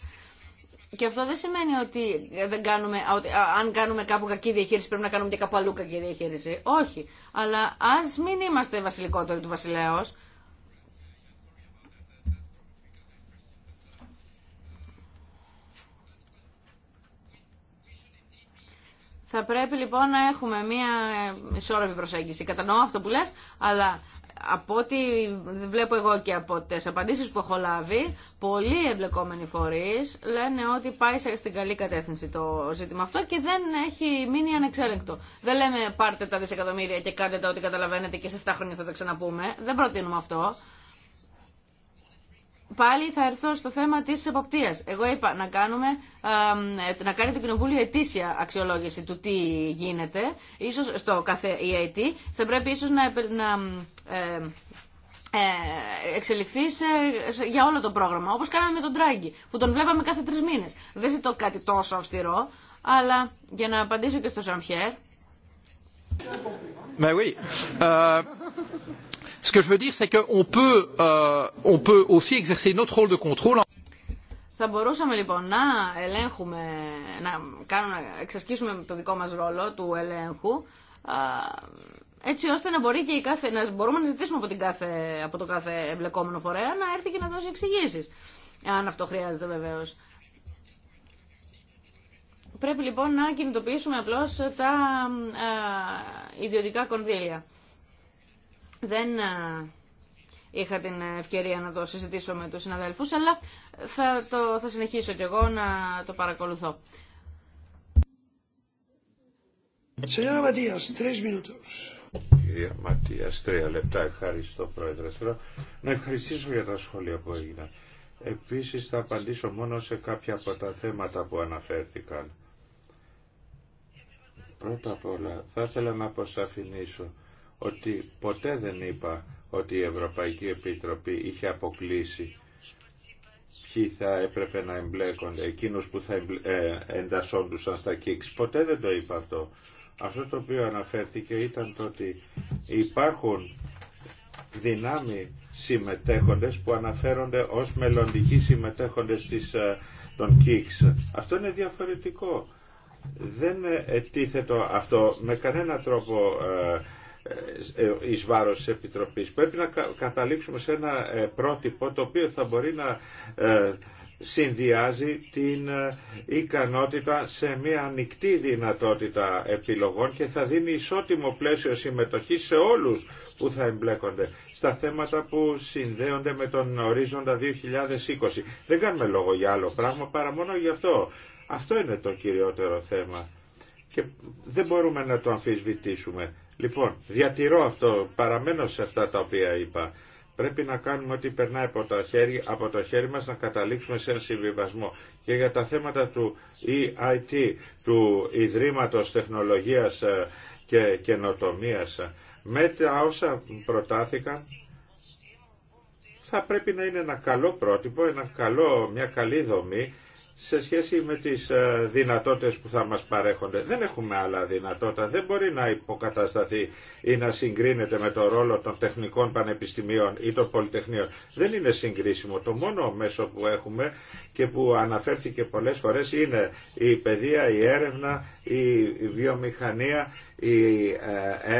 Και αυτό δεν σημαίνει ότι, δεν κάνουμε, ότι αν κάνουμε κάπου κακή διαχείριση πρέπει να κάνουμε και κάπου αλλού κακή διαχείριση. Όχι. Αλλά α μην είμαστε βασιλικότεροι του βασιλέω. Θα πρέπει λοιπόν να έχουμε μία ισόρροπη προσέγγιση. Κατανοώ αυτό που λες, αλλά από ό,τι βλέπω εγώ και από τι απαντήσει που έχω λάβει, πολλοί εμπλεκόμενοι φορεί λένε ότι πάει στην καλή κατεύθυνση το ζήτημα αυτό και δεν έχει μείνει ανεξέλεγκτο. Δεν λέμε πάρτε τα δισεκατομμύρια και κάντε τα ό,τι καταλαβαίνετε και σε 7 χρόνια θα τα ξαναπούμε. Δεν προτείνουμε αυτό πάλι θα έρθω στο θέμα τη εποπτεία. Εγώ είπα να, κάνουμε, να κάνει το Κοινοβούλιο ετήσια αξιολόγηση του τι γίνεται. Ίσως στο κάθε EIT θα πρέπει ίσως να, να ε, ε, εξελιχθεί σε, για όλο το πρόγραμμα, όπως κάναμε με τον Τράγκη, που τον βλέπαμε κάθε τρει μήνες. Δεν ζητώ κάτι τόσο αυστηρό, αλλά για να απαντήσω και στο Σαμπιέρ ce que je veux dire c'est qu'on euh, peut, aussi exercer notre rôle de contrôle θα μπορούσαμε λοιπόν να ελέγχουμε, να κάνουμε, εξασκήσουμε το δικό μας ρόλο του ελέγχου, έτσι ώστε να μπορεί και η κάθε, να μπορούμε να ζητήσουμε από, την κάθε, από το κάθε εμπλεκόμενο φορέα να έρθει και να δώσει εξηγήσει. Αν αυτό χρειάζεται βεβαίω. Πρέπει λοιπόν να κινητοποιήσουμε απλώς τα ιδιωτικά κονδύλια. Δεν είχα την ευκαιρία να το συζητήσω με τους συναδέλφους, αλλά θα, το, θα συνεχίσω κι εγώ να το παρακολουθώ. Σενιόρα Ματίας, τρεις μινούτους. Κυρία Ματίας, τρία λεπτά. Ευχαριστώ, Πρόεδρε. Θέλω να ευχαριστήσω για τα σχόλια που έγιναν. Επίσης, θα απαντήσω μόνο σε κάποια από τα θέματα που αναφέρθηκαν. Πρώτα απ' όλα, θα ήθελα να αποσαφηνήσω ότι ποτέ δεν είπα ότι η Ευρωπαϊκή Επιτροπή είχε αποκλείσει ποιοι θα έπρεπε να εμπλέκονται, εκείνους που θα ε, εντασσόντουσαν στα ΚΙΚΣ. Ποτέ δεν το είπα αυτό. Αυτό το οποίο αναφέρθηκε ήταν το ότι υπάρχουν δυνάμει συμμετέχοντες που αναφέρονται ως μελλοντικοί συμμετέχοντες της, ε, των ΚΙΚΣ. Αυτό είναι διαφορετικό. Δεν ετίθετο αυτό με κανένα τρόπο ε, ε, ε, εις βάρος της Επιτροπής. Πρέπει να καταλήξουμε σε ένα ε, πρότυπο το οποίο θα μπορεί να συνδυάζει την ικανότητα σε μια ανοιχτή δυνατότητα επιλογών και θα δίνει ισότιμο πλαίσιο συμμετοχής σε όλους που θα εμπλέκονται στα θέματα που συνδέονται με τον ορίζοντα 2020. Δεν κάνουμε λόγο για άλλο πράγμα παρά μόνο γι' αυτό. Αυτό είναι το κυριότερο θέμα και δεν μπορούμε να το αμφισβητήσουμε. Λοιπόν, διατηρώ αυτό, παραμένω σε αυτά τα οποία είπα. Πρέπει να κάνουμε ό,τι περνάει από το, χέρι, από το χέρι μας να καταλήξουμε σε ένα συμβιβασμό. Και για τα θέματα του EIT, του Ιδρύματος Τεχνολογίας ε, και Καινοτομίας, με τα όσα προτάθηκαν, θα πρέπει να είναι ένα καλό πρότυπο, ένα καλό, μια καλή δομή σε σχέση με τις ε, δυνατότητες που θα μας παρέχονται. Δεν έχουμε άλλα δυνατότητα, δεν μπορεί να υποκατασταθεί ή να συγκρίνεται με το ρόλο των τεχνικών πανεπιστημίων ή των πολυτεχνείων. Δεν είναι συγκρίσιμο. Το μόνο μέσο που έχουμε και που αναφέρθηκε πολλές φορές είναι η παιδεία, η έρευνα, η βιομηχανία, η ε,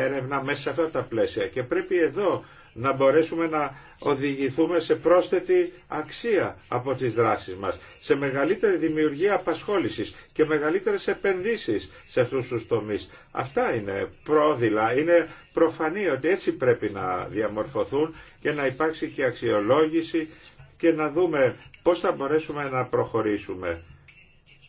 έρευνα μέσα σε αυτά τα πλαίσια. Και πρέπει εδώ να μπορέσουμε να οδηγηθούμε σε πρόσθετη αξία από τις δράσεις μας, σε μεγαλύτερη δημιουργία απασχόλησης και μεγαλύτερες επενδύσεις σε αυτούς τους τομείς. Αυτά είναι πρόδειλα, είναι προφανή ότι έτσι πρέπει να διαμορφωθούν και να υπάρξει και αξιολόγηση και να δούμε πώς θα μπορέσουμε να προχωρήσουμε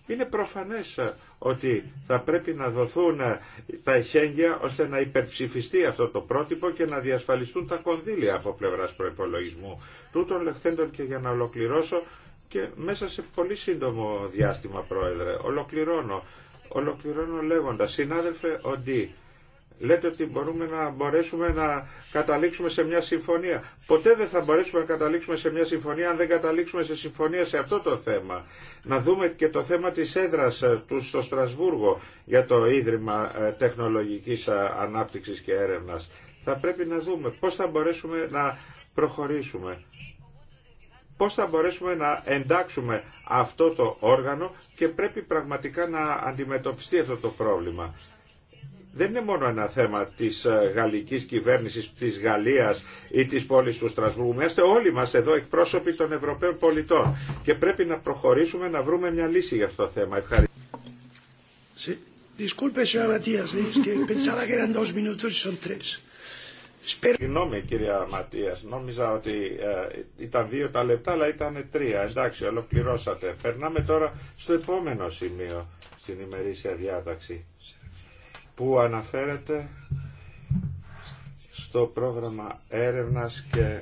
είναι προφανές ε, ότι θα πρέπει να δοθούν ε, τα εχέγγυα ώστε να υπερψηφιστεί αυτό το πρότυπο και να διασφαλιστούν τα κονδύλια από πλευράς προϋπολογισμού. Τούτων λεχθέντων και για να ολοκληρώσω και μέσα σε πολύ σύντομο διάστημα, Πρόεδρε, ολοκληρώνω, ολοκληρώνω λέγοντας, συνάδελφε οτί λέτε ότι μπορούμε να μπορέσουμε να καταλήξουμε σε μια συμφωνία. Ποτέ δεν θα μπορέσουμε να καταλήξουμε σε μια συμφωνία αν δεν καταλήξουμε σε συμφωνία σε αυτό το θέμα. Να δούμε και το θέμα της έδρας ε, του στο Στρασβούργο για το Ίδρυμα ε, Τεχνολογικής ε, Ανάπτυξης και Έρευνας. Θα πρέπει να δούμε πώς θα μπορέσουμε να προχωρήσουμε πώς θα μπορέσουμε να εντάξουμε αυτό το όργανο και πρέπει πραγματικά να αντιμετωπιστεί αυτό το πρόβλημα δεν είναι μόνο ένα θέμα της ε, γαλλική κυβέρνησης της Γαλλίας ή της πόλης του Στρασβούργου. Είμαστε όλοι μας εδώ εκπρόσωποι των Ευρωπαίων πολιτών και πρέπει να προχωρήσουμε να βρούμε μια λύση για αυτό το θέμα. Ευχαριστώ. Συγγνώμη κυρία Ματία, νόμιζα ότι ε, ήταν δύο τα λεπτά αλλά ήταν τρία. Εντάξει, ολοκληρώσατε. Περνάμε τώρα στο επόμενο σημείο στην ημερήσια διάταξη που αναφέρεται στο πρόγραμμα έρευνας και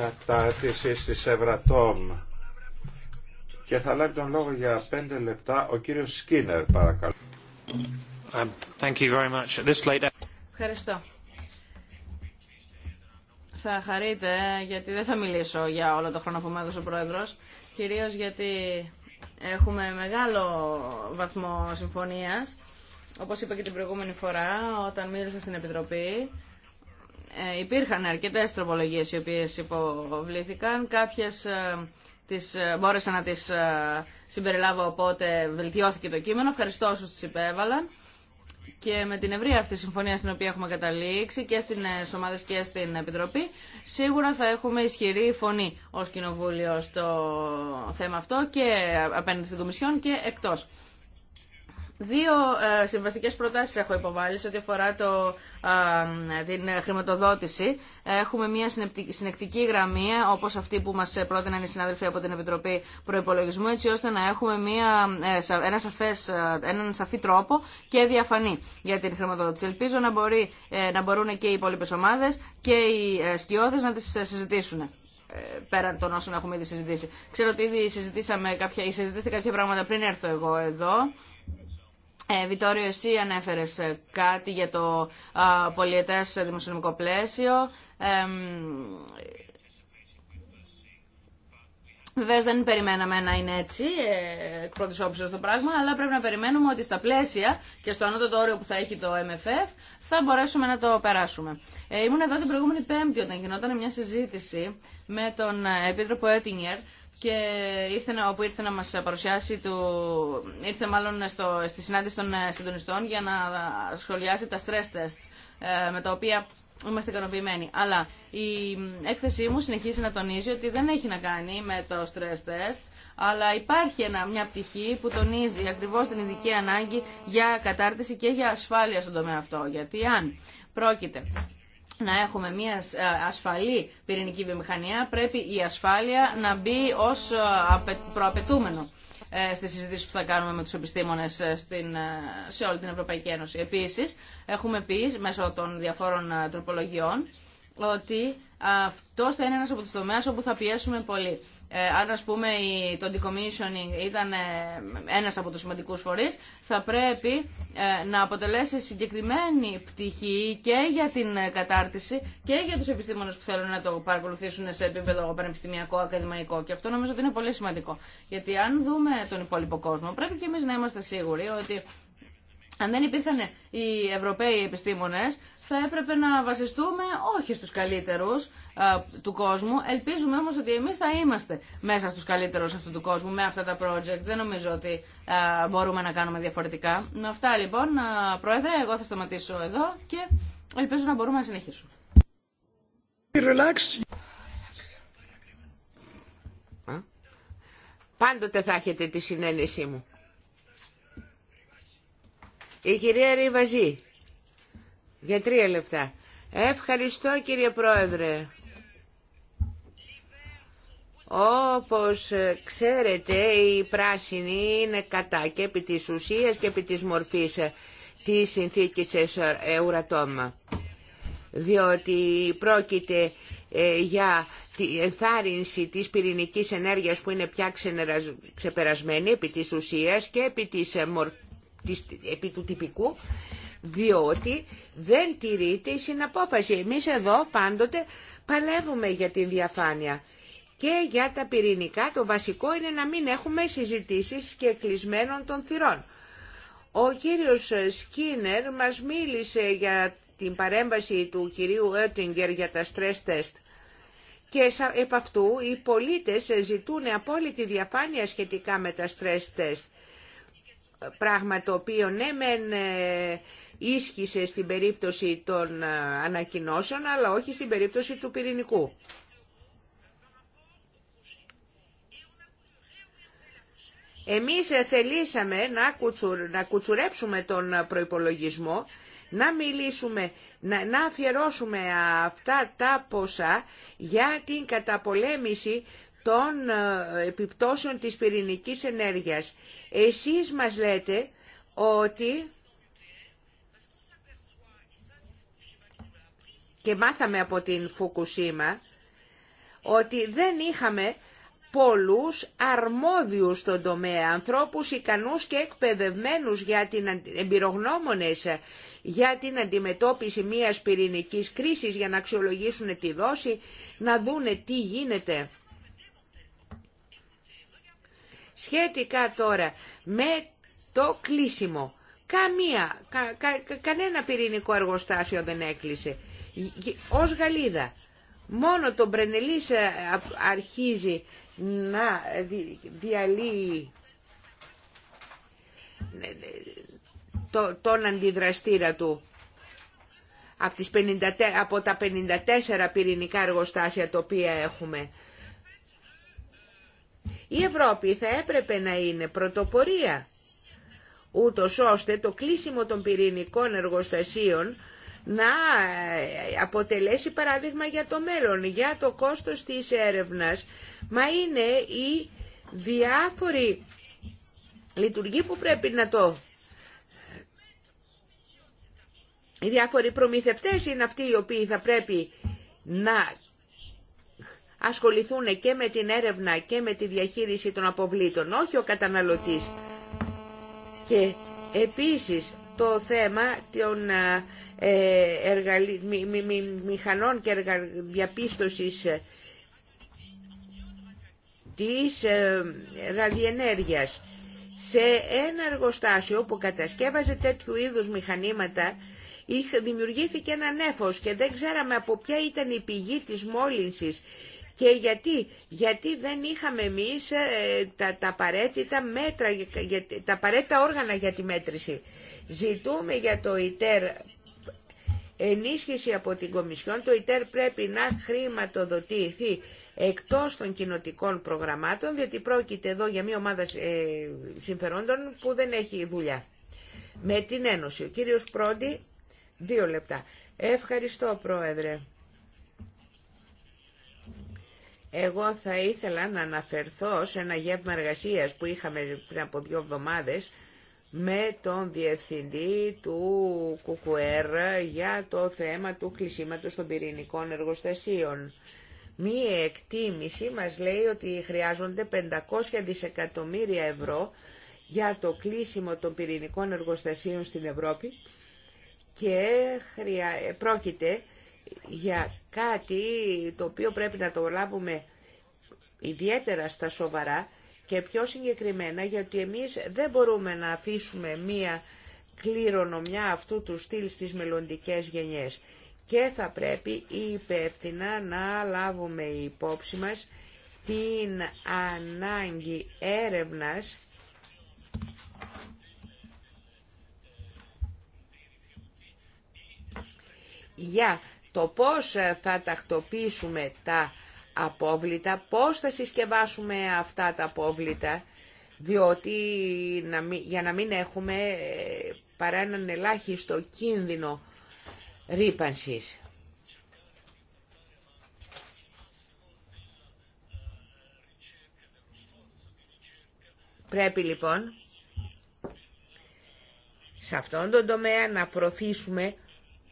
κατάτησης της Ευρατόμ. Και θα λάβει τον λόγο για πέντε λεπτά ο κύριος Σκίνερ, παρακαλώ. Um, Ευχαριστώ. Θα χαρείτε, γιατί δεν θα μιλήσω για όλο το χρόνο που μου έδωσε ο Πρόεδρος, κυρίως γιατί έχουμε μεγάλο βαθμό συμφωνίας όπως είπα και την προηγούμενη φορά, όταν μίλησα στην Επιτροπή, ε, υπήρχαν αρκετές τροπολογίες οι οποίες υποβλήθηκαν. Κάποιες ε, τις, ε, μπόρεσα να τις συμπεριλάβω, οπότε βελτιώθηκε το κείμενο. Ευχαριστώ όσους τις υπέβαλαν. Και με την ευρία αυτή συμφωνία στην οποία έχουμε καταλήξει και στι ομάδε και στην Επιτροπή, σίγουρα θα έχουμε ισχυρή φωνή ω Κοινοβούλιο στο θέμα αυτό και απέναντι στην Κομισιόν και εκτό. Δύο ε, συμβαστικές προτάσεις έχω υποβάλει σε ό,τι αφορά το, την χρηματοδότηση. Έχουμε μια συνεκτική γραμμή, ε, όπως αυτή που μας πρότειναν οι συνάδελφοι από την Επιτροπή Προϋπολογισμού, έτσι ώστε να έχουμε μια, ε, ένα σαφές, έναν σαφή τρόπο και διαφανή για την χρηματοδότηση. Ελπίζω να, μπορεί, να μπορούν και οι υπόλοιπε ομάδες και οι σκιώδες να τις συζητήσουν πέραν των όσων έχουμε ήδη συζητήσει. Ξέρω ότι ήδη συζητήσαμε κάποια, κάποια πράγματα πριν έρθω εγώ εδώ ε, Βιτόριο, εσύ ανέφερε ε, κάτι για το α, πολιετές δημοσιονομικό πλαίσιο. Ε, Βεβαίω δεν περιμέναμε να είναι έτσι ε, εκ πρώτη όψεω το πράγμα, αλλά πρέπει να περιμένουμε ότι στα πλαίσια και στο ανώτατο όριο που θα έχει το MFF θα μπορέσουμε να το περάσουμε. Ε, ήμουν εδώ την προηγούμενη Πέμπτη όταν γινόταν μια συζήτηση με τον ε, Επίτροπο Έτινγκερ και ήρθε, όπου ήρθε να μας παρουσιάσει, του, ήρθε μάλλον στο, στη συνάντηση των ε, συντονιστών για να σχολιάσει τα stress tests ε, με τα οποία είμαστε ικανοποιημένοι. Αλλά η έκθεσή μου συνεχίζει να τονίζει ότι δεν έχει να κάνει με το stress test, αλλά υπάρχει ένα, μια πτυχή που τονίζει ακριβώς την ειδική ανάγκη για κατάρτιση και για ασφάλεια στον τομέα αυτό. Γιατί αν πρόκειται να έχουμε μια ε, ασφαλή πυρηνική βιομηχανία, πρέπει η ασφάλεια να μπει ως ε, προαπαιτούμενο ε, στις συζητήσεις που θα κάνουμε με τους επιστήμονες στην, σε όλη την Ευρωπαϊκή Ένωση. Επίσης, έχουμε πει μέσω των διαφόρων τροπολογιών ότι αυτό θα είναι ένας από τους τομέας όπου θα πιέσουμε πολύ. Ε, αν ας πούμε το decommissioning ήταν ε, ένας από τους σημαντικούς φορείς, θα πρέπει ε, να αποτελέσει συγκεκριμένη πτυχή και για την κατάρτιση και για τους επιστήμονες που θέλουν να το παρακολουθήσουν σε επίπεδο πανεπιστημιακό, ακαδημαϊκό. Και αυτό νομίζω ότι είναι πολύ σημαντικό. Γιατί αν δούμε τον υπόλοιπο κόσμο, πρέπει και εμείς να είμαστε σίγουροι ότι αν δεν υπήρχαν οι Ευρωπαίοι επιστήμονες, θα έπρεπε να βασιστούμε όχι στους καλύτερους ε, του κόσμου. Ελπίζουμε όμως ότι εμείς θα είμαστε μέσα στους καλύτερους αυτού του κόσμου με αυτά τα project. Δεν νομίζω ότι ε, μπορούμε να κάνουμε διαφορετικά. Με αυτά λοιπόν, α, ε, Πρόεδρε, εγώ θα σταματήσω εδώ και ελπίζω να μπορούμε να συνεχίσουμε. Relax. Πάντοτε θα έχετε τη συνένεσή μου. Η κυρία Ριβαζή. Για τρία λεπτά. Ευχαριστώ κύριε Πρόεδρε. Όπως ξέρετε η πράσινη είναι κατά και επί της ουσίας και επί της μορφής της συνθήκης ουρατόμα. Διότι πρόκειται ε, για τη ενθάρρυνση της πυρηνικής ενέργειας που είναι πια ξεπερασμένη επί της ουσίας και επί ε, του τυπικού διότι δεν τηρείται η συναπόφαση. Εμείς εδώ πάντοτε παλεύουμε για τη διαφάνεια. Και για τα πυρηνικά το βασικό είναι να μην έχουμε συζητήσεις και κλεισμένων των θυρών. Ο κύριος Σκίνερ μας μίλησε για την παρέμβαση του κυρίου Έρτιγκερ για τα stress test. Και επ' αυτού οι πολίτες ζητούν απόλυτη διαφάνεια σχετικά με τα stress test πράγμα το οποίο ναι μεν ε, ίσχυσε στην περίπτωση των ε, ανακοινώσεων αλλά όχι στην περίπτωση του πυρηνικού. Εμείς ε, θελήσαμε να, να κουτσουρέψουμε τον προϋπολογισμό, να μιλήσουμε, να, να αφιερώσουμε αυτά τα ποσά για την καταπολέμηση των ε, επιπτώσεων της πυρηνικής ενέργειας. Εσείς μας λέτε ότι και μάθαμε από την Φουκουσίμα ότι δεν είχαμε πολλούς αρμόδιους στον τομέα, ανθρώπους ικανούς και εκπαιδευμένους για την εμπειρογνώμονες για την αντιμετώπιση μιας πυρηνικής κρίσης, για να αξιολογήσουν τη δόση, να δούνε τι γίνεται. Σχετικά τώρα με το κλείσιμο. Καμία, κα, κα, κανένα πυρηνικό εργοστάσιο δεν έκλεισε. Ως Γαλλίδα, μόνο το Μπρενελής ε, αρχίζει να διαλύει ε, το, τον αντιδραστήρα του από, τις 50, από τα 54 πυρηνικά εργοστάσια τα οποία έχουμε. Η Ευρώπη θα έπρεπε να είναι πρωτοπορία, ούτω ώστε το κλείσιμο των πυρηνικών εργοστασίων να ε, αποτελέσει παράδειγμα για το μέλλον, για το κόστος της έρευνας, μα είναι η διάφορη λειτουργία που πρέπει να το... Οι διάφοροι προμηθευτές είναι αυτοί οι οποίοι θα πρέπει να ασχοληθούν και με την έρευνα και με τη διαχείριση των αποβλήτων, όχι ο καταναλωτής. Και επίσης το θέμα των ε, ε, μηχανών και εργα... διαπίστωσης ε, της ραδιενέργειας. Σε ένα εργοστάσιο που κατασκεύαζε τέτοιου είδους μηχανήματα δημιουργήθηκε ένα νέφος και δεν ξέραμε από ποια ήταν η πηγή της μόλυνσης και γιατί, γιατί δεν είχαμε εμείς ε, τα, τα, απαραίτητα μέτρα, τα απαραίτητα όργανα για τη μέτρηση. Ζητούμε για το ΙΤΕΡ ενίσχυση από την Κομισιόν. Το ΙΤΕΡ πρέπει να χρηματοδοτηθεί εκτός των κοινοτικών προγραμμάτων, διότι πρόκειται εδώ για μια ομάδα ε, συμφερόντων που δεν έχει δουλειά. Με την Ένωση. Ο κύριος Πρόντι, δύο λεπτά. Ευχαριστώ, Πρόεδρε. Εγώ θα ήθελα να αναφερθώ σε ένα γεύμα εργασίας που είχαμε πριν από δύο εβδομάδες με τον διευθυντή του ΚΚΕΡ για το θέμα του κλεισίματος των πυρηνικών εργοστασίων. Μία εκτίμηση μας λέει ότι χρειάζονται 500 δισεκατομμύρια ευρώ για το κλείσιμο των πυρηνικών εργοστασίων στην Ευρώπη και χρεια... πρόκειται για κάτι το οποίο πρέπει να το λάβουμε ιδιαίτερα στα σοβαρά και πιο συγκεκριμένα γιατί εμείς δεν μπορούμε να αφήσουμε μία κληρονομιά αυτού του στυλ στις μελλοντικέ γενιές και θα πρέπει υπεύθυνα να λάβουμε υπόψη μας την ανάγκη έρευνας για το πώς ε, θα τακτοποιήσουμε τα απόβλητα, πώς θα συσκευάσουμε αυτά τα απόβλητα, διότι για να μην έχουμε ε, παρά έναν ελάχιστο κίνδυνο ρήπανσης. Πρέπει λοιπόν σε αυτόν τον τομέα να προωθήσουμε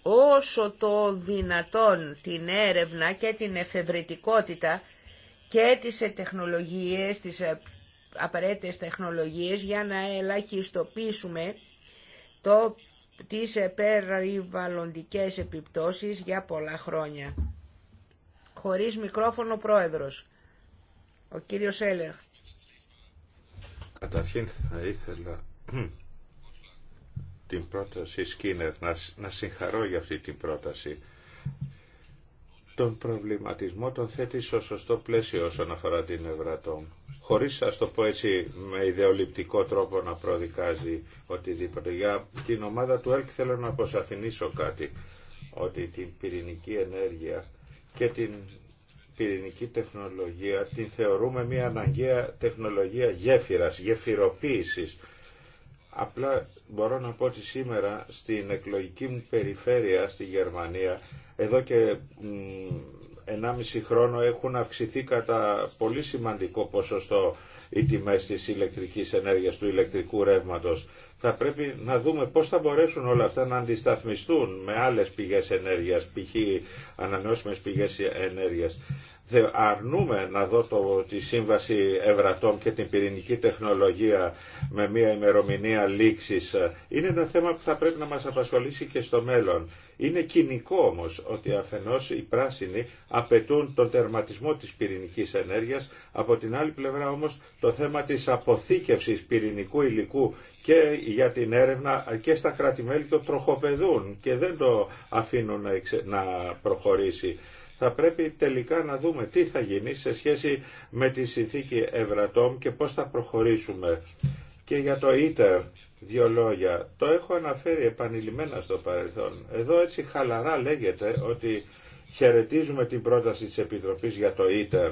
όσο το δυνατόν την έρευνα και την εφευρετικότητα και τις ε, τεχνολογίες, τις ε, απαραίτητες τεχνολογίες για να ελαχιστοποιήσουμε το, τις ε, περιβαλλοντικές επιπτώσεις για πολλά χρόνια. Χωρίς μικρόφωνο πρόεδρος. Ο κύριος έλεγχ. Καταρχήν θα ήθελα την πρόταση Σκίνερ, να, να συγχαρώ για αυτή την πρόταση. Τον προβληματισμό τον θέτει στο σωστό πλαίσιο όσον αφορά την Ευρατόμ. Χωρίς, ας το πω έτσι, με ιδεολειπτικό τρόπο να προδικάζει οτιδήποτε. Για την ομάδα του ΕΛΚ θέλω να αποσαφηνίσω κάτι. Ότι την πυρηνική ενέργεια και την πυρηνική τεχνολογία την θεωρούμε μια αναγκαία τεχνολογία γέφυρας, γεφυροποίησης Απλά μπορώ να πω ότι σήμερα στην εκλογική μου περιφέρεια στη Γερμανία εδώ και 1,5 χρόνο έχουν αυξηθεί κατά πολύ σημαντικό ποσοστό οι τιμέ τη ηλεκτρική ενέργεια του ηλεκτρικού ρεύματο. Θα πρέπει να δούμε πώ θα μπορέσουν όλα αυτά να αντισταθμιστούν με άλλε πηγέ ενέργεια, π.χ. ανανεώσιμε πηγέ ενέργεια αρνούμε να δω το, τη σύμβαση Ευρατών και την πυρηνική τεχνολογία με μια ημερομηνία λήξης. Είναι ένα θέμα που θα πρέπει να μας απασχολήσει και στο μέλλον. Είναι κοινικό όμως ότι αφενός οι πράσινοι απαιτούν τον τερματισμό της πυρηνικής ενέργειας, από την άλλη πλευρά όμως το θέμα της αποθήκευσης πυρηνικού υλικού και για την έρευνα και στα κράτη-μέλη το τροχοπεδούν και δεν το αφήνουν να προχωρήσει θα πρέπει τελικά να δούμε τι θα γίνει σε σχέση με τη συνθήκη Ευρατόμ και πώς θα προχωρήσουμε. Και για το ΙΤΕΡ, δύο λόγια. Το έχω αναφέρει επανειλημμένα στο παρελθόν. Εδώ έτσι χαλαρά λέγεται ότι χαιρετίζουμε την πρόταση της Επιτροπής για το ΙΤΕΡ.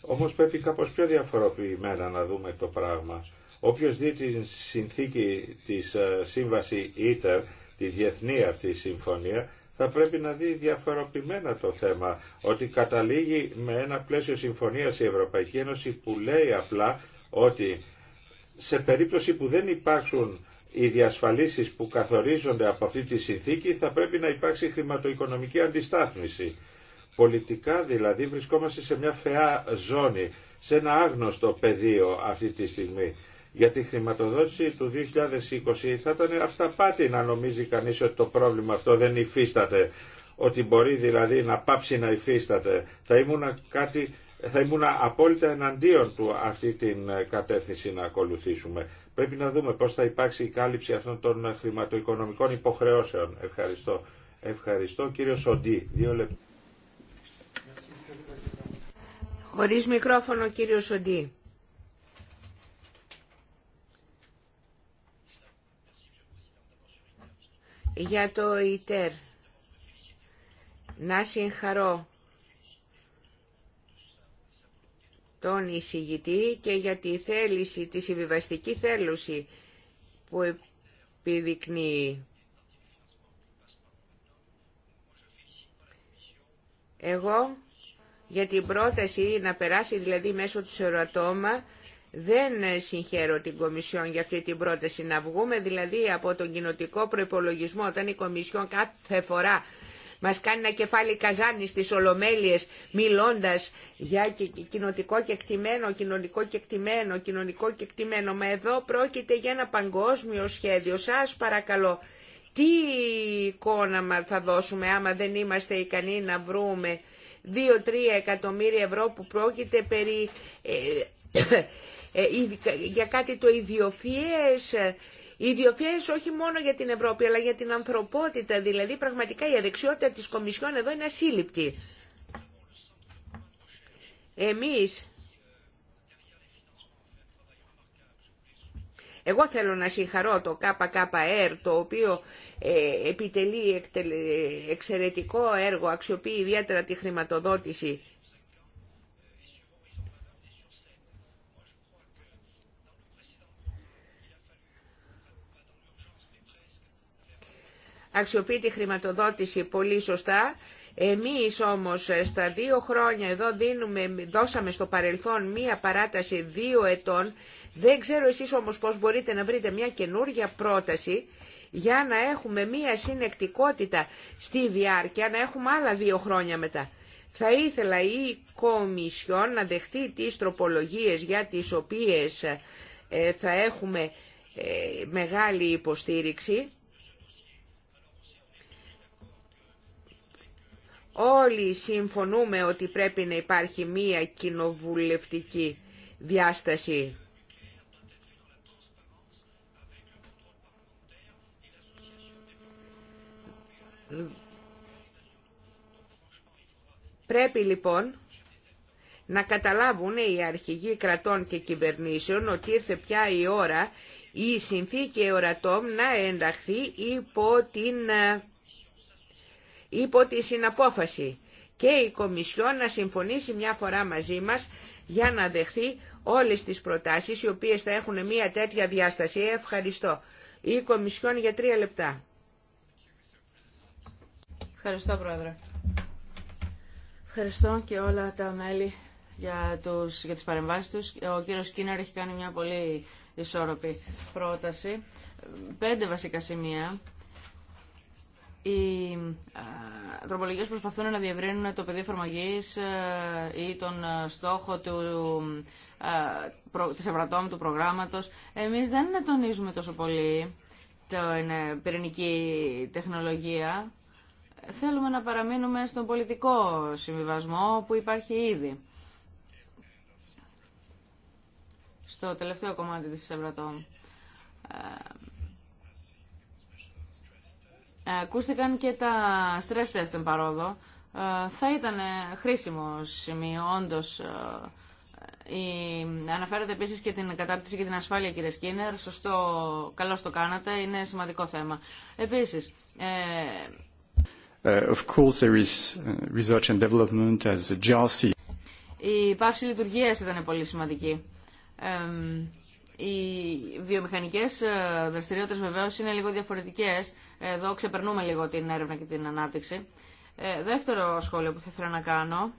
Όμως πρέπει κάπως πιο διαφοροποιημένα να δούμε το πράγμα. Όποιος δει τη συνθήκη της ε, σύμβαση ΙΤΕΡ, τη διεθνή αυτή συμφωνία, θα πρέπει να δει διαφοροποιημένα το θέμα. Ότι καταλήγει με ένα πλαίσιο συμφωνίας η Ευρωπαϊκή Ένωση που λέει απλά ότι σε περίπτωση που δεν υπάρξουν οι διασφαλίσεις που καθορίζονται από αυτή τη συνθήκη θα πρέπει να υπάρξει χρηματοοικονομική αντιστάθμιση. Πολιτικά δηλαδή βρισκόμαστε σε μια φαιά ζώνη, σε ένα άγνωστο πεδίο αυτή τη στιγμή για τη χρηματοδότηση του 2020 θα ήταν αυταπάτη να νομίζει κανείς ότι το πρόβλημα αυτό δεν υφίσταται, ότι μπορεί δηλαδή να πάψει να υφίσταται. Θα ήμουν, κάτι, θα ήμουν απόλυτα εναντίον του αυτή την ε, κατεύθυνση να ακολουθήσουμε. Πρέπει να δούμε πώς θα υπάρξει η κάλυψη αυτών των ε, χρηματοοικονομικών υποχρεώσεων. Ευχαριστώ. Ευχαριστώ κύριο Σοντή. Δύο λεπτά. Χωρίς μικρόφωνο κύριο Σοντή. για το ΙΤΕΡ. Να συγχαρώ τον εισηγητή και για τη θέληση, τη συμβιβαστική θέλωση που επιδεικνύει. Εγώ για την πρόταση να περάσει δηλαδή μέσω του Σεωρατώμα δεν συγχαίρω την Κομισιόν για αυτή την πρόταση να βγούμε, δηλαδή από τον κοινοτικό προπολογισμό, όταν η Κομισιόν κάθε φορά μας κάνει ένα κεφάλι καζάνι στις Ολομέλειες, μιλώντας για κοινοτικό κεκτημένο, κοινωνικό κεκτημένο, κοινωνικό κεκτημένο. Μα εδώ πρόκειται για ένα παγκόσμιο σχέδιο. Σας παρακαλώ, τι εικόνα θα δώσουμε άμα δεν είμαστε ικανοί να βρούμε 2-3 εκατομμύρια ευρώ που πρόκειται περί ε, ε, για κάτι το ιδιοφιές. Ε, ιδιοφιές όχι μόνο για την Ευρώπη αλλά για την ανθρωπότητα. Δηλαδή πραγματικά η αδεξιότητα της Κομισιόν εδώ είναι ασύλληπτη. Εμείς Εγώ θέλω να συγχαρώ το ΚΚΡ το οποίο ε, επιτελεί εξαιρετικό έργο, αξιοποιεί ιδιαίτερα τη χρηματοδότηση αξιοποιεί τη χρηματοδότηση πολύ σωστά. Εμείς όμως ε, στα δύο χρόνια εδώ δίνουμε, δώσαμε στο παρελθόν μία παράταση δύο ετών. Δεν ξέρω εσείς όμως πώς μπορείτε να βρείτε μια καινούργια πρόταση για να έχουμε μία συνεκτικότητα στη διάρκεια, να έχουμε άλλα δύο χρόνια μετά. Θα ήθελα η Κομισιόν να δεχθεί τις τροπολογίες για τις οποίες ε, θα έχουμε ε, μεγάλη υποστήριξη Όλοι συμφωνούμε ότι πρέπει να υπάρχει μία κοινοβουλευτική διάσταση. Πρέπει λοιπόν να καταλάβουν οι αρχηγοί κρατών και κυβερνήσεων ότι ήρθε πια η ώρα η συνθήκη ορατών να ενταχθεί υπό την ε, υπό τη συναπόφαση και η Κομισιόν να συμφωνήσει μια φορά μαζί μας για να δεχθεί όλες τις προτάσεις οι οποίες θα έχουν μια τέτοια διάσταση. Ευχαριστώ. Η Κομισιόν για τρία λεπτά. Ευχαριστώ Πρόεδρε. Ευχαριστώ και όλα τα μέλη για, τους, για τις παρεμβάσεις τους. Ο κύριος Κίνερ έχει κάνει μια πολύ ισόρροπη πρόταση. Πέντε βασικά σημεία οι τροπολογίε προσπαθούν να διευρύνουν το πεδίο εφαρμογή ή τον στόχο του, της του προγράμματος. Εμείς δεν τονίζουμε τόσο πολύ την πυρηνική τεχνολογία. Θέλουμε να παραμείνουμε στον πολιτικό συμβιβασμό που υπάρχει ήδη. Στο τελευταίο κομμάτι της Ευρατόμ ε, ακούστηκαν και τα stress test στην παρόδο. Ε, θα ήταν χρήσιμο σημείο, όντω. Ε, Αναφέρατε επίση και την κατάρτιση και την ασφάλεια, κύριε Σκίνερ. Σωστό, καλώ το κάνατε. Είναι σημαντικό θέμα. Επίση. of course, there is research and development as a Η πάυση λειτουργία ήταν πολύ σημαντική. Οι βιομηχανικές ε, δραστηριότητε βεβαίω είναι λίγο διαφορετικές. Εδώ ξεπερνούμε λίγο την έρευνα και την ανάπτυξη. Ε, δεύτερο σχόλιο που θα ήθελα να κάνω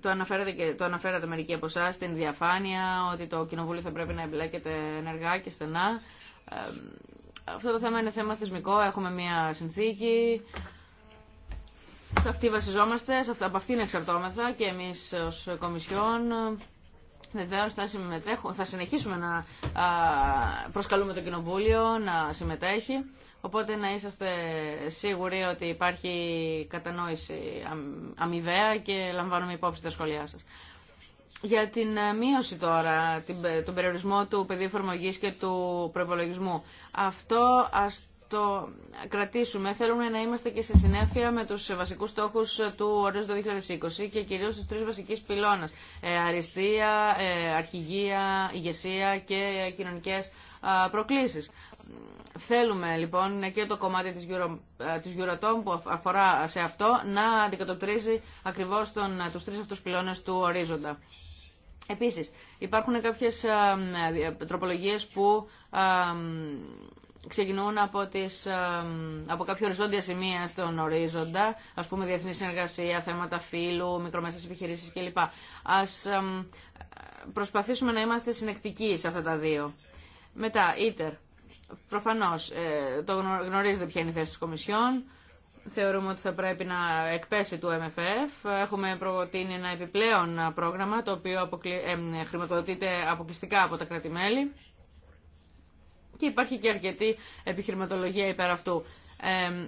το αναφέρατε, και, το αναφέρατε μερικοί από εσά στην διαφάνεια, ότι το κοινοβούλιο θα πρέπει να εμπλέκεται ενεργά και στενά. Ε, αυτό το θέμα είναι θέμα θεσμικό, έχουμε μια συνθήκη, σε αυτή βασιζόμαστε, σε από αυτήν εξαρτώμεθα και εμείς ως Κομισιόν Βεβαίω θα, θα συνεχίσουμε να προσκαλούμε το Κοινοβούλιο να συμμετέχει, οπότε να είσαστε σίγουροι ότι υπάρχει κατανόηση αμοιβαία και λαμβάνουμε υπόψη τα σχόλιά σας. Για την ε, μείωση τώρα, ε, τον περιορισμό του πεδίου εφαρμογή και του προπολογισμού. Αυτό ας το κρατήσουμε. Θέλουμε να είμαστε και σε συνέφεια με τους βασικούς στόχους του ορίζοντα 2020 και κυρίως στους τρεις βασικούς πυλώνες. Ε, αριστεία, ε, αρχηγία, ηγεσία και ε, κοινωνικές προκλήσεις. Θέλουμε λοιπόν και το κομμάτι της, Euro, της που αφορά σε αυτό να αντικατοπτρίζει ακριβώς τον, τους τρεις αυτούς πυλώνες του ορίζοντα. Επίσης, υπάρχουν κάποιες τροπολογίες που ξεκινούν από, τις, από κάποια οριζόντια σημεία στον ορίζοντα, α πούμε διεθνή συνεργασία, θέματα φύλου, μικρομεσαίες επιχειρήσει κλπ. Α προσπαθήσουμε να είμαστε συνεκτικοί σε αυτά τα δύο. Μετά, ίτερ. Προφανώ, ε, το γνωρίζετε ποια είναι η θέση τη Κομισιόν. Θεωρούμε ότι θα πρέπει να εκπέσει του MFF. Έχουμε προτείνει ένα επιπλέον πρόγραμμα, το οποίο χρηματοδοτείται αποκλειστικά από τα κράτη-μέλη και υπάρχει και αρκετή επιχειρηματολογία υπέρ αυτού.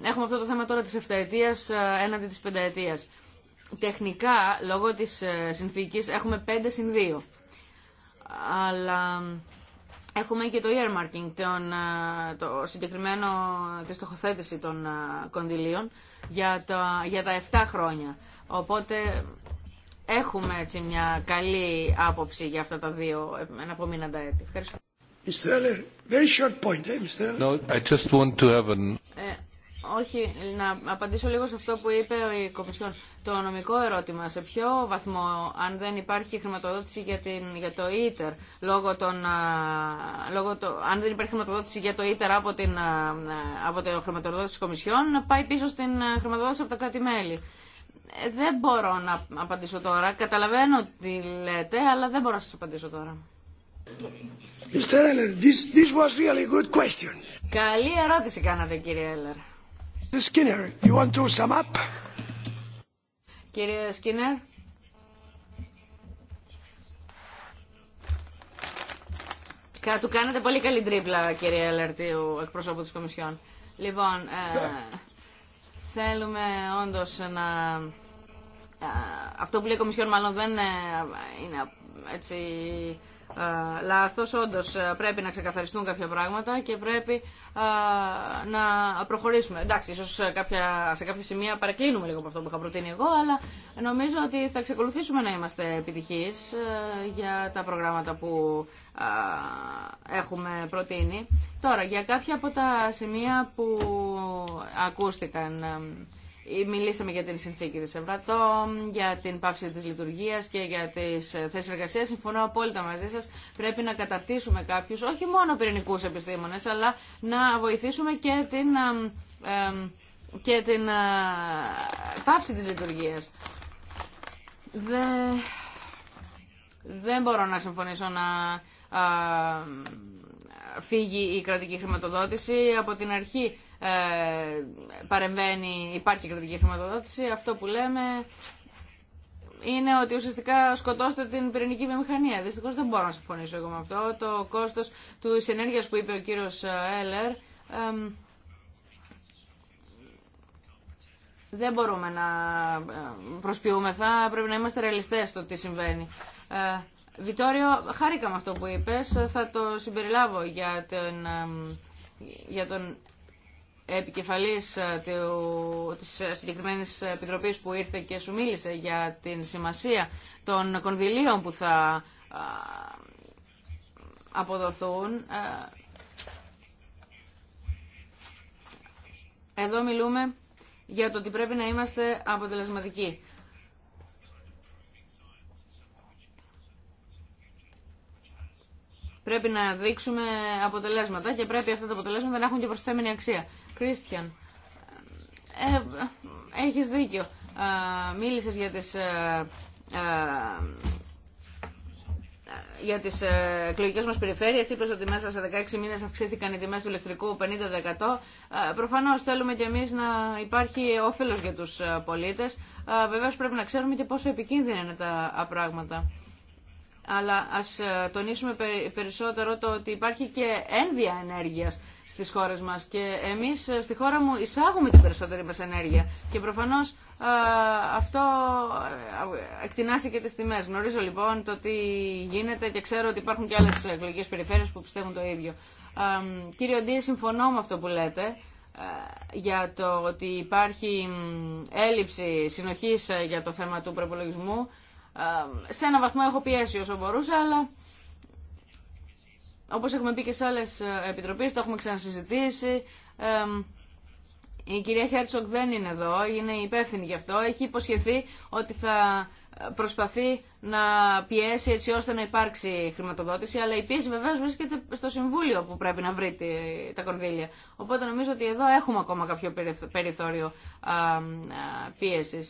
έχουμε αυτό το θέμα τώρα της εφταετίας ε, έναντι της πενταετίας. Τεχνικά, λόγω της ε, συνθήκης, έχουμε 5 συν 2. Αλλά έχουμε και το earmarking, ε, το συγκεκριμένο, τη στοχοθέτηση των κονδυλίων για, για τα 7 χρόνια. Οπότε έχουμε έτσι μια καλή άποψη για αυτά τα δύο εναπομείναντα έτη. Ευχαριστώ όχι, να απαντήσω λίγο σε αυτό που είπε ο Κομισιόν. Το νομικό ερώτημα, σε ποιο βαθμό, αν δεν υπάρχει χρηματοδότηση για, την, για το ίτερ, λόγω των, λόγω το, αν δεν υπάρχει χρηματοδότηση για το ίτερ από, την, από την χρηματοδότηση της Κομισιόν, πάει πίσω στην χρηματοδότηση από τα κράτη-μέλη. Ε, δεν μπορώ να απαντήσω τώρα. Καταλαβαίνω τι λέτε, αλλά δεν μπορώ να σας απαντήσω τώρα this, this was really good question. Καλή ερώτηση κάνατε, κύριε Έλλερ. Skinner, you want to sum up? Κύριε Σκίνερ. Του κάνατε πολύ καλή τρίπλα, κύριε Έλλερ, του εκπροσώπου της Κομισιόν. Λοιπόν, ε, θέλουμε όντως να... Ε, αυτό που λέει η Κομισιόν μάλλον δεν ε, είναι έτσι λάθος. Όντως ε, πρέπει να ξεκαθαριστούν κάποια πράγματα και πρέπει να προχωρήσουμε. Εντάξει, ίσως σε κάποια σημεία παρακλίνουμε λίγο από αυτό που είχα προτείνει εγώ, αλλά νομίζω ότι θα ξεκολουθήσουμε να είμαστε επιτυχείς ε, για τα προγράμματα που έχουμε προτείνει. Τώρα, για κάποια από τα σημεία που ακούστηκαν ε, ε, μιλήσαμε για την συνθήκη τη Ευρατόμ, για την πάυση της λειτουργίας και για τις ε, θέσει εργασίας. Συμφωνώ απόλυτα μαζί σας. Πρέπει να καταρτήσουμε κάποιους, όχι μόνο πυρηνικού επιστήμονες, αλλά να βοηθήσουμε και την, ε, και την πάυση της λειτουργίας. Δεν, δεν μπορώ να συμφωνήσω να φύγει η κρατική χρηματοδότηση. Από την αρχή ε, παρεμβαίνει, υπάρχει κρατική χρηματοδότηση. Αυτό που λέμε είναι ότι ουσιαστικά σκοτώστε την πυρηνική βιομηχανία. Δυστυχώ δεν μπορώ να συμφωνήσω εγώ με αυτό. Το κόστο τη ενέργεια που είπε ο κύριο Έλερ. δεν μπορούμε να προσποιούμεθα, πρέπει να είμαστε ρεαλιστές στο τι συμβαίνει. Ε, Βιτόριο, χάρηκα με αυτό που είπες, θα το συμπεριλάβω για τον επικεφαλής ε, του, της συγκεκριμένης επιτροπής που ήρθε και σου μίλησε για την σημασία των κονδυλίων που θα αποδοθούν. Ε. Εδώ μιλούμε για το ότι πρέπει να είμαστε αποτελεσματικοί. Πρέπει να δείξουμε αποτελέσματα και πρέπει αυτά τα αποτελέσματα να έχουν και προσθέμενη αξία. Κρίστιαν, ε, έχεις δίκιο. Ε, μίλησες για τις, ε, ε για τις ε, εκλογικέ μας περιφέρειες. Είπες ότι μέσα σε 16 μήνες αυξήθηκαν οι τιμές του ηλεκτρικού 50%. Ε, προφανώς θέλουμε και εμείς να υπάρχει όφελος για τους πολίτες. Βεβαίως πρέπει να ξέρουμε και πόσο επικίνδυνα είναι τα πράγματα αλλά ας τονίσουμε περισσότερο το ότι υπάρχει και ένδια ενέργειας Στι χώρες μας και εμείς ε, στη χώρα μου εισάγουμε την περισσότερη μα ενέργεια και προφανώς ε, αυτό ε, εκτινάσει και τις τιμέ. Γνωρίζω λοιπόν το τι γίνεται και ξέρω ότι υπάρχουν και άλλες εκλογικέ περιφέρειες που πιστεύουν το ίδιο. Κύριο Ντία, συμφωνώ με αυτό που λέτε για το ότι υπάρχει έλλειψη συνοχής για το θέμα του προπολογισμού. Σε ένα βαθμό έχω πιέσει όσο μπορούσα, αλλά όπως έχουμε πει και σε άλλες ε, επιτροπές, το έχουμε ξανασυζητήσει, η κυρία Χέρτσοκ δεν είναι εδώ, είναι υπεύθυνη γι' αυτό. Έχει υποσχεθεί ότι θα ε, προσπαθεί να πιέσει έτσι ώστε να υπάρξει χρηματοδότηση, αλλά η πίεση βεβαίω βρίσκεται στο Συμβούλιο που πρέπει να βρει τα κονδύλια. Οπότε νομίζω ότι εδώ έχουμε ακόμα κάποιο περιθώριο ε, πίεση.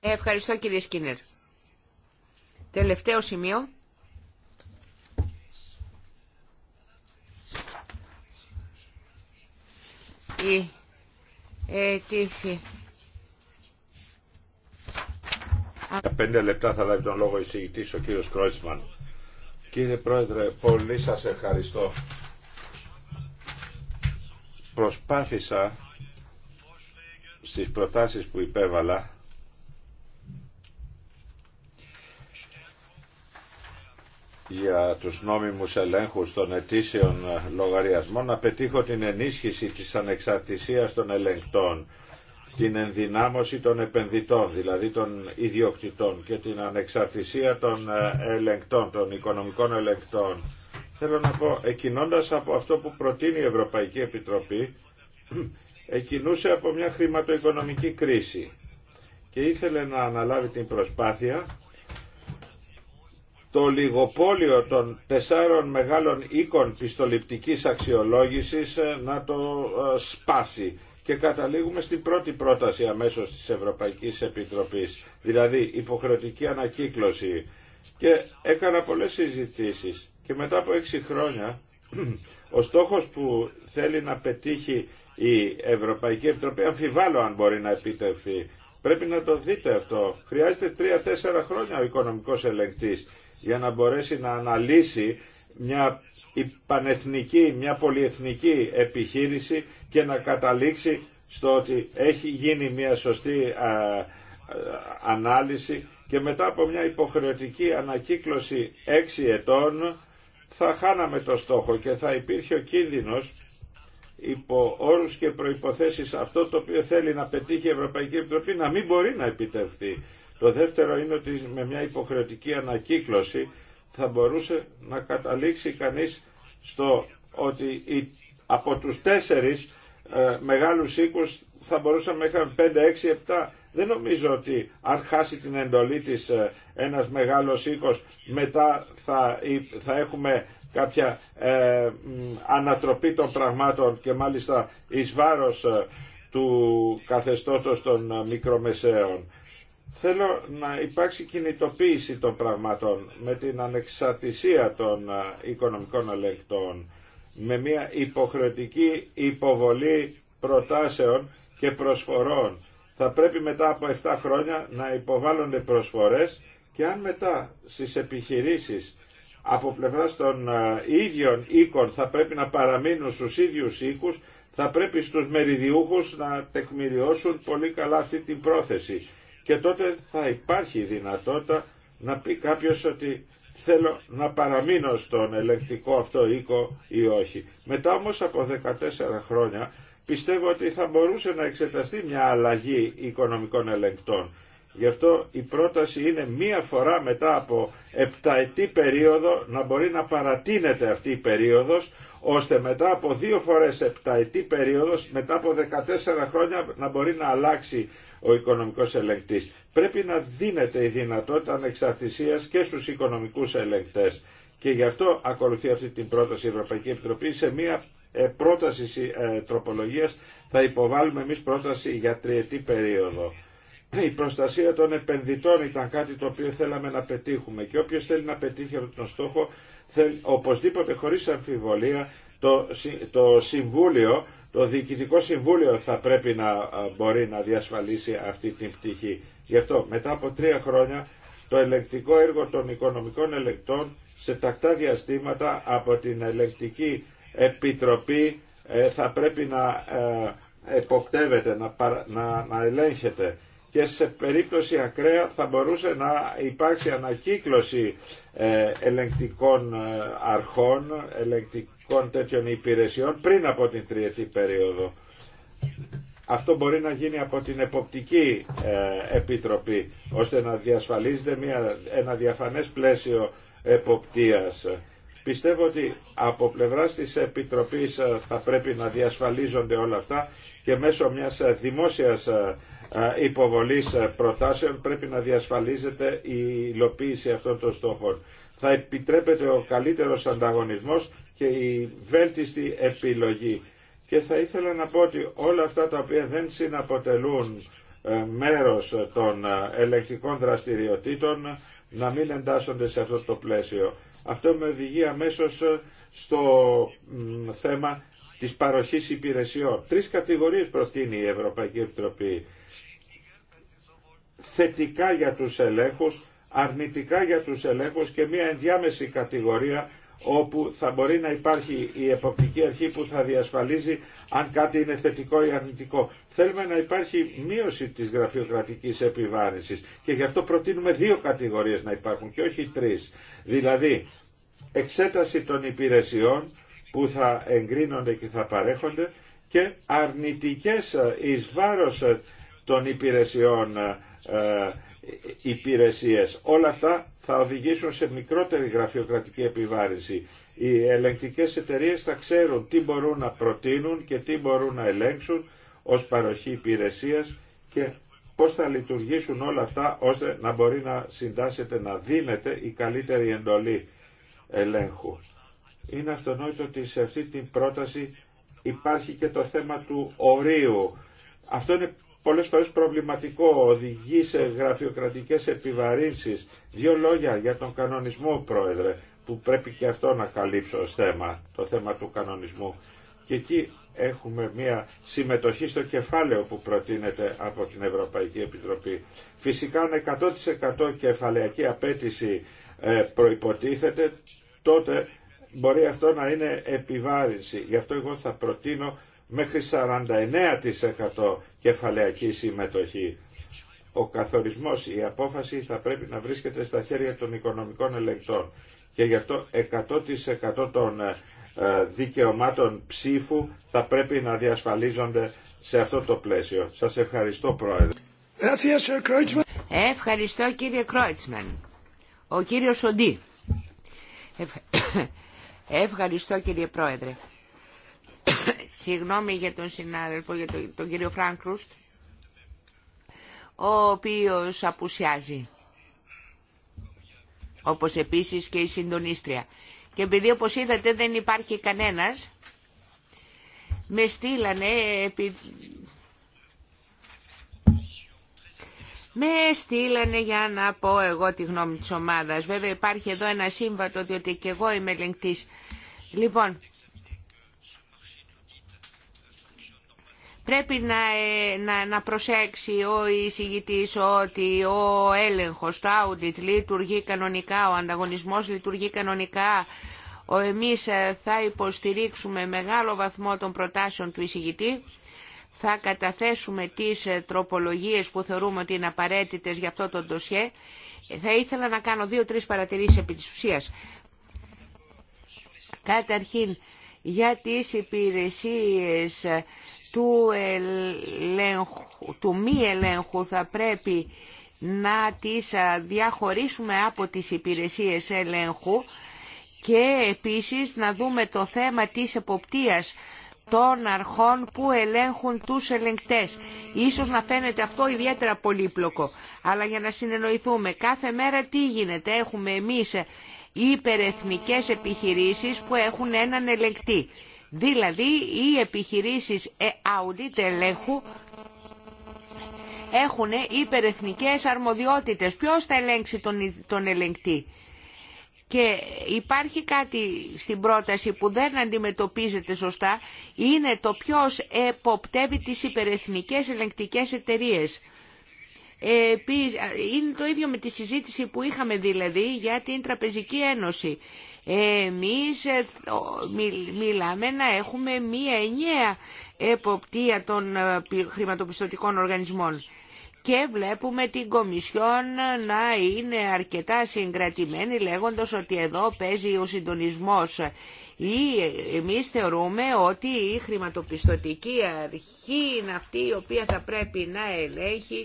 Ευχαριστώ κύριε Σκίνερ. Τελευταίο σημείο. Η αιτήση. Για πέντε λεπτά θα λάβει τον λόγο εισηγητής ο κύριος Κρόισμαν. Κύριε Πρόεδρε, πολύ σας ευχαριστώ. Προσπάθησα στις προτάσεις που υπέβαλα για τους νόμιμους ελέγχους των ετήσιων λογαριασμών να πετύχω την ενίσχυση της ανεξαρτησίας των ελεγκτών, την ενδυνάμωση των επενδυτών, δηλαδή των ιδιοκτητών και την ανεξαρτησία των ε, ελεγκτών, των οικονομικών ελεγκτών. Θέλω να πω, εκινώντας από αυτό που προτείνει η Ευρωπαϊκή Επιτροπή, εκινούσε από μια χρηματοοικονομική κρίση και ήθελε να αναλάβει την προσπάθεια το λιγοπόλιο των τεσσάρων μεγάλων οίκων πιστοληπτικής αξιολόγησης ε, να το ε, σπάσει. Και καταλήγουμε στην πρώτη πρόταση αμέσως της Ευρωπαϊκής Επιτροπής, δηλαδή υποχρεωτική ανακύκλωση. Και έκανα πολλές συζητήσεις και μετά από έξι χρόνια ο στόχος που θέλει να πετύχει η Ευρωπαϊκή Επιτροπή αμφιβάλλω αν μπορεί να επιτευχθεί. Πρέπει να το δείτε αυτό. Χρειάζεται τρία-τέσσερα χρόνια ο οικονομικός ελεγκτής για να μπορέσει να αναλύσει μια πανεθνική, μια πολυεθνική επιχείρηση και να καταλήξει στο ότι έχει γίνει μια σωστή ανάλυση και μετά από μια υποχρεωτική ανακύκλωση έξι ετών θα χάναμε το στόχο και θα υπήρχε ο κίνδυνος υπό όρους και προϋποθέσεις αυτό το οποίο θέλει να πετύχει η Ευρωπαϊκή Επιτροπή να μην μπορεί να επιτευχθεί. Το δεύτερο είναι ότι με μια υποχρεωτική ανακύκλωση θα μπορούσε να καταλήξει κανείς στο ότι από τους τέσσερις ε, μεγάλους οίκους θα μπορούσαν να 5, 6, 7. Δεν νομίζω ότι αν χάσει την εντολή της ε, ένας μεγάλος οίκος μετά θα, έχουμε κάποια ε, ανατροπή των πραγμάτων και μάλιστα εις βάρος του καθεστώτος των μικρομεσαίων. Θέλω να υπάρξει κινητοποίηση των πραγμάτων με την ανεξαρτησία των οικονομικών ελεγκτών, με μια υποχρεωτική υποβολή προτάσεων και προσφορών. Θα πρέπει μετά από 7 χρόνια να υποβάλλονται προσφορές και αν μετά στις επιχειρήσεις από πλευράς των ίδιων οίκων θα πρέπει να παραμείνουν στους ίδιους οίκους, θα πρέπει στους μεριδιούχους να τεκμηριώσουν πολύ καλά αυτή την πρόθεση και τότε θα υπάρχει δυνατότητα να πει κάποιος ότι θέλω να παραμείνω στον ελεγκτικό αυτό οίκο ή όχι. Μετά όμως από 14 χρόνια πιστεύω ότι θα μπορούσε να εξεταστεί μια αλλαγή οικονομικών ελεγκτών. Γι' αυτό η πρόταση είναι μία φορά μετά από επταετή περίοδο να μπορεί να παρατείνεται αυτή η περίοδος ώστε μετά από δύο φορές επταετή περίοδος, μετά από 14 χρόνια να μπορεί να αλλάξει ο οικονομικός ελεγκτής. Πρέπει να δίνεται η δυνατότητα ανεξαρτησίας και στους οικονομικούς ελεγκτές. Και γι' αυτό ακολουθεί αυτή την πρόταση η Ευρωπαϊκή Επιτροπή σε μια ε, πρόταση ε, τροπολογίας θα υποβάλουμε εμείς πρόταση για τριετή περίοδο. Η προστασία των επενδυτών ήταν κάτι το οποίο θέλαμε να πετύχουμε και όποιος θέλει να πετύχει αυτόν τον στόχο, οπωσδήποτε χωρίς αμφιβολία, το, το Συμβούλιο το Διοικητικό Συμβούλιο θα πρέπει να μπορεί να διασφαλίσει αυτή την πτυχή. Γι' αυτό μετά από τρία χρόνια το ελεγκτικό έργο των οικονομικών ελεκτών σε τακτά διαστήματα από την Ελεκτική Επιτροπή ε, θα πρέπει να ε, εποκτεύεται, να, να, ελέγχεται και σε περίπτωση ακραία θα μπορούσε να υπάρξει ανακύκλωση ε, ελεγκτικών αρχών, ιδιωτικών τέτοιων υπηρεσιών πριν από την τριετή περίοδο. Αυτό μπορεί να γίνει από την Εποπτική ε, Επιτροπή, ώστε να διασφαλίζεται μια, ένα διαφανές πλαίσιο εποπτείας. Πιστεύω ότι από πλευράς της Επιτροπής ε, θα πρέπει να διασφαλίζονται όλα αυτά και μέσω μιας ε, δημόσιας υποβολής προτάσεων πρέπει να διασφαλίζεται η υλοποίηση αυτών των στόχων. Θα επιτρέπεται ο καλύτερος ανταγωνισμός και η βέλτιστη επιλογή. Και θα ήθελα να πω ότι όλα αυτά τα οποία δεν συναποτελούν ε, μέρος των ε, ελεκτικών δραστηριοτήτων να μην εντάσσονται σε αυτό το πλαίσιο. Αυτό με οδηγεί αμέσω ε, στο θέμα της παροχής υπηρεσιών. Τρεις κατηγορίες προτείνει η Ευρωπαϊκή Επιτροπή. Θετικά για τους ελέγχους, αρνητικά για τους ελέγχους και μια ενδιάμεση κατηγορία όπου θα μπορεί να υπάρχει η εποπτική αρχή που θα διασφαλίζει αν κάτι είναι θετικό ή αρνητικό. Θέλουμε να υπάρχει μείωση της γραφειοκρατικής επιβάρυνσης και γι' αυτό προτείνουμε δύο κατηγορίες να υπάρχουν και όχι τρεις. Δηλαδή, εξέταση των υπηρεσιών που θα εγκρίνονται και θα παρέχονται και αρνητικές εις βάρος των υπηρεσιών ε, υπηρεσίες. Όλα αυτά θα οδηγήσουν σε μικρότερη γραφειοκρατική επιβάρηση. Οι ελεγκτικές εταιρείες θα ξέρουν τι μπορούν να προτείνουν και τι μπορούν να ελέγξουν ως παροχή υπηρεσίας και πώς θα λειτουργήσουν όλα αυτά ώστε να μπορεί να συντάσσεται, να δίνεται η καλύτερη εντολή ελέγχου. Είναι αυτονόητο ότι σε αυτή την πρόταση υπάρχει και το θέμα του ορίου. Αυτό είναι πολλές φορές προβληματικό, οδηγεί σε γραφειοκρατικές επιβαρύνσεις. Δύο λόγια για τον κανονισμό, Πρόεδρε, που πρέπει και αυτό να καλύψω ως θέμα, το θέμα του κανονισμού. Και εκεί έχουμε μια συμμετοχή στο κεφάλαιο που προτείνεται από την Ευρωπαϊκή Επιτροπή. Φυσικά αν 100% κεφαλαιακή απέτηση ε, προϋποτίθεται, τότε μπορεί αυτό να είναι επιβάρυνση. Γι' αυτό εγώ θα προτείνω μέχρι 49% κεφαλαιακή συμμετοχή. Ο καθορισμός, η απόφαση θα πρέπει να βρίσκεται στα χέρια των οικονομικών ελεγκτών και γι' αυτό 100% των ε, δικαιωμάτων ψήφου θα πρέπει να διασφαλίζονται σε αυτό το πλαίσιο. Σας ευχαριστώ Πρόεδρε. Ευχαριστώ κύριε Κρόιτσμαν. Ο κύριος Σοντή. Ευχαριστώ κύριε Πρόεδρε συγγνώμη για τον συνάδελφο, για τον, τον κύριο Φράνκρουστ, ο οποίος απουσιάζει, όπως επίσης και η συντονίστρια. Και επειδή όπως είδατε δεν υπάρχει κανένας, με στείλανε επί... Με στείλανε για να πω εγώ τη γνώμη της ομάδας. Βέβαια υπάρχει εδώ ένα σύμβατο, διότι και εγώ είμαι ελεγκτής. Λοιπόν, Πρέπει ε, να, να, προσέξει ο εισηγητής ότι ο έλεγχος, το audit λειτουργεί κανονικά, ο ανταγωνισμός λειτουργεί κανονικά. Ο εμείς ε, θα υποστηρίξουμε μεγάλο βαθμό των προτάσεων του εισηγητή. Θα καταθέσουμε τις ε, τροπολογίες που θεωρούμε ότι είναι απαραίτητες για αυτό το ντοσιέ. Θα ήθελα να κάνω δύο-τρεις παρατηρήσεις επί της για τις υπηρεσίες του, μη ελέγχου θα πρέπει να τις διαχωρίσουμε από τις υπηρεσίες ελέγχου και επίσης να δούμε το θέμα της εποπτείας των αρχών που ελέγχουν τους ελεγκτές. Ίσως να φαίνεται αυτό ιδιαίτερα πολύπλοκο, αλλά για να συνεννοηθούμε κάθε μέρα τι γίνεται. Έχουμε εμείς υπερεθνικές επιχειρήσεις που έχουν έναν ελεγκτή. Δηλαδή οι επιχειρήσεις ε, audit ελέγχου έχουν υπερεθνικές αρμοδιότητες. Ποιος θα ελέγξει τον, τον ελεγκτή. Και υπάρχει κάτι στην πρόταση που δεν αντιμετωπίζεται σωστά, είναι το ποιος εποπτεύει τις υπερεθνικές ελεγκτικές εταιρείες είναι το ίδιο με τη συζήτηση που είχαμε δηλαδή για την Τραπεζική Ένωση. Εμείς ε, μιλάμε να έχουμε μία ενιαία εποπτεία των ε, χρηματοπιστωτικών οργανισμών και βλέπουμε την Κομισιόν να είναι αρκετά συγκρατημένη λέγοντας ότι εδώ παίζει ο συντονισμός. Ή εμείς θεωρούμε ότι η χρηματοπιστωτική αρχή είναι αυτή η οποία θα πρέπει να ελέγχει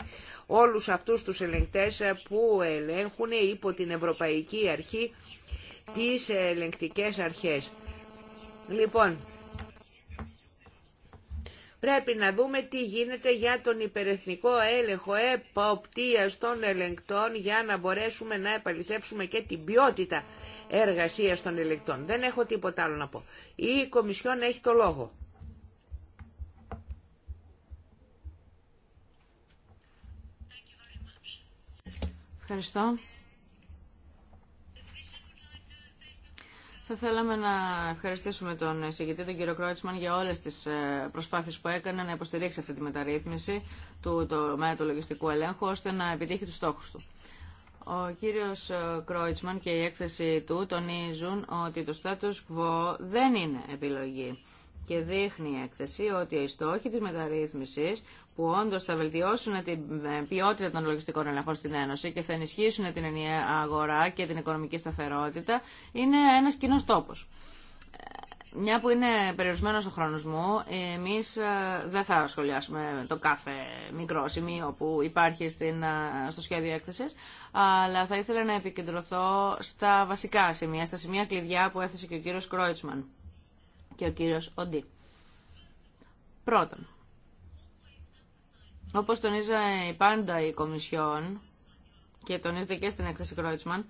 όλους αυτούς τους ελεγκτές ε, που ελέγχουν υπό την Ευρωπαϊκή Αρχή τις ελεγκτικές αρχές. Λοιπόν, πρέπει να δούμε τι γίνεται για τον υπερεθνικό έλεγχο εποπτείας των ελεγκτών για να μπορέσουμε να επαληθεύσουμε και την ποιότητα εργασίας των ελεγκτών. Δεν έχω τίποτα άλλο να πω. Η Κομισιόν έχει το λόγο. Ευχαριστώ. Θα θέλαμε να ευχαριστήσουμε τον εισηγητή, τον κύριο Κρότσμαν, για όλε τι ε, προσπάθειες που έκανε να υποστηρίξει αυτή τη μεταρρύθμιση του τομέα του λογιστικού ελέγχου, ώστε να επιτύχει του στόχου του. Ο κύριος ε, Κρόιτσμαν και η έκθεση του τονίζουν ότι το status quo δεν είναι επιλογή και δείχνει η έκθεση ότι οι στόχοι της μεταρρύθμισης που όντω θα βελτιώσουν την ε, ποιότητα των λογιστικών ελεγχών στην Ένωση και θα ενισχύσουν την ενιαία αγορά και την οικονομική σταθερότητα, είναι ένα κοινό τόπο. Ε, μια που είναι περιορισμένο ο χρόνο μου, εμεί ε, δεν θα σχολιάσουμε το κάθε μικρό σημείο που υπάρχει στην, στο σχέδιο έκθεση. αλλά θα ήθελα να επικεντρωθώ στα βασικά σημεία, στα σημεία κλειδιά που έθεσε και ο κύριο Κρόιτσμαν και ο κύριο Οντί. Πρώτον, Όπω τονίζει πάντα η Κομισιόν και τονίζεται και στην έκθεση Κρόιτσμαν,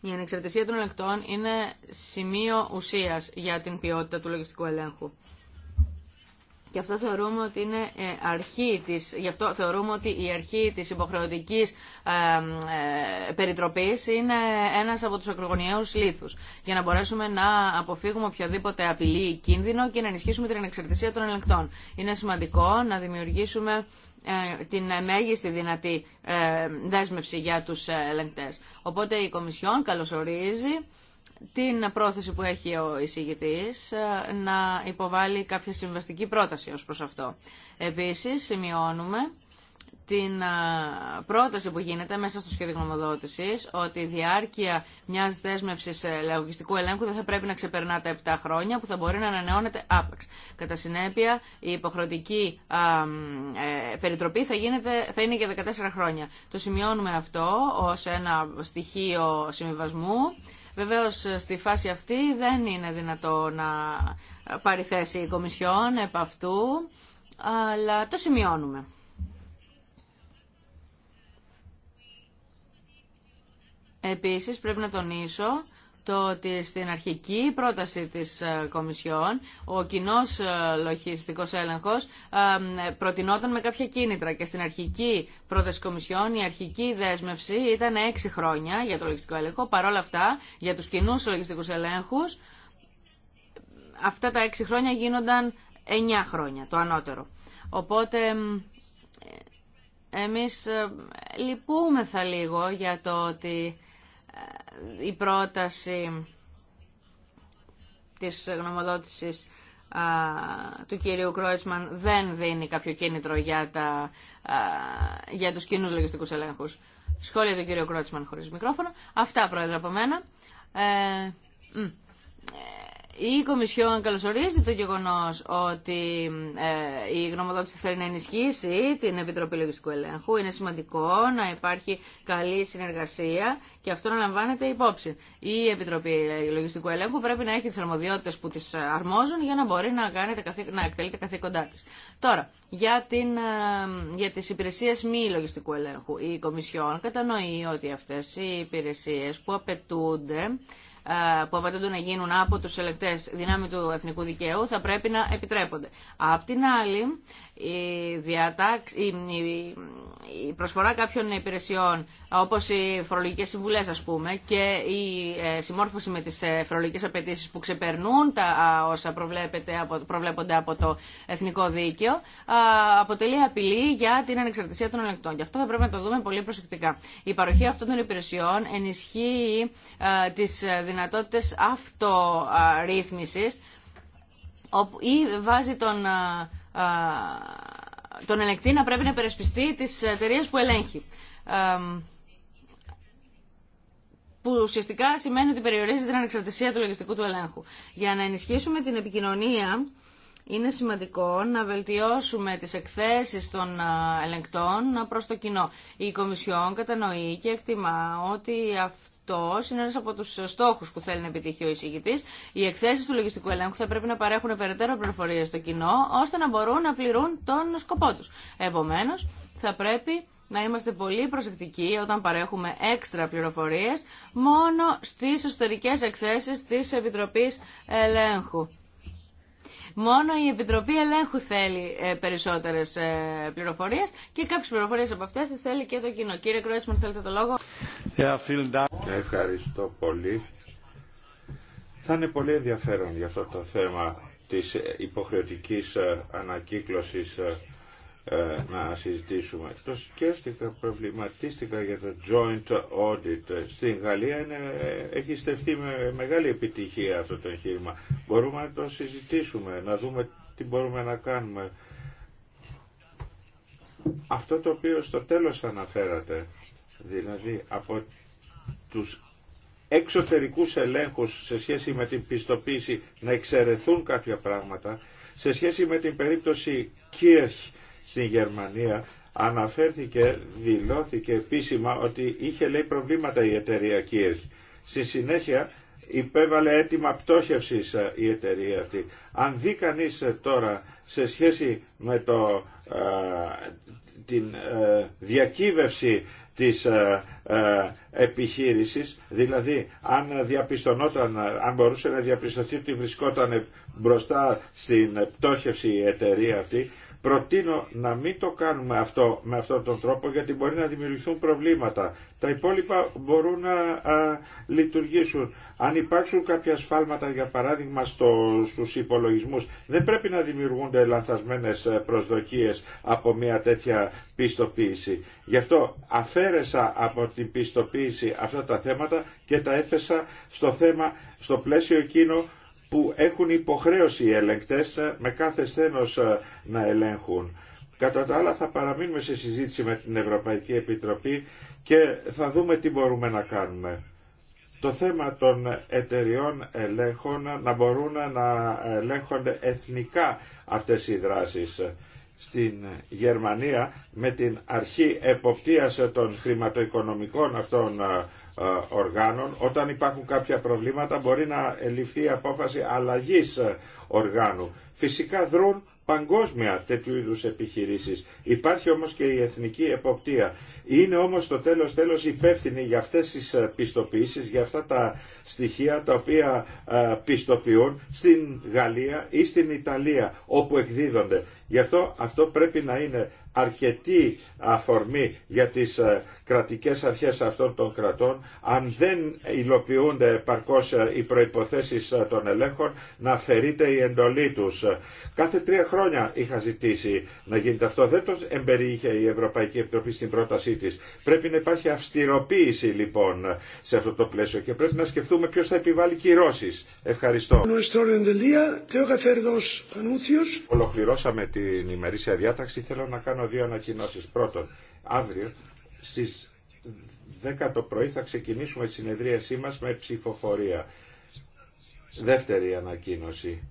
η ανεξαρτησία των ελεκτών είναι σημείο ουσία για την ποιότητα του λογιστικού ελέγχου. Γι' αυτό θεωρούμε ότι είναι ε, αρχή της, γι' αυτό θεωρούμε ότι η αρχή της υποχρεωτικής ε, ε, περιτροπής είναι ένας από τους ακρογωνιαίους λίθους για να μπορέσουμε να αποφύγουμε οποιαδήποτε απειλή ή κίνδυνο και να ενισχύσουμε την ανεξαρτησία των ελεγκτών. Είναι σημαντικό να δημιουργήσουμε ε, την μέγιστη δυνατή δέσμευση για τους ελεγκτές. Οπότε η Κομισιόν καλωσορίζει την πρόθεση που έχει ο εισηγητής ε, να υποβάλει κάποια συμβαστική πρόταση ως προς αυτό. Επίσης, σημειώνουμε την ε, πρόταση που γίνεται μέσα στο σχέδιο γνωμοδότησης ότι η διάρκεια μιας δέσμευσης ε, λογιστικού ελέγχου δεν θα πρέπει να ξεπερνά τα 7 χρόνια που θα μπορεί να ανανεώνεται άπαξ. Κατά συνέπεια η υποχρεωτική περιτροπή θα, γίνεται, θα είναι για 14 χρόνια. Το σημειώνουμε αυτό ως ένα στοιχείο συμβιβασμού Βεβαίως ε, στη φάση αυτή δεν είναι δυνατό να πάρει θέση η Κομισιόν επ' αυτού, αλλά το σημειώνουμε. Επίσης πρέπει να τονίσω το ότι στην αρχική πρόταση της ε, Κομισιόν ο κοινό ε, λογιστικός έλεγχος ε, προτινόταν με κάποια κίνητρα και στην αρχική πρόταση Κομισιόν η αρχική δέσμευση ήταν 6 χρόνια για το λογιστικό έλεγχο. παρόλα αυτά για τους κοινού λογιστικούς ελέγχους αυτά τα 6 χρόνια γίνονταν 9 χρόνια το ανώτερο. Οπότε εμείς λυπούμεθα λίγο για το ότι ε, η πρόταση της γνωμοδότησης του κυρίου Κρόιτσμαν δεν δίνει κάποιο κίνητρο για, τα, για τους κοινούς λογιστικούς ελέγχους. Σχόλια του κύριου Κρότσμαν χωρίς μικρόφωνο. Αυτά, Πρόεδρε, από μένα. Ε, ε, η Κομισιόν καλωσορίζει το γεγονό ότι ε, η γνωμοδότηση θέλει να ενισχύσει την Επιτροπή Λογιστικού Ελέγχου. Είναι σημαντικό να υπάρχει καλή συνεργασία και αυτό να λαμβάνεται υπόψη. Η Επιτροπή Λογιστικού Ελέγχου πρέπει να έχει τι αρμοδιότητε που τι αρμόζουν για να μπορεί να, κάνετε, να εκτελεί τα καθήκοντά τη. Τώρα, για, ε, για τι υπηρεσίε μη λογιστικού ελέγχου. Η Κομισιόν κατανοεί ότι αυτέ οι υπηρεσίε που απαιτούνται ε, που απαιτούνται να γίνουν από τους ελεκτές δυνάμει του εθνικού δικαίου θα πρέπει να επιτρέπονται. Απ' την άλλη, η η, η προσφορά κάποιων υπηρεσιών, όπως οι φορολογικές συμβουλές ας πούμε, και η ε, συμμόρφωση με τις ε, φορολογικές απαιτήσει που ξεπερνούν τα όσα προβλέπονται από το εθνικό δίκαιο, αποτελεί απειλή για την ανεξαρτησία των ελεκτών. Και αυτό θα πρέπει να το δούμε πολύ προσεκτικά. Η παροχή αυτών των υπηρεσιών ενισχύει τις ε, δυνατότητες αυτορύθμισης ή βάζει τον τον ελεγκτή να πρέπει να υπερασπιστεί τις εταιρείε που ελέγχει. Που ουσιαστικά σημαίνει ότι περιορίζει την ανεξαρτησία του λογιστικού του ελέγχου. Για να ενισχύσουμε την επικοινωνία, είναι σημαντικό να βελτιώσουμε τις εκθέσεις των ε, ελεγκτών προς το κοινό. Η Κομισιόν κατανοεί και εκτιμά ότι αυτό αυτό είναι ένα από του στόχου που θέλει να επιτύχει ο εισηγητή. Οι εκθέσει του λογιστικού ελέγχου θα πρέπει να παρέχουν περαιτέρω πληροφορίε στο κοινό, ώστε να μπορούν να πληρούν τον σκοπό του. Επομένω, θα πρέπει να είμαστε πολύ προσεκτικοί όταν παρέχουμε έξτρα πληροφορίες μόνο στις εσωτερικές εκθέσεις της Επιτροπής Ελέγχου. Μόνο η Επιτροπή Ελέγχου θέλει ε, περισσότερε πληροφορίε και κάποιε πληροφορίε από αυτέ τι θέλει και το κοινό. Κύριε Κρότσμαν, θέλετε το λόγο. Ευχαριστώ πολύ. Θα είναι πολύ ενδιαφέρον για αυτό το θέμα της υποχρεωτικής ε, ανακύκλωσης ε, ε, να συζητήσουμε. Το σκέφτηκα, προβληματίστηκα για το joint audit. Στην Γαλλία είναι, έχει στεφθεί με μεγάλη επιτυχία αυτό το εγχείρημα. Μπορούμε να το συζητήσουμε, να δούμε τι μπορούμε να κάνουμε. Αυτό το οποίο στο τέλος αναφέρατε, δηλαδή από τους εξωτερικούς ελέγχους σε σχέση με την πιστοποίηση να εξαιρεθούν κάποια πράγματα, σε σχέση με την περίπτωση Κιέρχ, στην Γερμανία αναφέρθηκε, δηλώθηκε επίσημα ότι είχε λέει προβλήματα η εταιρεία Kiers. Στη συνέχεια υπέβαλε αίτημα πτώχευσης ε, η εταιρεία αυτή. Αν δει κανεί ε, τώρα σε σχέση με το, ε, την ε, διακύβευση της επιχείρησης, δηλαδή αν διαπιστωνόταν, αν μπορούσε να διαπιστωθεί ότι βρισκόταν μπροστά στην πτώχευση η εταιρεία αυτή, Προτείνω να μην το κάνουμε αυτό με αυτόν τον τρόπο γιατί μπορεί να δημιουργηθούν προβλήματα. Τα υπόλοιπα μπορούν να λειτουργήσουν. Αν υπάρξουν κάποια σφάλματα, για παράδειγμα, στο, στους υπολογισμούς, δεν πρέπει να δημιουργούνται λανθασμένες ε, προσδοκίες από μια τέτοια πιστοποίηση. Γι' αυτό αφαίρεσα από την πιστοποίηση αυτά τα θέματα και τα έθεσα στο θέμα, στο πλαίσιο εκείνο που έχουν υποχρέωση οι ελεγκτές με κάθε σθένος ε, να ελέγχουν. Κατά τα άλλα θα παραμείνουμε σε συζήτηση με την Ευρωπαϊκή Επιτροπή και θα δούμε τι μπορούμε να κάνουμε. Το θέμα των εταιριών ελέγχων να μπορούν να ελέγχονται εθνικά αυτές οι δράσεις στην Γερμανία με την αρχή εποπτείας των χρηματοοικονομικών αυτών ε, ε, οργάνων. Όταν υπάρχουν κάποια προβλήματα μπορεί να ληφθεί η απόφαση αλλαγής οργάνου. Φυσικά δρούν παγκόσμια τέτοιου είδου επιχειρήσει. Υπάρχει όμω και η εθνική εποπτεία. Είναι όμω το τέλο τέλο υπεύθυνοι για αυτέ τι ε, πιστοποιήσει, για αυτά τα στοιχεία τα οποία ε, πιστοποιούν στην Γαλλία ή στην Ιταλία όπου εκδίδονται. Γι' αυτό αυτό πρέπει να είναι αρκετή αφορμή για τις ε, κρατικές αρχές αυτών των κρατών, αν δεν υλοποιούνται επαρκώς ε, οι προϋποθέσεις ε, των ελέγχων, να αφαιρείται η εντολή τους. Κάθε τρία χρόνια είχα ζητήσει να γίνεται αυτό. Δεν το εμπεριείχε η Ευρωπαϊκή Επιτροπή στην πρότασή της. Πρέπει να υπάρχει αυστηροποίηση λοιπόν σε αυτό το πλαίσιο και πρέπει να σκεφτούμε ποιος θα επιβάλλει κυρώσεις. Ευχαριστώ. Ολοκληρώσαμε την ημερήσια διάταξη. Θέλω να κάνω δύο ανακοινώσεις. Πρώτον, αύριο στις 10 το πρωί θα ξεκινήσουμε τη συνεδρίασή μας με ψηφοφορία. Δεύτερη ανακοίνωση.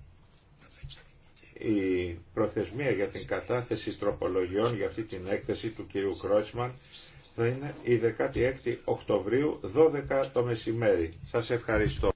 Η προθεσμία για την κατάθεση τροπολογιών για αυτή την έκθεση του κυρίου Κρόσμαν θα είναι η 16 Οκτωβρίου 12 το μεσημέρι. Σας ευχαριστώ.